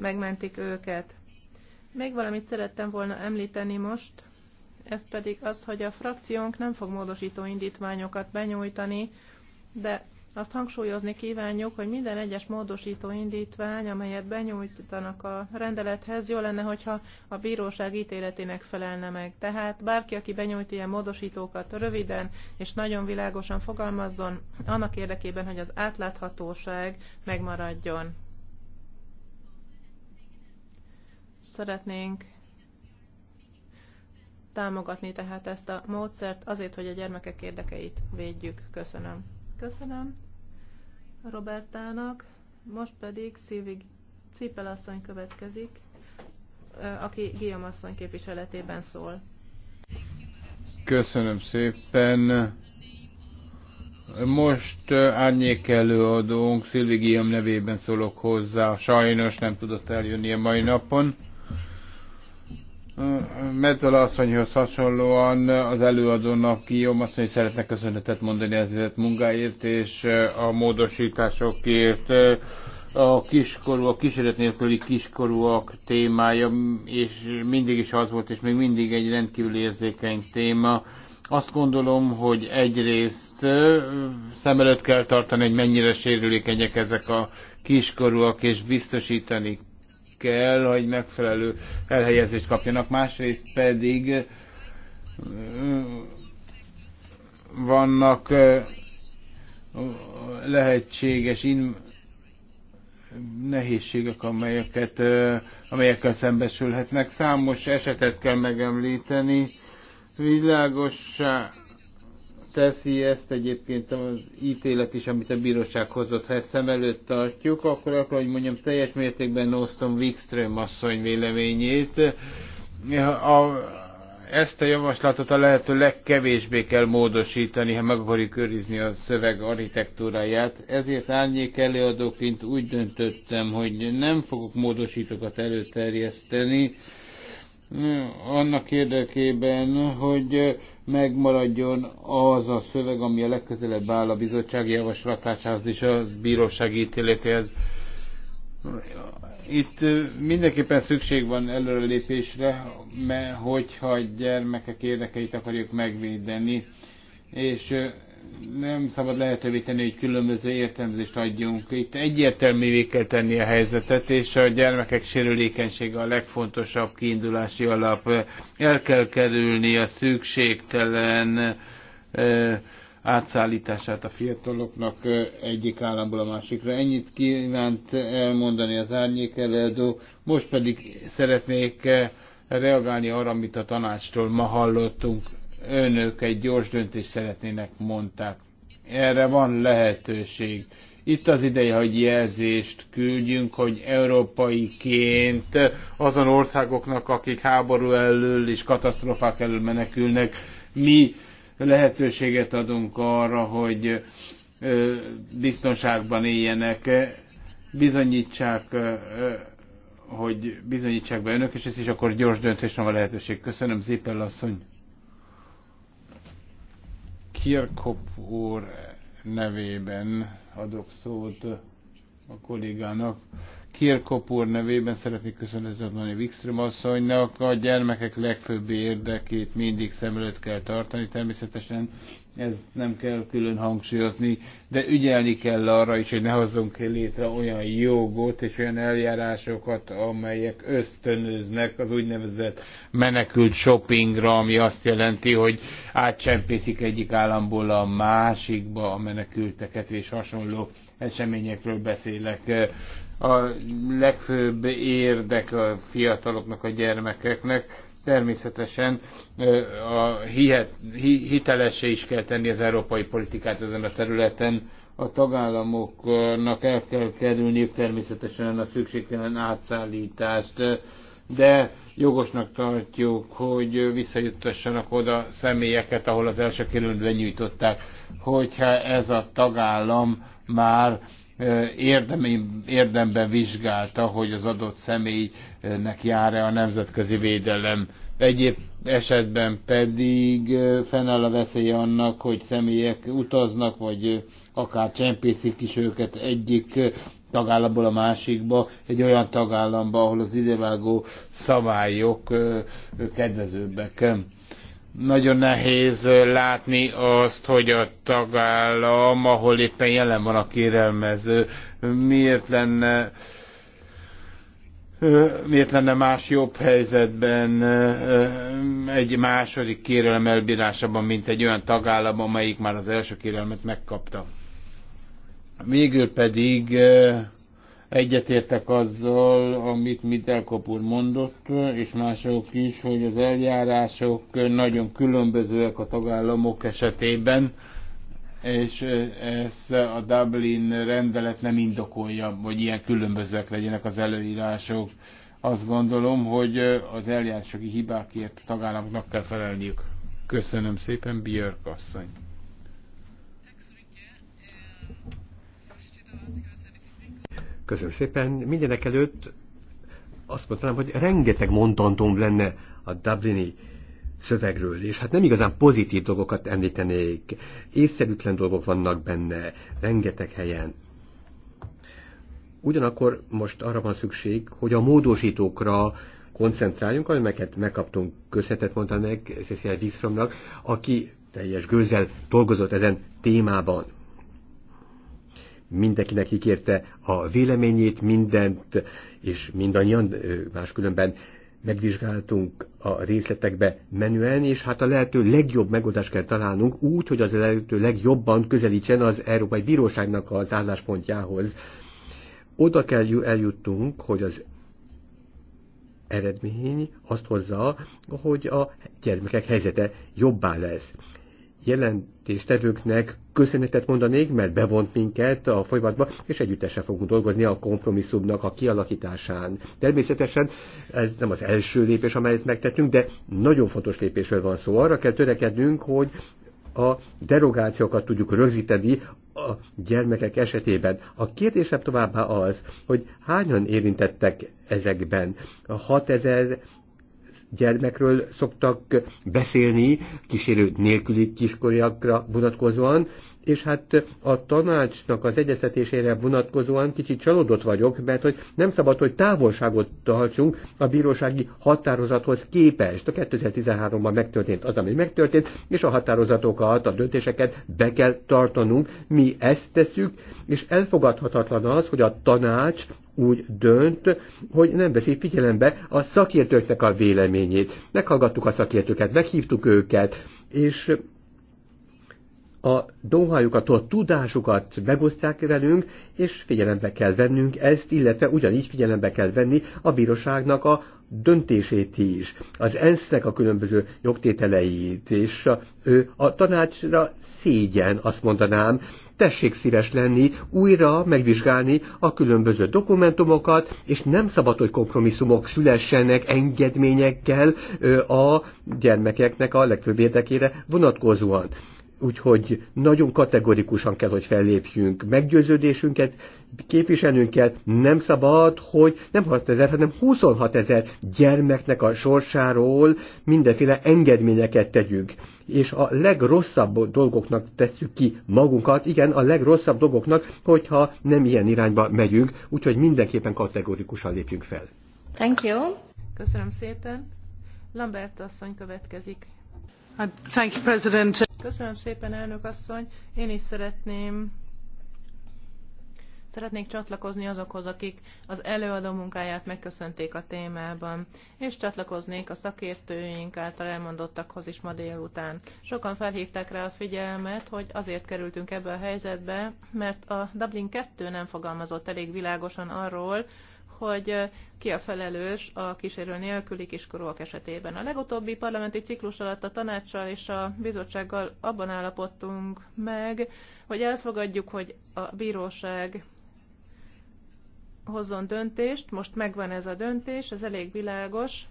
S3: megmentik őket. Még valamit szerettem volna említeni most, ez pedig az, hogy a frakciónk nem fog módosító indítványokat benyújtani, de azt hangsúlyozni kívánjuk, hogy minden egyes módosító indítvány, amelyet benyújtanak a rendelethez, jó lenne, hogyha a bíróság ítéletének felelne meg. Tehát bárki, aki benyújt ilyen módosítókat röviden és nagyon világosan fogalmazzon, annak érdekében, hogy az átláthatóság megmaradjon. Szeretnénk támogatni tehát ezt a módszert azért, hogy a gyermekek érdekeit védjük. Köszönöm. Köszönöm Robertának. Most pedig Szilvi Cipelasszony következik, aki Guillaume asszony képviseletében szól.
S2: Köszönöm szépen. Most árnyék előadónk Szilvi Guillaume nevében szólok hozzá. Sajnos nem tudott eljönni a mai napon Metzola asszonyhoz hasonlóan az előadónak Guillaume asszony szeretne köszönetet mondani ezért munkáért és eh, a módosításokért a kiskorú, a kísérlet nélküli kiskorúak témája, és mindig is az volt, és még mindig egy rendkívül érzékeny téma. Azt gondolom, hogy egyrészt eh, szem előtt kell tartani, hogy mennyire sérülékenyek ezek a kiskorúak, és biztosítani kell, hogy megfelelő elhelyezést kapjanak, másrészt pedig vannak lehetséges in nehézségek, amelyeket, amelyekkel szembesülhetnek. Számos esetet kell megemlíteni. Világos teszi ezt egyébként az ítélet is, amit a bíróság hozott. Ha ezt szem előtt tartjuk, akkor akkor, hogy mondjam, teljes mértékben osztom Wikström asszony véleményét. A, ezt a javaslatot a lehető legkevésbé kell módosítani, ha meg akarjuk őrizni a szöveg architektúráját. Ezért árnyék előadóként úgy döntöttem, hogy nem fogok módosítókat előterjeszteni, annak érdekében, hogy megmaradjon az a szöveg, ami a legközelebb áll a bizottság javaslatásához és a bírósági ítéletéhez. Itt mindenképpen szükség van előrelépésre, mert hogyha gyermekek érdekeit akarjuk megvédeni, és nem szabad lehetővé tenni, hogy különböző értelmezést adjunk. Itt egyértelművé kell tenni a helyzetet, és a gyermekek sérülékenysége a legfontosabb kiindulási alap. El kell kerülni a szükségtelen ö, átszállítását a fiataloknak egyik államból a másikra. Ennyit kívánt elmondani az árnyék előadó. Most pedig szeretnék reagálni arra, amit a tanácstól ma hallottunk önök egy gyors döntést szeretnének, mondták. Erre van lehetőség. Itt az ideje, hogy jelzést küldjünk, hogy európaiként azon országoknak, akik háború elől és katasztrofák elől menekülnek, mi lehetőséget adunk arra, hogy biztonságban éljenek, bizonyítsák, hogy bizonyítsák be önök, és ez is akkor gyors döntésre van lehetőség. Köszönöm, Zépel asszony. Kirkop úr nevében adok szót a kollégának, Kirkop nevében szeretnék köszönetet mondani Wikström asszonynak. A gyermekek legfőbb érdekét mindig szem előtt kell tartani, természetesen ez nem kell külön hangsúlyozni, de ügyelni kell arra is, hogy ne hozzunk létre olyan jogot és olyan eljárásokat, amelyek ösztönöznek az úgynevezett menekült shoppingra, ami azt jelenti, hogy átcsempészik egyik államból a másikba a menekülteket és hasonló eseményekről beszélek a legfőbb érdek a fiataloknak, a gyermekeknek. Természetesen a hitelesé is kell tenni az európai politikát ezen a területen. A tagállamoknak el kell kerülniük természetesen a szükségtelen átszállítást, de jogosnak tartjuk, hogy visszajuttassanak oda személyeket, ahol az első kerületben nyújtották, hogyha ez a tagállam már érdemi, érdemben vizsgálta, hogy az adott személynek jár-e a nemzetközi védelem. Egyéb esetben pedig fennáll a veszély annak, hogy személyek utaznak, vagy akár csempészik is őket egyik tagállamból a másikba, egy olyan tagállamba, ahol az idevágó szabályok kedvezőbbek. Nagyon nehéz látni azt, hogy a tagállam, ahol éppen jelen van a kérelmező, miért lenne miért lenne más jobb helyzetben egy második kérelem elbírásában, mint egy olyan tagállam, amelyik már az első kérelmet megkapta. Végül pedig Egyetértek azzal, amit Mitelkap úr mondott, és mások is, hogy az eljárások nagyon különbözőek a tagállamok esetében, és ez a Dublin rendelet nem indokolja, hogy ilyen különbözőek legyenek az előírások. Azt gondolom, hogy az eljárásoki hibákért a tagállamoknak kell felelniük. Köszönöm szépen, Björk asszony.
S4: Köszönöm szépen. Mindenek előtt azt mondanám, hogy rengeteg mondantom lenne a Dublini szövegről, és hát nem igazán pozitív dolgokat említenék. Észszerűtlen dolgok vannak benne, rengeteg helyen. Ugyanakkor most arra van szükség, hogy a módosítókra koncentráljunk, amelyeket megkaptunk, köszönetet mondta meg Cecilia Wikströmnak, aki teljes gőzzel dolgozott ezen témában mindenkinek kikérte a véleményét, mindent, és mindannyian máskülönben megvizsgáltunk a részletekbe menően, és hát a lehető legjobb megoldást kell találnunk úgy, hogy az lehető legjobban közelítsen az Európai Bíróságnak az álláspontjához. Oda kell eljutnunk, hogy az eredmény azt hozza, hogy a gyermekek helyzete jobbá lesz jelentéstevőknek köszönetet mondanék, mert bevont minket a folyamatba, és együttesen fogunk dolgozni a kompromisszumnak a kialakításán. Természetesen ez nem az első lépés, amelyet megtettünk, de nagyon fontos lépésről van szó. Arra kell törekednünk, hogy a derogációkat tudjuk rögzíteni a gyermekek esetében. A kérdésem továbbá az, hogy hányan érintettek ezekben? a 6000 gyermekről szoktak beszélni, kísérő nélküli kiskoriakra vonatkozóan, és hát a tanácsnak az egyeztetésére vonatkozóan kicsit csalódott vagyok, mert hogy nem szabad, hogy távolságot tartsunk a bírósági határozathoz képest. A 2013-ban megtörtént az, ami megtörtént, és a határozatokat, a döntéseket be kell tartanunk. Mi ezt tesszük, és elfogadhatatlan az, hogy a tanács úgy dönt, hogy nem veszi figyelembe a szakértőknek a véleményét. Meghallgattuk a szakértőket, meghívtuk őket, és a donhajukat, a tudásukat megosztják velünk, és figyelembe kell vennünk ezt, illetve ugyanígy figyelembe kell venni a bíróságnak a döntését is, az ensz a különböző jogtételeit, és a, ő a tanácsra szégyen, azt mondanám, tessék szíves lenni, újra megvizsgálni a különböző dokumentumokat, és nem szabad, hogy kompromisszumok szülessenek engedményekkel a gyermekeknek a legfőbb érdekére vonatkozóan. Úgyhogy nagyon kategorikusan kell, hogy fellépjünk. Meggyőződésünket képviselnünk kell. Nem szabad, hogy nem 6 ezer, hanem 26 ezer gyermeknek a sorsáról mindenféle engedményeket tegyünk. És a legrosszabb dolgoknak tesszük ki magunkat. Igen, a legrosszabb dolgoknak, hogyha nem ilyen irányba megyünk. Úgyhogy mindenképpen kategorikusan lépjünk fel.
S3: Thank you. Köszönöm szépen. Lambert asszony következik. Uh, Köszönöm szépen, elnök asszony. Én is szeretném Szeretnék csatlakozni azokhoz, akik az előadó munkáját megköszönték a témában, és csatlakoznék a szakértőink által elmondottakhoz is ma délután. Sokan felhívták rá a figyelmet, hogy azért kerültünk ebbe a helyzetbe, mert a Dublin 2 nem fogalmazott elég világosan arról, hogy ki a felelős a kísérő nélküli kiskorúak esetében. A legutóbbi parlamenti ciklus alatt a tanácssal és a bizottsággal abban állapodtunk meg, hogy elfogadjuk, hogy a bíróság hozzon döntést, most megvan ez a döntés, ez elég világos,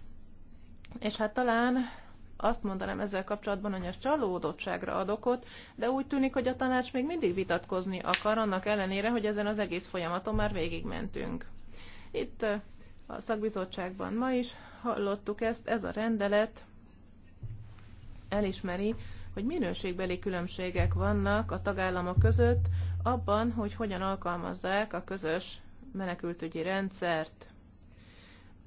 S3: és hát talán azt mondanám ezzel kapcsolatban, hogy ez csalódottságra ad okot, de úgy tűnik, hogy a tanács még mindig vitatkozni akar, annak ellenére, hogy ezen az egész folyamaton már végigmentünk. Itt a szakbizottságban ma is hallottuk ezt, ez a rendelet elismeri, hogy minőségbeli különbségek vannak a tagállamok között abban, hogy hogyan alkalmazzák a közös menekültügyi rendszert.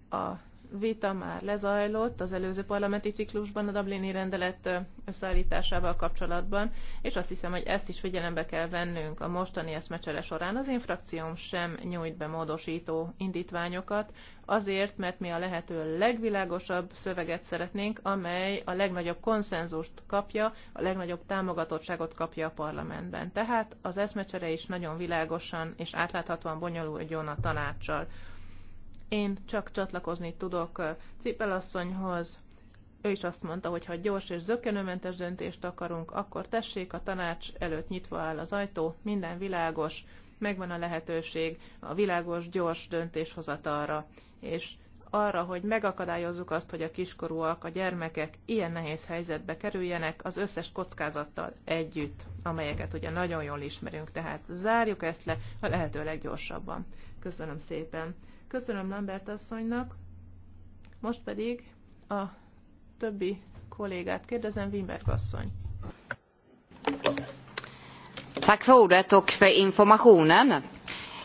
S3: A vita már lezajlott az előző parlamenti ciklusban a Dublini rendelet összeállításával kapcsolatban, és azt hiszem, hogy ezt is figyelembe kell vennünk a mostani eszmecsere során. Az én frakcióm sem nyújt be módosító indítványokat, azért, mert mi a lehető legvilágosabb szöveget szeretnénk, amely a legnagyobb konszenzust kapja, a legnagyobb támogatottságot kapja a parlamentben. Tehát az eszmecsere is nagyon világosan és átláthatóan bonyoluljon a tanácssal. Én csak csatlakozni tudok Cipelasszonyhoz Ő is azt mondta, hogy ha gyors és zökkenőmentes döntést akarunk, akkor tessék, a tanács előtt nyitva áll az ajtó, minden világos, megvan a lehetőség a világos, gyors döntéshozatalra. És arra, hogy megakadályozzuk azt, hogy a kiskorúak, a gyermekek ilyen nehéz helyzetbe kerüljenek az összes kockázattal együtt, amelyeket ugye nagyon jól ismerünk. Tehát zárjuk ezt le a lehető leggyorsabban. Köszönöm szépen. Köszönöm Lambert asszonynak. Most pedig a többi kollégát kérdezem, Wimberg asszony. Tack för ordet och för informationen.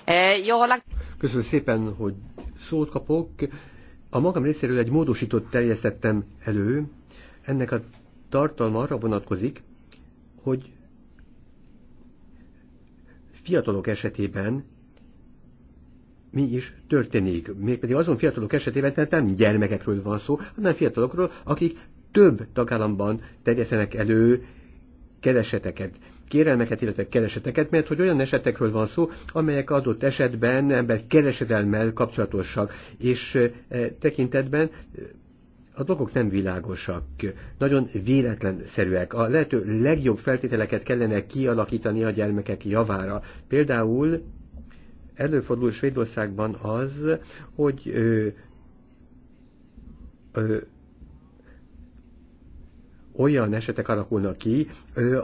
S3: Eh, jag har lagt...
S4: Köszönöm szépen, hogy szót kapok. A magam részéről egy módosított terjesztettem elő, ennek a tartalma arra vonatkozik, hogy fiatalok esetében mi is történik. Mégpedig azon fiatalok esetében, tehát nem gyermekekről van szó, hanem fiatalokról, akik több tagállamban terjesztenek elő kereseteket kérelmeket, illetve kereseteket, mert hogy olyan esetekről van szó, amelyek adott esetben ember keresedelmel kapcsolatosak, és tekintetben a dolgok nem világosak, nagyon véletlenszerűek. A lehető legjobb feltételeket kellene kialakítani a gyermekek javára. Például előfordul Svédországban az, hogy ö, ö, olyan esetek alakulnak ki,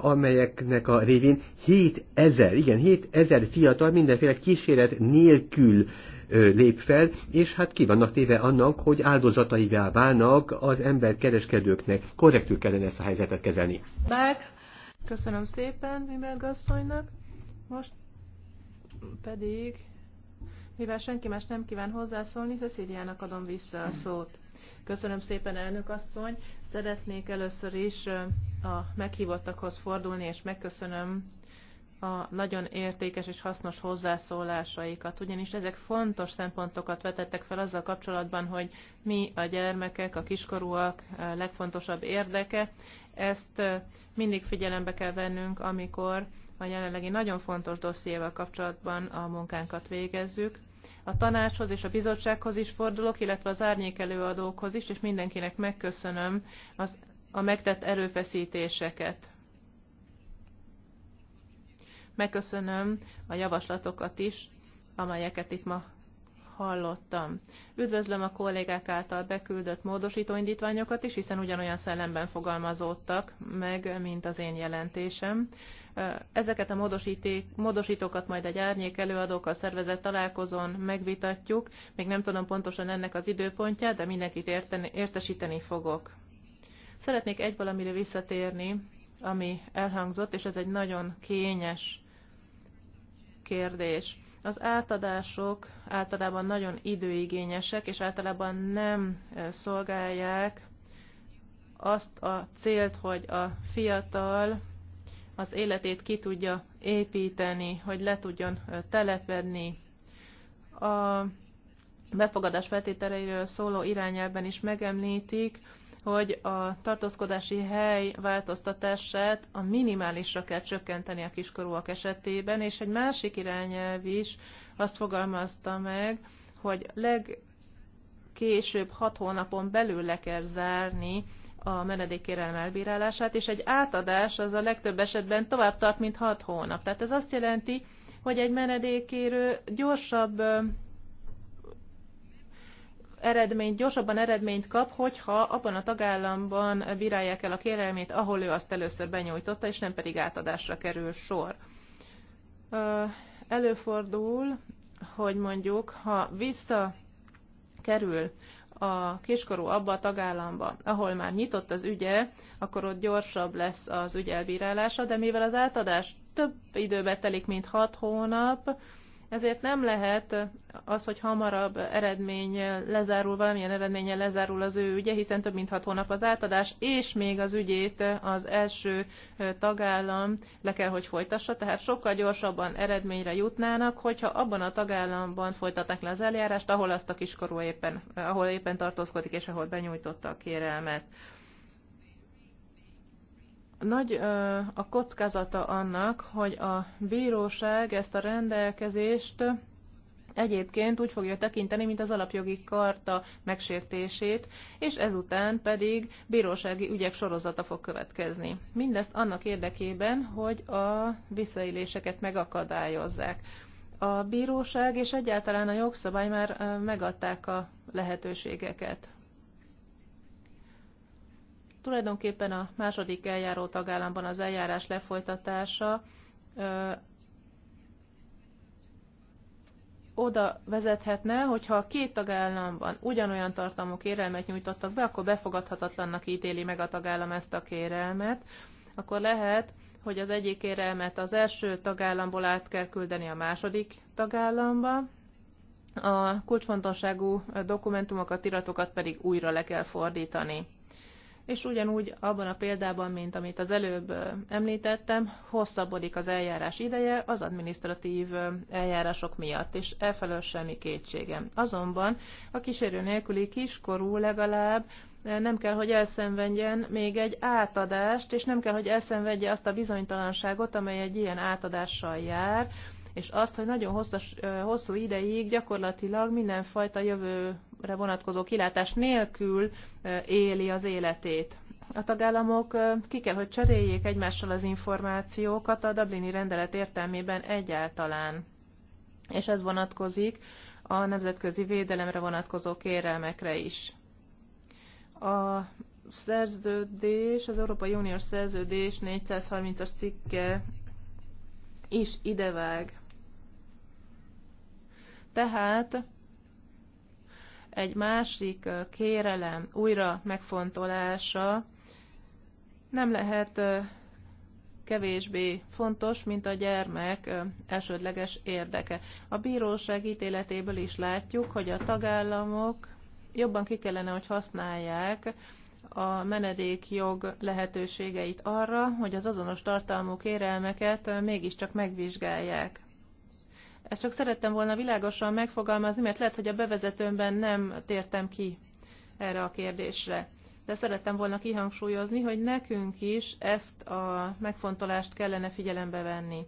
S4: amelyeknek a révén 7000, igen, 7000 fiatal mindenféle kíséret nélkül lép fel, és hát ki vannak téve annak, hogy áldozataivá válnak az emberkereskedőknek. Korrektül kellene ezt a helyzetet kezelni.
S3: Bák, köszönöm szépen Mimel Gasszonynak. Most pedig, mivel senki más nem kíván hozzászólni, Ceciliának adom vissza a szót. Köszönöm szépen, elnök asszony. Szeretnék először is a meghívottakhoz fordulni, és megköszönöm a nagyon értékes és hasznos hozzászólásaikat, ugyanis ezek fontos szempontokat vetettek fel azzal kapcsolatban, hogy mi a gyermekek, a kiskorúak legfontosabb érdeke. Ezt mindig figyelembe kell vennünk, amikor a jelenlegi nagyon fontos dossziéval kapcsolatban a munkánkat végezzük a tanácshoz és a bizottsághoz is fordulok, illetve az árnyék előadókhoz is, és mindenkinek megköszönöm az, a megtett erőfeszítéseket. Megköszönöm a javaslatokat is, amelyeket itt ma hallottam. Üdvözlöm a kollégák által beküldött módosítóindítványokat indítványokat is, hiszen ugyanolyan szellemben fogalmazódtak meg, mint az én jelentésem. Ezeket a módosítókat majd egy árnyék előadókkal szervezett találkozón megvitatjuk. Még nem tudom pontosan ennek az időpontját, de mindenkit érteni, értesíteni fogok. Szeretnék egy valamire visszatérni, ami elhangzott, és ez egy nagyon kényes kérdés. Az átadások általában nagyon időigényesek, és általában nem e, szolgálják azt a célt, hogy a fiatal az életét ki tudja építeni, hogy le tudjon e, telepedni. A befogadás feltételeiről szóló irányelben is megemlítik, hogy a tartózkodási hely változtatását a minimálisra kell csökkenteni a kiskorúak esetében, és egy másik irányelv is azt fogalmazta meg, hogy legkésőbb hat hónapon belül le kell zárni a menedékkérelem elbírálását, és egy átadás az a legtöbb esetben tovább tart, mint hat hónap. Tehát ez azt jelenti, hogy egy menedékérő gyorsabb eredményt, gyorsabban eredményt kap, hogyha abban a tagállamban bírálják el a kérelmét, ahol ő azt először benyújtotta, és nem pedig átadásra kerül sor. Előfordul, hogy mondjuk, ha vissza kerül a kiskorú abba a tagállamba, ahol már nyitott az ügye, akkor ott gyorsabb lesz az ügy elbírálása, de mivel az átadás több időbe telik, mint hat hónap, ezért nem lehet az, hogy hamarabb eredmény lezárul, valamilyen eredménye lezárul az ő ügye, hiszen több mint hat hónap az átadás, és még az ügyét az első tagállam le kell, hogy folytassa, tehát sokkal gyorsabban eredményre jutnának, hogyha abban a tagállamban folytatnak le az eljárást, ahol azt a kiskorú éppen, ahol éppen tartózkodik, és ahol benyújtotta a kérelmet. Nagy ö, a kockázata annak, hogy a bíróság ezt a rendelkezést egyébként úgy fogja tekinteni, mint az alapjogi karta megsértését, és ezután pedig bírósági ügyek sorozata fog következni. Mindezt annak érdekében, hogy a visszaéléseket megakadályozzák. A bíróság és egyáltalán a jogszabály már megadták a lehetőségeket. Tulajdonképpen a második eljáró tagállamban az eljárás lefolytatása oda vezethetne, hogyha a két tagállamban ugyanolyan tartalmú kérelmet nyújtottak be, akkor befogadhatatlannak ítéli meg a tagállam ezt a kérelmet, akkor lehet, hogy az egyik kérelmet az első tagállamból át kell küldeni a második tagállamba, a kulcsfontosságú dokumentumokat, iratokat pedig újra le kell fordítani és ugyanúgy abban a példában, mint amit az előbb említettem, hosszabbodik az eljárás ideje az administratív eljárások miatt, és elfelől semmi kétségem. Azonban a kísérő nélküli kiskorú legalább nem kell, hogy elszenvedjen még egy átadást, és nem kell, hogy elszenvedje azt a bizonytalanságot, amely egy ilyen átadással jár, és azt, hogy nagyon hosszas, hosszú ideig gyakorlatilag mindenfajta jövőre vonatkozó kilátás nélkül éli az életét. A tagállamok ki kell, hogy cseréljék egymással az információkat a Dublini rendelet értelmében egyáltalán. És ez vonatkozik a nemzetközi védelemre vonatkozó kérelmekre is. A szerződés, az Európai Uniós szerződés 430-as cikke is idevág tehát egy másik kérelem újra megfontolása nem lehet kevésbé fontos, mint a gyermek elsődleges érdeke. A bíróság ítéletéből is látjuk, hogy a tagállamok jobban ki kellene, hogy használják a menedékjog lehetőségeit arra, hogy az azonos tartalmú kérelmeket mégiscsak megvizsgálják. Ezt csak szerettem volna világosan megfogalmazni, mert lehet, hogy a bevezetőmben nem tértem ki erre a kérdésre. De szerettem volna kihangsúlyozni, hogy nekünk is ezt a megfontolást kellene figyelembe venni.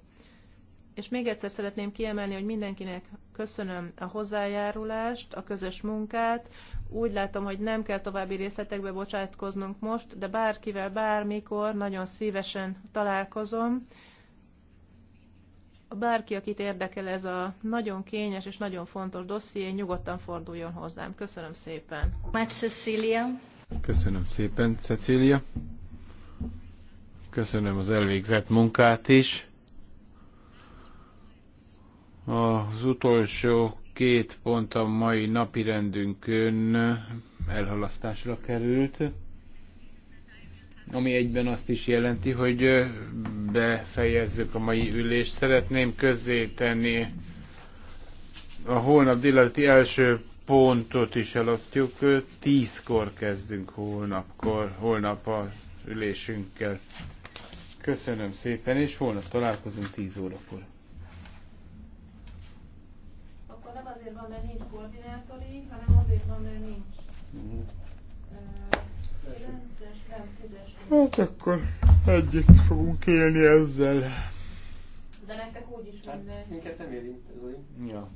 S3: És még egyszer szeretném kiemelni, hogy mindenkinek köszönöm a hozzájárulást, a közös munkát. Úgy látom, hogy nem kell további részletekbe bocsátkoznunk most, de bárkivel, bármikor nagyon szívesen találkozom bárki, akit érdekel ez a nagyon kényes és nagyon fontos dosszié, nyugodtan forduljon hozzám. Köszönöm szépen. Mert Cecilia.
S2: Köszönöm szépen, Cecília. Köszönöm az elvégzett munkát is. Az utolsó két pont a mai napirendünkön elhalasztásra került ami egyben azt is jelenti, hogy befejezzük a mai ülést. Szeretném közzétenni a holnap délelőtti első pontot is elosztjuk. Tízkor kezdünk holnapkor, holnap a ülésünkkel. Köszönöm szépen, és holnap találkozunk 10 órakor. Akkor nem azért van, mert nincs koordinátori,
S1: hanem azért van, mert nincs. Mm-hmm. Hát akkor együtt fogunk élni ezzel. De nektek úgy is hát, mindegy. Hát, minket nem érint, Zoli. Ja.